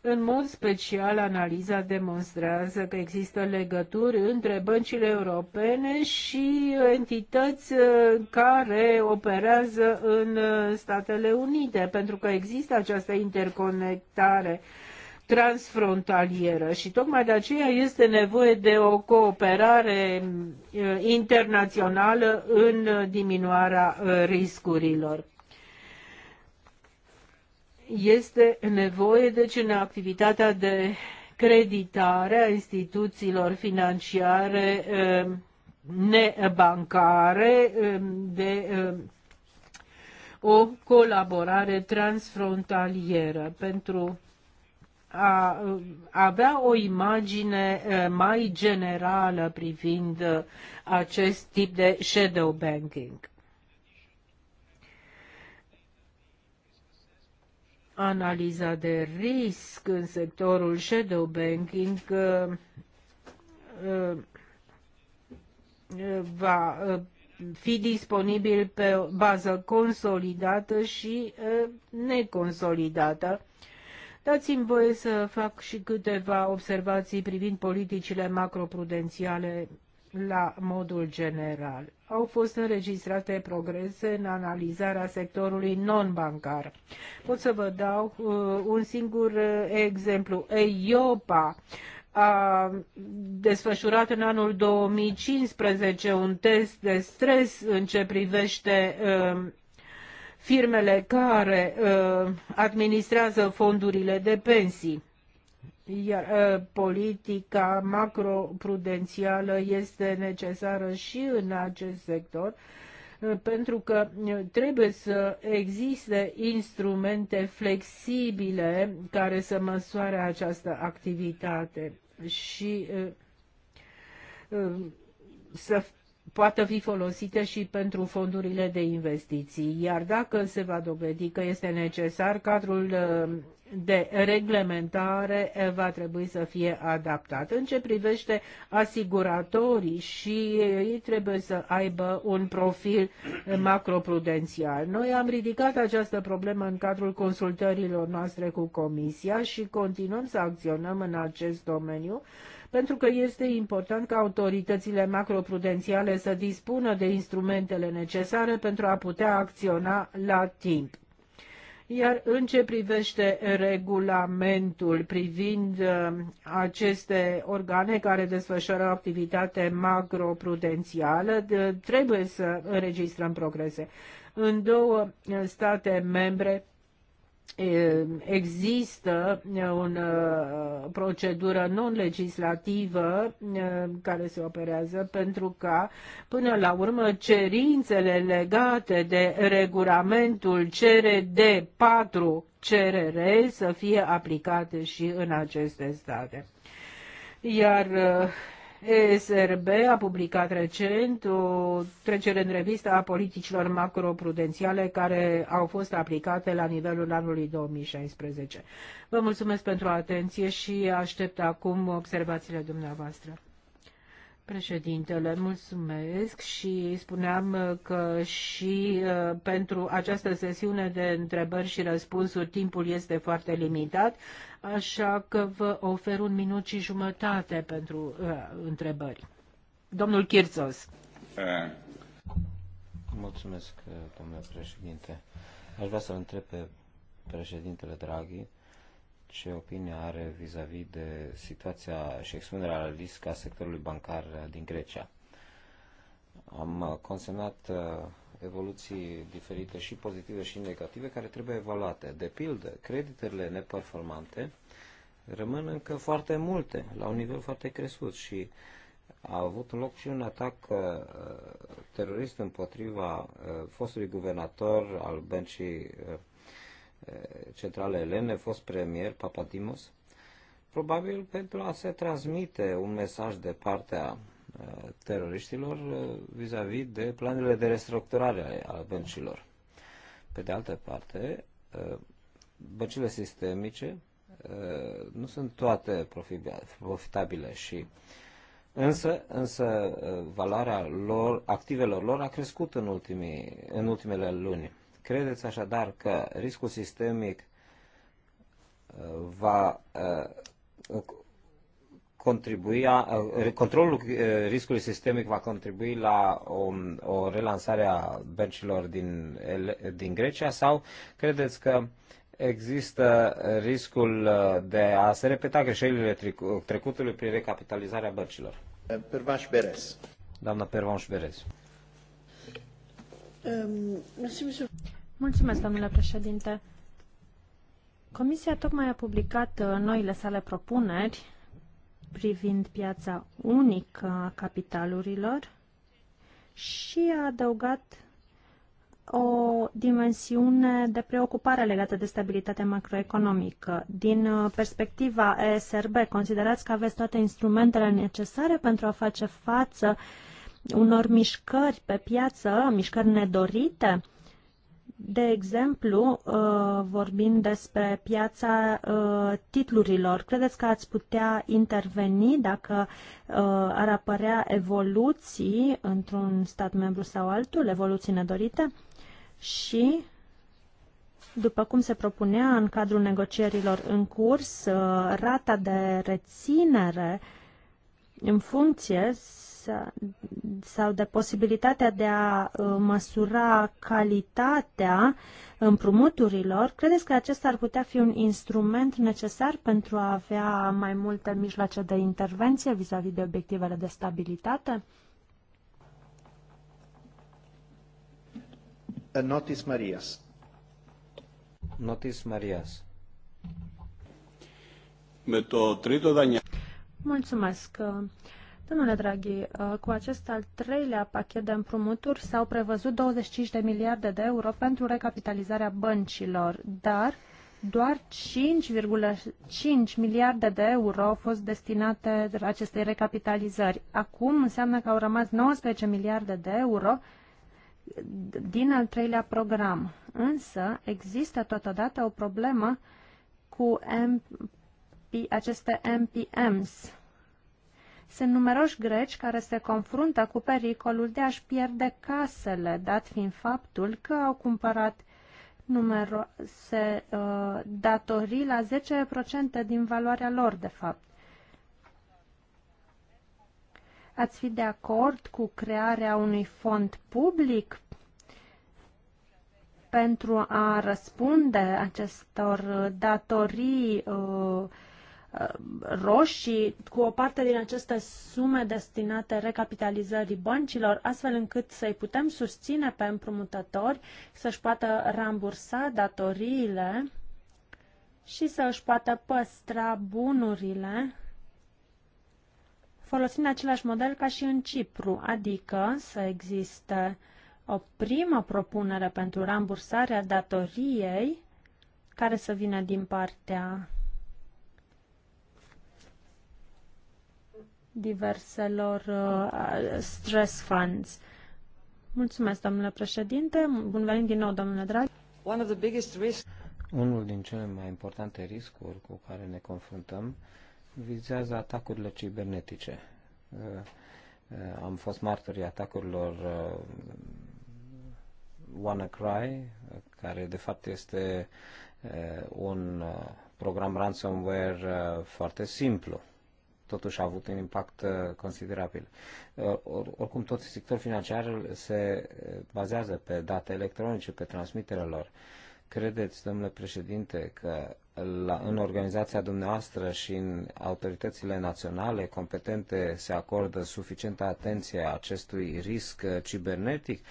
În mod special, analiza demonstrează că există legături între băncile europene și entități uh, care operează în uh, Statele Unite, pentru că există această interconectare transfrontalieră și tocmai de aceea este nevoie de o cooperare uh, internațională în diminuarea uh, riscurilor. Este nevoie deci în activitatea de creditare a instituțiilor financiare uh, nebancare de o colaborare transfrontalieră pentru a avea o imagine eh, mai generală privind eh, acest tip de shadow banking. Analiza de risc în sectorul shadow banking eh, va fi disponibil pe bază consolidată și neconsolidată Dați-mi voie să fac și câteva observații privind politicile macroprudențiale la modul general. Au fost înregistrate progrese în analizarea sectorului non-bancar. Pot să vă dau uh, un singur uh, exemplu. EIOPA a desfășurat în anul 2015 un test de stres în ce privește uh, firmele care uh, administrează fondurile de pensii. Iar uh, politica macroprudențială este necesară și în acest sector, uh, pentru că trebuie să existe instrumente flexibile care să măsoare această activitate și uh, uh, să poată fi folosite și pentru fondurile de investiții. Iar dacă se va dovedi că este necesar, cadrul uh, de reglementare uh, va trebui să fie adaptat. În ce privește asiguratorii și uh, ei trebuie să aibă un profil macroprudențial. Noi am ridicat această problemă în cadrul consultărilor noastre cu Comisia și continuăm să acționăm în acest domeniu pentru că este important ca autoritățile macroprudențiale să dispună de instrumentele necesare pentru a putea acționa la timp. Iar în ce privește regulamentul privind uh, aceste organe care desfășoară activitate macroprudențială, trebuie să înregistrăm progrese. În două state membre Ehm, există o eh, eh, procedură non-legislativă ehm, care se operează pentru ca, până la urmă, cerințele legate de regulamentul CRD 4 CRR să fie aplicate și în aceste state. Iar eh, ESRB a publicat recent o trecere în revistă a politicilor macroprudențiale care au fost aplicate la nivelul anului 2016. Vă mulțumesc pentru atenție și aștept acum observațiile dumneavoastră. Președintele, mulțumesc și spuneam că și uh, pentru această sesiune de întrebări și răspunsuri timpul este foarte limitat, așa că vă ofer un minut și jumătate pentru uh, întrebări. Domnul Chirțos. Uh. Mulțumesc, uh, domnule președinte. Aș vrea să întreb pe președintele Draghi ce opinie are vis-a-vis -vis de situația și expunerea la risc a sectorului bancar din Grecia. Am consemnat uh, evoluții diferite și pozitive și negative care trebuie evaluate. De pildă, creditele neperformante rămân încă foarte multe, la un nivel foarte crescut și a avut în loc și un atac uh, terorist împotriva uh, fostului guvernator al băncii uh, centrale elene, fost premier Papadimos, probabil pentru a se transmite un mesaj de partea uh, teroriștilor uh, vis-a-vis -vis de planurile de restructurare ale băncilor. Pe de altă parte, uh, băncile sistemice nu sunt toate profitabile și însă, însă valoarea lor, activelor lor a crescut în, ultimii, în ultimele luni. Credeți așadar că riscul sistemic uh, va uh, contribui, uh, controlul riscului sistemic va contribui la o, o relansare a băncilor din, din Grecia sau credeți că există riscul de a se repeta greșelile trecutului prin recapitalizarea băncilor? Pervaș Berez. Doamna Pervanș Berez. Um, Mulțumesc, domnule președinte. Comisia tocmai a publicat uh, noile sale propuneri privind piața unică a capitalurilor și a adăugat o dimensiune de preocupare legată de stabilitatea macroeconomică. Din uh, perspectiva ESRB, considerați că aveți toate instrumentele necesare pentru a face față unor mișcări pe piață, mișcări nedorite? De exemplu, uh, vorbind despre piața uh, titlurilor, credeți că ați putea interveni dacă uh, ar apărea evoluții într-un stat membru sau altul, evoluții nedorite? Și, după cum se propunea în cadrul negocierilor în curs, rata de reținere în funcție sau de posibilitatea de a uh, măsura calitatea împrumuturilor, credeți că acesta ar putea fi un instrument necesar pentru a avea mai multe mijloace de intervenție vis-a-vis -vis de obiectivele de stabilitate? Notis Marias. Notis Marias. Mulțumesc. Domnule Draghi, uh, cu acest al treilea pachet de împrumuturi s-au prevăzut 25 de miliarde de euro pentru recapitalizarea băncilor, dar doar 5,5 miliarde de euro au fost destinate acestei recapitalizări. Acum înseamnă că au rămas 19 miliarde de euro din al treilea program. Însă există totodată o problemă cu M aceste MPMs sunt numeroși greci care se confruntă cu pericolul de a-și pierde casele, dat fiind faptul că au cumpărat numeroase uh, datorii la 10% din valoarea lor, de fapt. Ați fi de acord cu crearea unui fond public pentru a răspunde acestor datorii uh, roșii cu o parte din aceste sume destinate recapitalizării băncilor, astfel încât să-i putem susține pe împrumutători să-și poată rambursa datoriile și să și poată păstra bunurile folosind același model ca și în Cipru, adică să existe o primă propunere pentru rambursarea datoriei care să vină din partea diverselor uh, stress funds. Mulțumesc, domnule președinte. Bun venit din nou, domnule drag. One of the biggest risks... Unul din cele mai importante riscuri cu care ne confruntăm vizează atacurile cibernetice. Uh, uh, am fost martorii atacurilor uh, WannaCry, care de fapt este uh, un uh, program ransomware uh, foarte simplu totuși a avut un impact uh, considerabil. Uh, oricum, tot sectorul financiar se uh, bazează pe date electronice, pe transmiterea lor. Credeți, domnule președinte, că la, în organizația dumneavoastră și în autoritățile naționale competente se acordă suficientă atenție acestui risc cibernetic?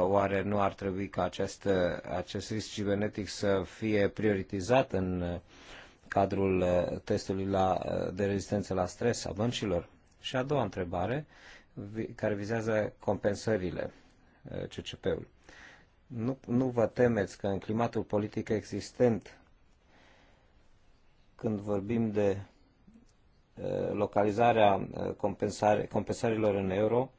Oare nu ar trebui ca acest, acest risc cibernetic să fie prioritizat în cadrul uh, testului la, uh, de rezistență la stres a băncilor? Și a doua întrebare, care vizează compensările uh, ccp ului Nu, nu vă temeți că în climatul politic existent, când vorbim de localizarea compensare compensărilor în euro,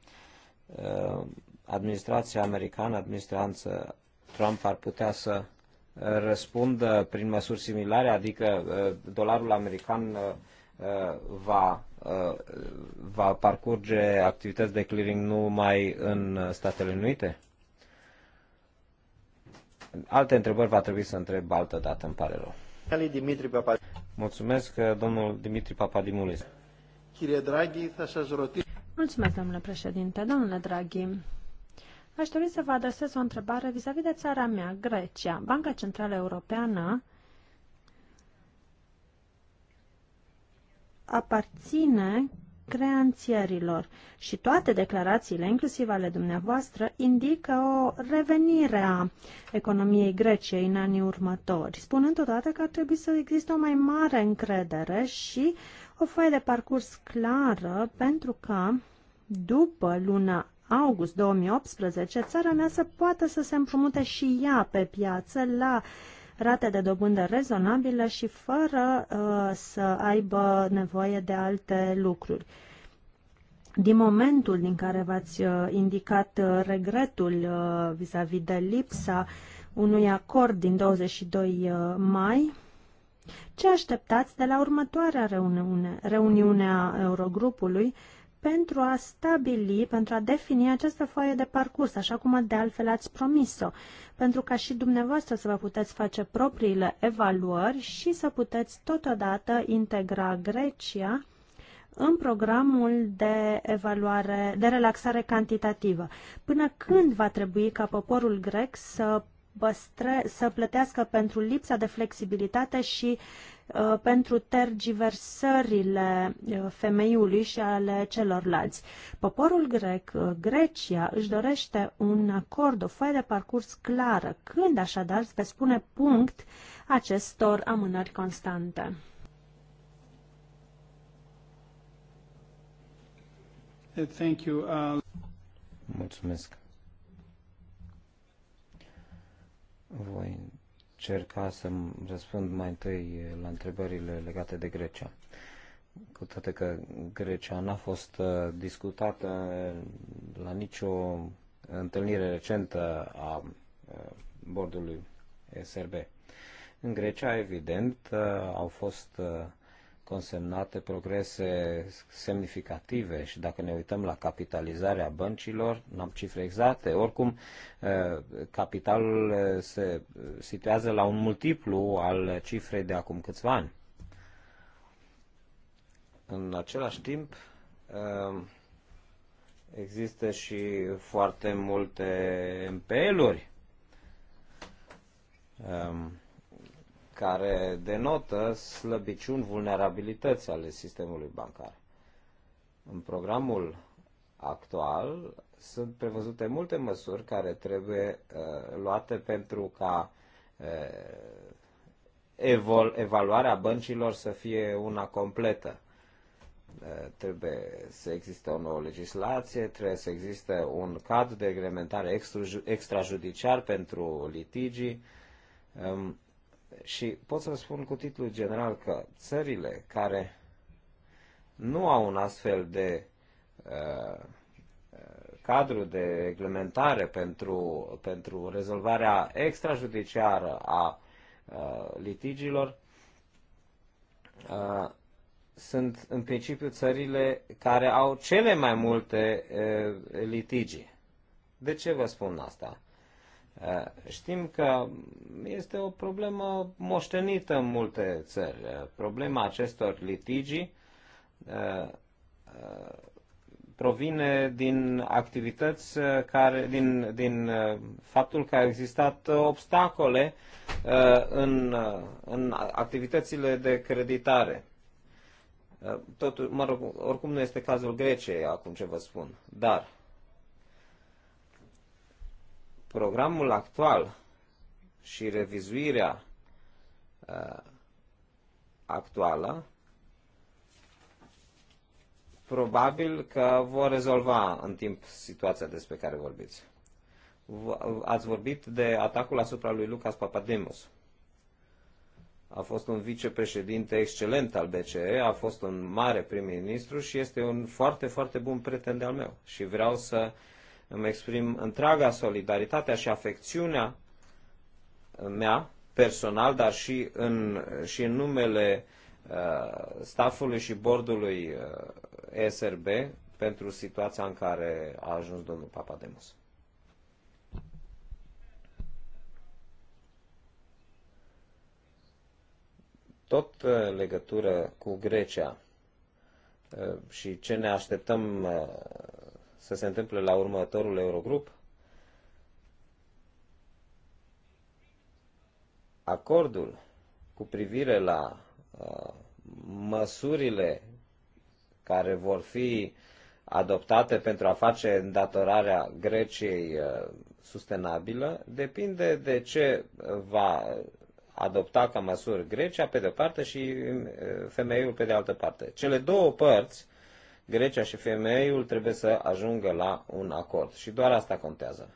administrația americană, administranță Trump ar putea să răspundă prin măsuri similare, adică uh, dolarul american uh, uh, va, va parcurge activități de clearing numai în Statele Unite? Alte întrebări va trebui să întreb altă dată, îmi pare rău. Dimitri Papa. Mulțumesc, domnul Dimitri Papadimulis. Chirie Draghi, să Mulțumesc, domnule președinte. Domnule Draghi, Aș dori să vă adresez o întrebare vis-a-vis -vis de țara mea, Grecia. Banca Centrală Europeană aparține creanțierilor și toate declarațiile, inclusiv ale dumneavoastră, indică o revenire a economiei Greciei în anii următori, spunând totodată că ar trebui să existe o mai mare încredere și o foaie de parcurs clară pentru că după luna august 2018, țara mea să poată să se împrumute și ea pe piață la rate de dobândă rezonabile și fără uh, să aibă nevoie de alte lucruri. Din momentul din care v-ați uh, indicat uh, regretul uh, vis-a-vis -vis de lipsa unui acord din 22 mai, ce așteptați de la următoarea reuniune, reuniunea Eurogrupului pentru a stabili, pentru a defini această foaie de parcurs, așa cum de altfel ați promis-o, pentru ca și dumneavoastră să vă puteți face propriile evaluări și să puteți totodată integra Grecia în programul de evaluare, de relaxare cantitativă. Până când va trebui ca poporul grec să, păstre, să plătească pentru lipsa de flexibilitate și uh, Uh, pentru tergiversările uh, femeiului și ale celorlalți. Poporul grec, uh, Grecia, își dorește un acord, o foaie de parcurs clară, când așadar se spune punct acestor amânări constante. Thank you. Uh... Mulțumesc. Voi încerca să răspund mai întâi la întrebările legate de Grecia. Cu toate că Grecia n-a fost uh, discutată la nicio întâlnire recentă a uh, bordului SRB. În Grecia, evident, uh, au fost consemnate progrese semnificative și dacă ne uităm la capitalizarea băncilor, n-am cifre exacte, oricum eh, capitalul eh, se situează la un multiplu al cifrei de acum câțiva ani. În același timp, eh, există și foarte multe MPL-uri. Um, care denotă slăbiciuni, vulnerabilități ale sistemului bancar. În programul actual sunt prevăzute multe măsuri care trebuie uh, luate pentru ca uh, evaluarea băncilor să fie una completă. Uh, trebuie să existe o nouă legislație, trebuie să existe un cadru de reglementare extrajudiciar pentru litigii, um, și pot să spun cu titlul general că țările care nu au un astfel de uh, uh cadru de reglementare pentru, pentru rezolvarea extrajudiciară a uh, litigilor uh, sunt în principiu țările care au cele mai multe uh, litigi. De ce vă spun asta? Eh, știm că este o problemă moștenită în multe țări. Eh, problema acestor litigii eh, provine din activități care, din, din faptul că au existat obstacole în, în activitățile de creditare. Totul, mă rog, oricum nu este cazul Greciei, acum ce vă spun, dar programul actual și revizuirea uh, actuală, probabil că vor rezolva în timp situația despre care vorbiți. Ați vorbit de atacul asupra lui Lucas Papademos. A fost un vicepreședinte excelent al BCE, a fost un mare prim-ministru și este un foarte, foarte bun de al meu. Și vreau să uh, îmi exprim întreaga solidaritatea și afecțiunea mea personal, dar și în, și în numele uh, staffului și bordului uh, SRB pentru situația în care a ajuns domnul Papademos. Tot uh, legătură cu Grecia uh, și ce ne așteptăm uh, să se întâmple la următorul Eurogrup? Acordul cu privire la uh, măsurile care vor fi adoptate pentru a face îndatorarea Greciei uh, sustenabilă depinde de ce va adopta ca măsuri Grecia pe de-o parte și uh, femeiul pe de altă parte. Cele două părți Grecia și femeiul trebuie să ajungă la un acord și doar asta contează.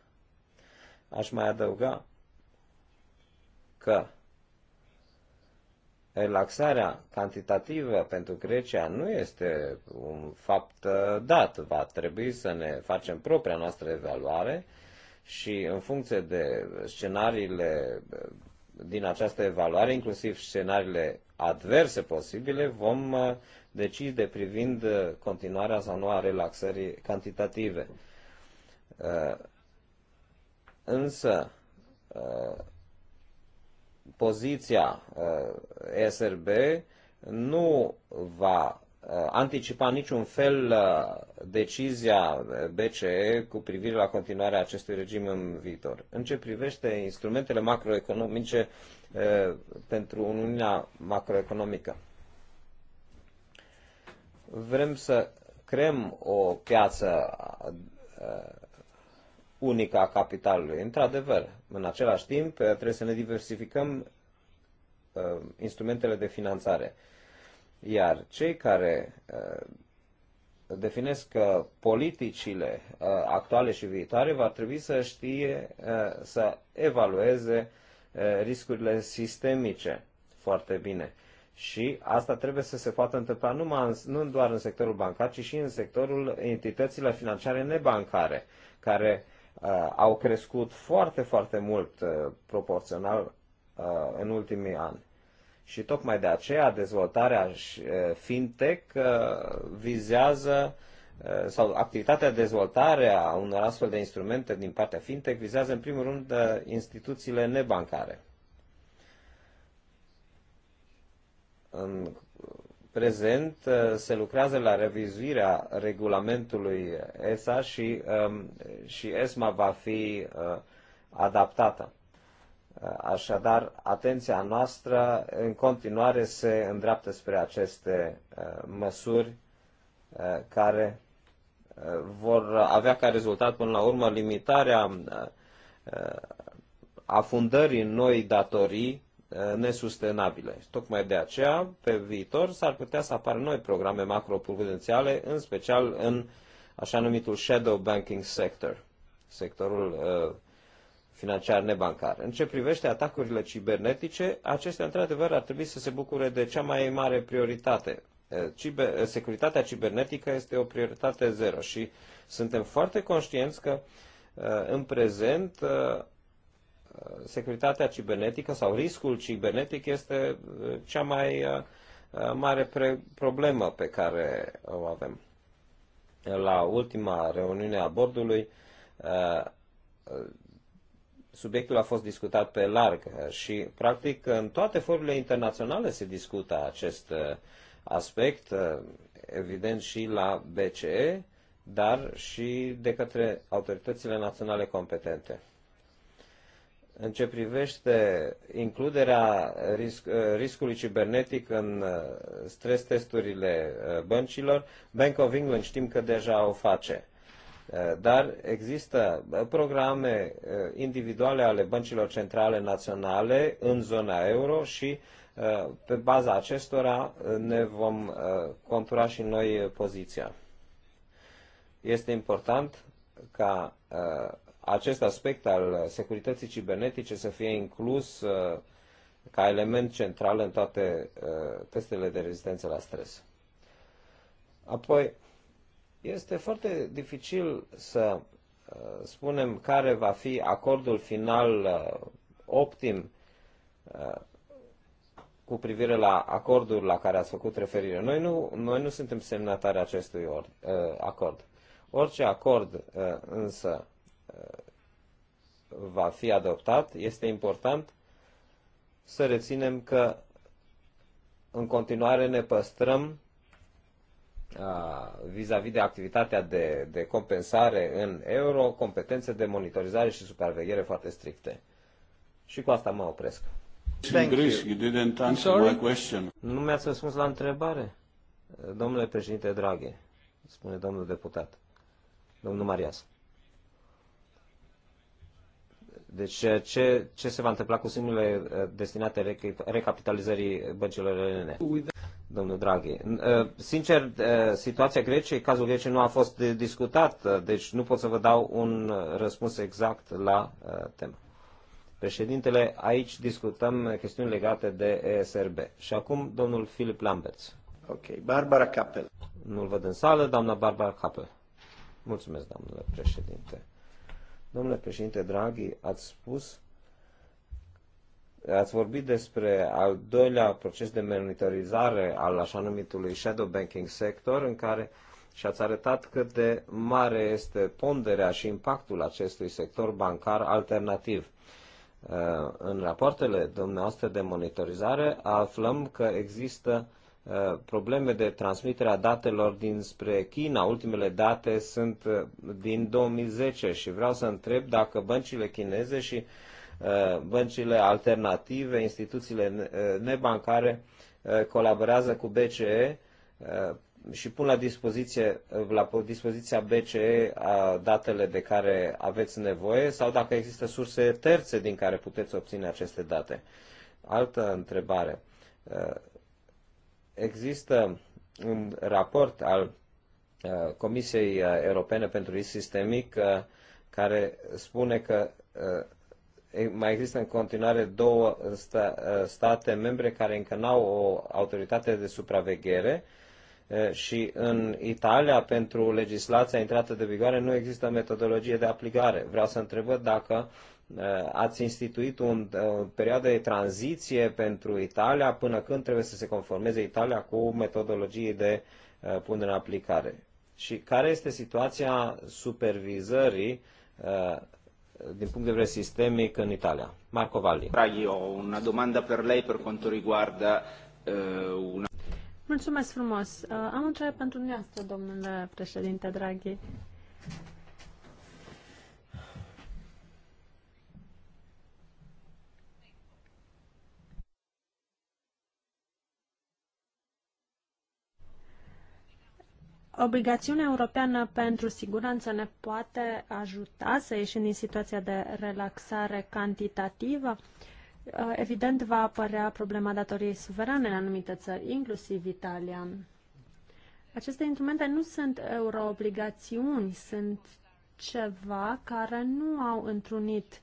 Aș mai adăuga că relaxarea cantitativă pentru Grecia nu este un fapt uh, dat. Va trebui să ne facem propria noastră evaluare și în funcție de scenariile uh, din această evaluare, inclusiv scenariile adverse posibile, vom uh, decide privind uh, continuarea sau nu a relaxării cantitative. Uh, însă, uh, poziția SRB nu va anticipa niciun fel decizia BCE cu privire la continuarea acestui regim în viitor. În ce privește instrumentele macroeconomice pentru Uniunea macroeconomică, Vrem să creăm o piață uh, unică a capitalului. Într-adevăr, în același timp, uh, trebuie să ne diversificăm uh, instrumentele de finanțare. Iar cei care definesc că politicile actuale și viitoare va trebui să știe să evalueze riscurile sistemice foarte bine. Și asta trebuie să se poată întâmpla numai în, nu doar în sectorul bancar, ci și în sectorul entităților financiare nebancare, care uh, au crescut foarte, foarte mult uh, proporțional uh, în ultimii ani. Și tocmai de aceea dezvoltarea uh, fintech uh, vizează uh, sau activitatea de dezvoltare a unor astfel de instrumente din partea fintech vizează în primul rând instituțiile nebancare. În prezent uh, se lucrează la revizuirea regulamentului ESA și, um, și ESMA va fi uh, adaptată. Uh, așadar, atenția noastră în continuare se îndreaptă spre aceste măsuri care vor avea ca rezultat până la urmă limitarea afundării noi datorii Uh, nesustenabile. tocmai de aceea, pe viitor, s-ar putea să apară noi programe macroprudențiale, în special în așa numitul shadow banking sector, sectorul uh, financiar nebancar. În ce privește atacurile cibernetice, acestea, într-adevăr, ar trebui să se bucure de cea mai mare prioritate. Uh, Cibe- uh, securitatea cibernetică este o prioritate zero și suntem foarte conștienți că în prezent securitatea cibernetică sau riscul cibernetic este uh, cea mai uh, uh, mare problemă pe care o avem. La ultima reuniune a bordului, subiectul a fost discutat pe larg și, practic, în toate forurile internaționale se discută acest aspect, evident și la BCE, dar și de către autoritățile naționale competente. În ce privește includerea risc, uh, riscului cibernetic în uh, stres testurile uh, băncilor, Bank of England știm că deja o face. Dar există programe individuale ale băncilor centrale naționale în zona euro și pe baza acestora ne vom contura și noi poziția. Este important ca acest aspect al securității cibernetice să fie inclus uh, ca element central în toate uh, testele de rezistență la stres. Apoi, este foarte dificil să uh, spunem care va fi acordul final optim cu privire la acordul la care ați făcut referire. Noi nu, noi nu suntem semnatari acestui acord. Orice acord însă va fi adoptat, este important să reținem că în continuare ne păstrăm vis-a-vis -vis de activitatea de, de compensare în euro, competențe de monitorizare și supraveghere foarte stricte. Și cu asta mă opresc. Nu mi-ați răspuns la întrebare, domnule președinte Draghe, spune domnul deputat, domnul Marias. Deci uh, ce, ce se va întâmpla cu sumele uh, destinate recapitalizării băncilor elene? Domnul Draghi. Uh, sincer, situația Greciei, cazul Greciei nu a fost discutat, deci nu pot să vă dau un răspuns exact la temă. Președintele, aici discutăm chestiuni legate de ESRB. Și acum domnul Filip Lambert. Ok, Barbara Capel. Nu-l văd în sală, doamna Barbara Capel. Mulțumesc, domnule președinte. Domnule președinte Draghi, ați spus, ați vorbit despre al doilea proces de monitorizare al așa numitului shadow banking sector, în care și ați arătat cât de mare este ponderea și impactul acestui sector bancar alternativ. Uh, în rapoartele dumneavoastră de monitorizare aflăm că există uh, probleme de transmitere a datelor dinspre China. Ultimele date sunt uh, din 2010 și vreau să întreb dacă băncile chineze și uh, băncile alternative, instituțiile uh, nebancare colaborează cu BCE și pun la dispoziție, la dispoziția BCE datele de care aveți nevoie sau dacă există surse terțe din care puteți obține aceste date. Altă întrebare există un raport al uh, Comisiei uh, Europene pentru Risc Sistemic uh, care spune că mai există în continuare două state membre care încă n-au o autoritate de supraveghere și în Italia, pentru legislația intrată de vigoare, nu există metodologie de aplicare. Vreau să întreb dacă Eh, ați instituit un, o eh, perioadă de tranziție pentru Italia până când trebuie să se conformeze Italia cu metodologii de eh, punere în aplicare. Și care este situația supervizării din punct de vedere sistemic în Italia? Marco Valli. Draghi, o una domanda per lei per quanto riguarda uh, una... Mulțumesc frumos. Am o întrebare pentru dumneavoastră, domnule președinte Draghi. Obligațiunea europeană pentru siguranță ne poate ajuta să ieșim din situația de relaxare cantitativă. Uh, evident, va apărea problema datoriei suverane în anumite țări, inclusiv Italia. Aceste instrumente nu sunt euroobligațiuni, sunt ceva care nu au întrunit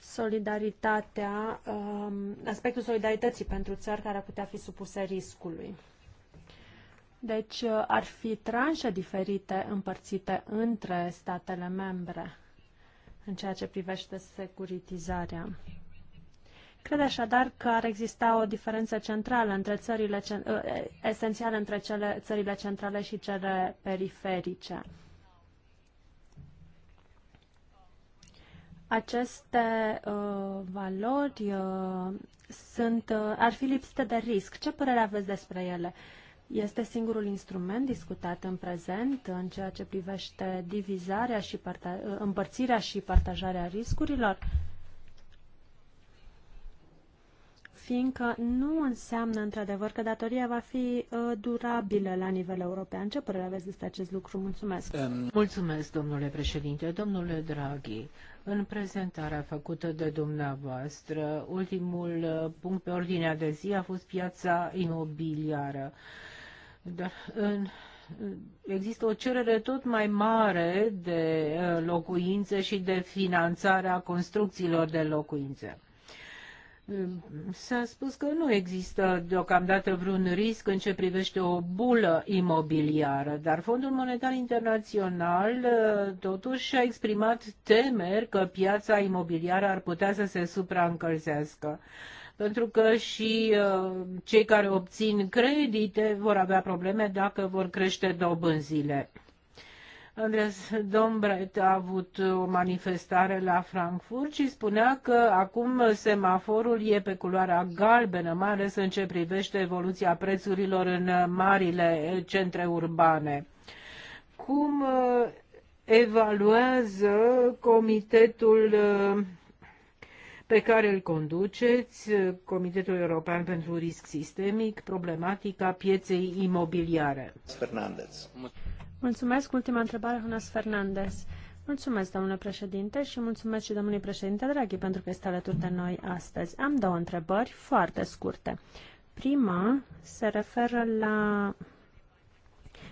solidaritatea, um, aspectul solidarității pentru țări care ar putea fi supuse riscului. Deci uh, ar fi tranșe diferite împărțite între statele membre în ceea ce privește securitizarea. Cred așadar că ar exista o diferență centrală între țările, uh, esențială între cele, țările centrale și cele periferice. Aceste uh, valori uh, sunt, uh, ar fi lipsite de risc. Ce părere aveți despre ele? Uh, este singurul instrument discutat în prezent în ceea ce privește divizarea și împărțirea și partajarea riscurilor, fiindcă nu înseamnă într-adevăr că datoria va fi uh, durabilă la nivel european. Ce părere aveți despre acest lucru? Mulțumesc! Mulțumesc, domnule președinte, domnule Draghi. În prezentarea făcută de dumneavoastră, ultimul uh, punct pe ordinea de zi a fost piața imobiliară. Da. în, există o cerere tot mai mare de uh, locuințe și de finanțarea construcțiilor de locuințe. Mm, s-a spus că nu există deocamdată vreun risc în ce privește o bulă imobiliară, dar Fondul Monetar Internațional uh, totuși a exprimat temeri că piața imobiliară ar putea să se supraîncălzească pentru că și uh, cei care obțin credite vor avea probleme dacă vor crește dobânzile. Andreas Dombret a avut o manifestare la Frankfurt și spunea că acum semaforul e pe culoarea galbenă, mai ales în ce privește evoluția prețurilor în marile centre urbane. Cum uh, evaluează Comitetul uh, pe care îl conduceți, Comitetul European pentru Risc Sistemic, problematica pieței imobiliare. Fernandez. Mulțumesc. Ultima întrebare, Jonas Fernandez. Mulțumesc, domnule președinte, și mulțumesc și domnului președinte Draghi pentru că este alături de noi astăzi. Am două întrebări foarte scurte. Prima se referă la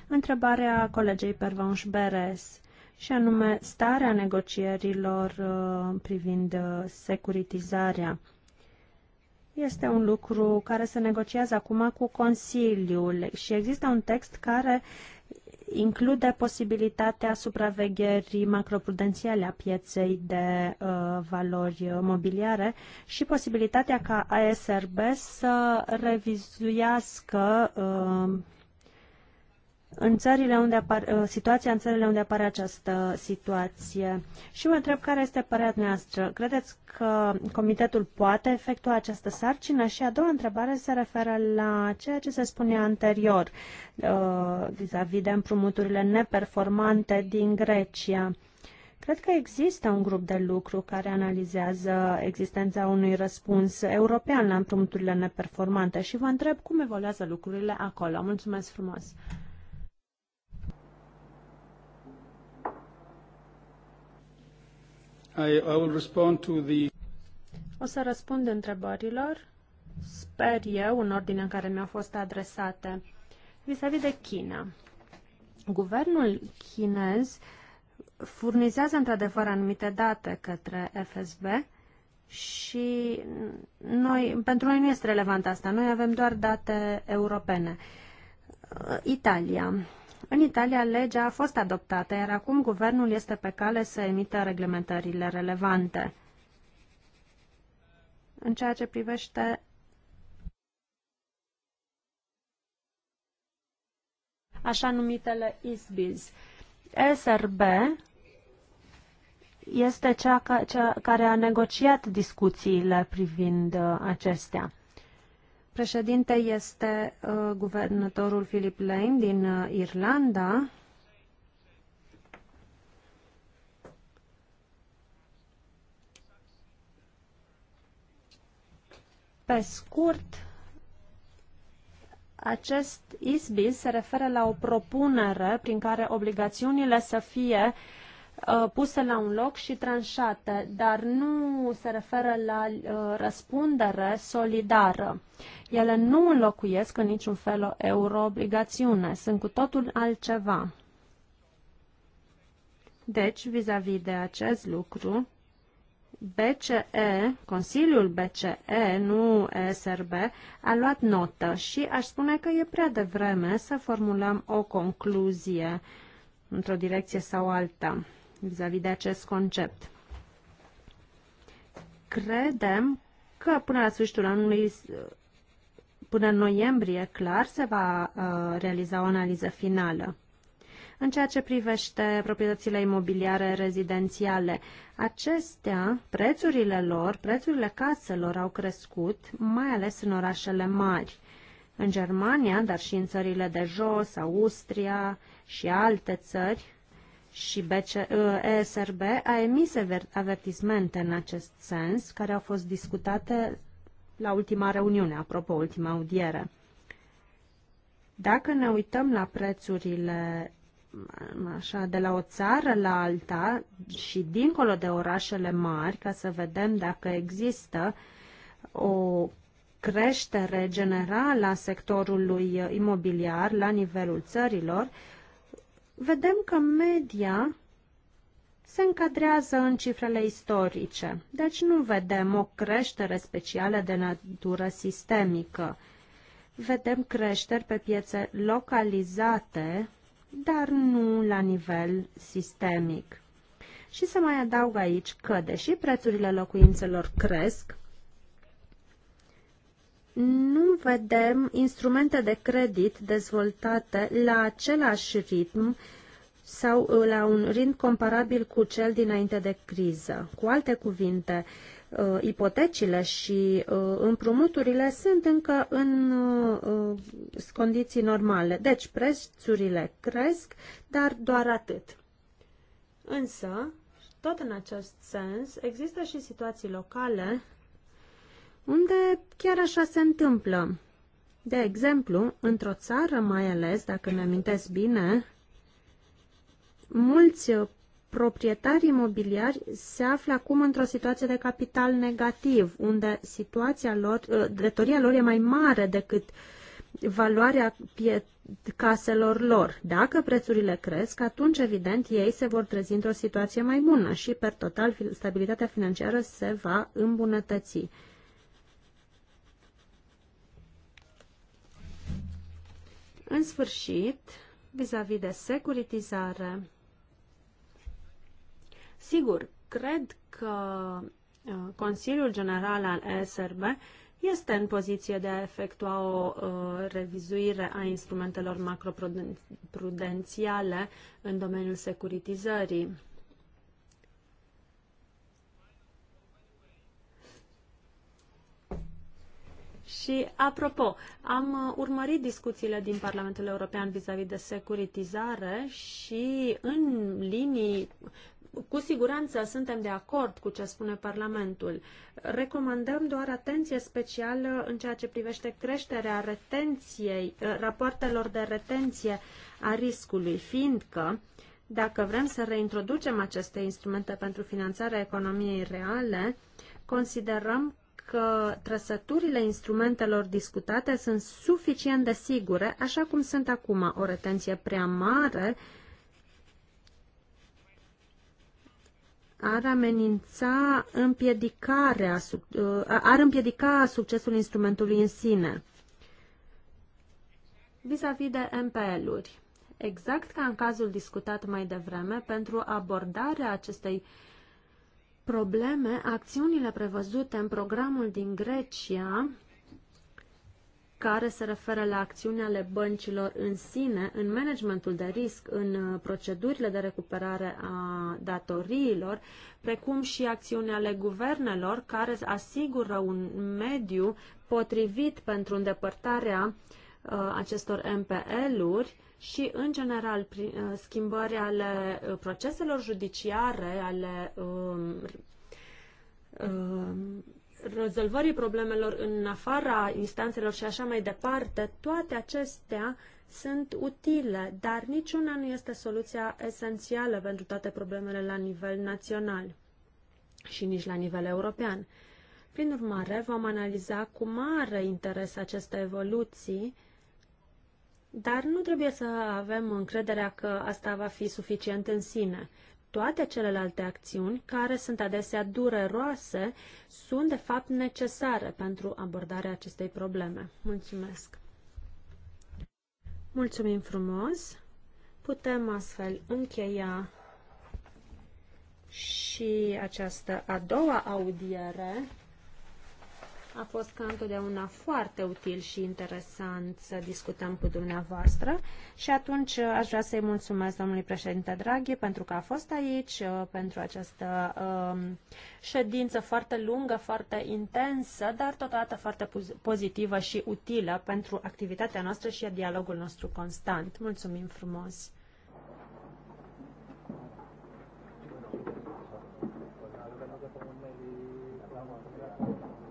întrebarea colegei Pervanș Beres și anume starea negocierilor uh, privind uh, securitizarea. Este un lucru care se negociază acum cu Consiliul și există un text care include posibilitatea supravegherii macroprudențiale a pieței de uh, valori mobiliare și posibilitatea ca ASRB să revizuiască uh, în țările unde apar, uh, situația în țările unde apare această situație. Și mă întreb care este părerea noastră. Credeți că comitetul poate efectua această sarcină? Și a doua întrebare se referă la ceea ce se spunea anterior uh, vis-a-vis -vis de împrumuturile neperformante din Grecia. Cred că există un grup de lucru care analizează existența unui răspuns european la împrumuturile neperformante și vă întreb cum evoluează lucrurile acolo. Mulțumesc frumos! I, I will respond to the... O să răspund întrebărilor, sper eu, în ordine în care mi-au fost adresate, vis-a-vis -vis de China. Guvernul chinez furnizează într-adevăr anumite date către FSB și noi, pentru noi nu este relevant asta, noi avem doar date europene. Italia. În Italia, legea a fost adoptată, iar acum guvernul este pe cale să emită reglementările relevante. În ceea ce privește așa numitele ISBIS, SRB este cea, ca, cea care a negociat discuțiile privind uh, acestea. Președinte este uh, guvernatorul Philip Lane din uh, Irlanda. Pe scurt, acest ISBIS se referă la o propunere prin care obligațiunile să fie uh, Uh, puse la un loc și tranșate, dar nu se referă la uh, răspundere solidară. Ele nu înlocuiesc în niciun fel o euroobligațiune, sunt cu totul altceva. Deci, vis-a-vis -vis de acest lucru, BCE, Consiliul BCE, nu SRB, a luat notă și aș spune că e prea devreme să formulăm o concluzie într-o direcție sau alta vis-a-vis de acest concept. Credem că până la sfârșitul anului, până în noiembrie, clar, se va uh, realiza o analiză finală. În ceea ce privește proprietățile imobiliare rezidențiale, acestea, prețurile lor, prețurile caselor au crescut, mai ales în orașele mari. În Germania, dar și în țările de jos, Austria și alte țări, și BC, uh, ESRB a emis avertismente în acest sens, care au fost discutate la ultima reuniune, apropo, ultima audiere. Dacă ne uităm la prețurile mm, așa, de la o țară la alta și dincolo de orașele mari, ca să vedem dacă există o creștere generală a sectorului imobiliar la nivelul țărilor, vedem că media se încadrează în cifrele istorice, deci nu vedem o creștere specială de natură sistemică. Vedem creșteri pe piețe localizate, dar nu la nivel sistemic. Și să mai adaug aici că, deși prețurile locuințelor cresc, nu vedem instrumente de credit dezvoltate la același ritm sau uh, la un ritm comparabil cu cel dinainte de criză. Cu alte cuvinte, uh, ipotecile și uh, împrumuturile sunt încă în condiții normale. Deci prețurile cresc, dar doar atât. Însă, tot în acest sens, există și situații locale unde chiar așa se întâmplă. De exemplu, într-o țară, mai ales, dacă ne amintesc bine, mulți proprietari imobiliari se află acum într-o situație de capital negativ, unde situația lor, ă, datoria lor e mai mare decât valoarea caselor lor. Dacă prețurile cresc, atunci, evident, ei se vor trezi într-o situație mai bună și, per total, stabilitatea financiară se va îmbunătăți. În sfârșit, vis-a-vis -vis de securitizare, sigur, cred că uh, Consiliul General al ESRB este în poziție de a efectua o uh, revizuire a instrumentelor macroprudențiale în domeniul securitizării. Și, apropo, am uh, urmărit discuțiile din Parlamentul European vis-a-vis -vis de securitizare și, în linii, cu siguranță suntem de acord cu ce spune Parlamentul. Recomandăm doar atenție specială în ceea ce privește creșterea retenției, uh, rapoartelor de retenție a riscului, fiindcă dacă vrem să reintroducem aceste instrumente pentru finanțarea economiei reale, considerăm că trăsăturile instrumentelor discutate sunt suficient de sigure, așa cum sunt acum. O retenție prea mare ar amenința împiedicarea, uh, ar împiedica succesul instrumentului în sine. Vis-a-vis -vis de MPL-uri, exact ca în cazul discutat mai devreme, pentru abordarea acestei uh, probleme acțiunile prevăzute în programul din Grecia, care se referă la acțiunea ale băncilor în sine, în managementul de risc, în uh, procedurile de recuperare a datoriilor, precum și acțiunea ale guvernelor care asigură un mediu potrivit pentru îndepărtarea uh, acestor MPL-uri, și, în general, prin uh, schimbări ale uh, proceselor judiciare, ale um, um, rezolvării problemelor în afara instanțelor și așa mai departe, toate acestea sunt utile, dar niciuna nu este soluția esențială pentru toate problemele la nivel național și nici la nivel european. Prin urmare, vom analiza cu mare interes aceste evoluții dar nu trebuie să avem încrederea că asta va fi suficient în sine. Toate celelalte acțiuni, care sunt adesea dureroase, sunt de fapt necesare pentru abordarea acestei probleme. Mulțumesc! Mulțumim frumos! Putem astfel încheia și această a doua audiere a fost ca întotdeauna foarte util și interesant să discutăm cu dumneavoastră și atunci uh, aș vrea să-i mulțumesc domnului președinte Draghi pentru că a fost aici, uh, pentru această um, ședință foarte lungă, foarte intensă, dar totodată foarte pozitivă și utilă pentru activitatea noastră și dialogul nostru constant. Mulțumim frumos!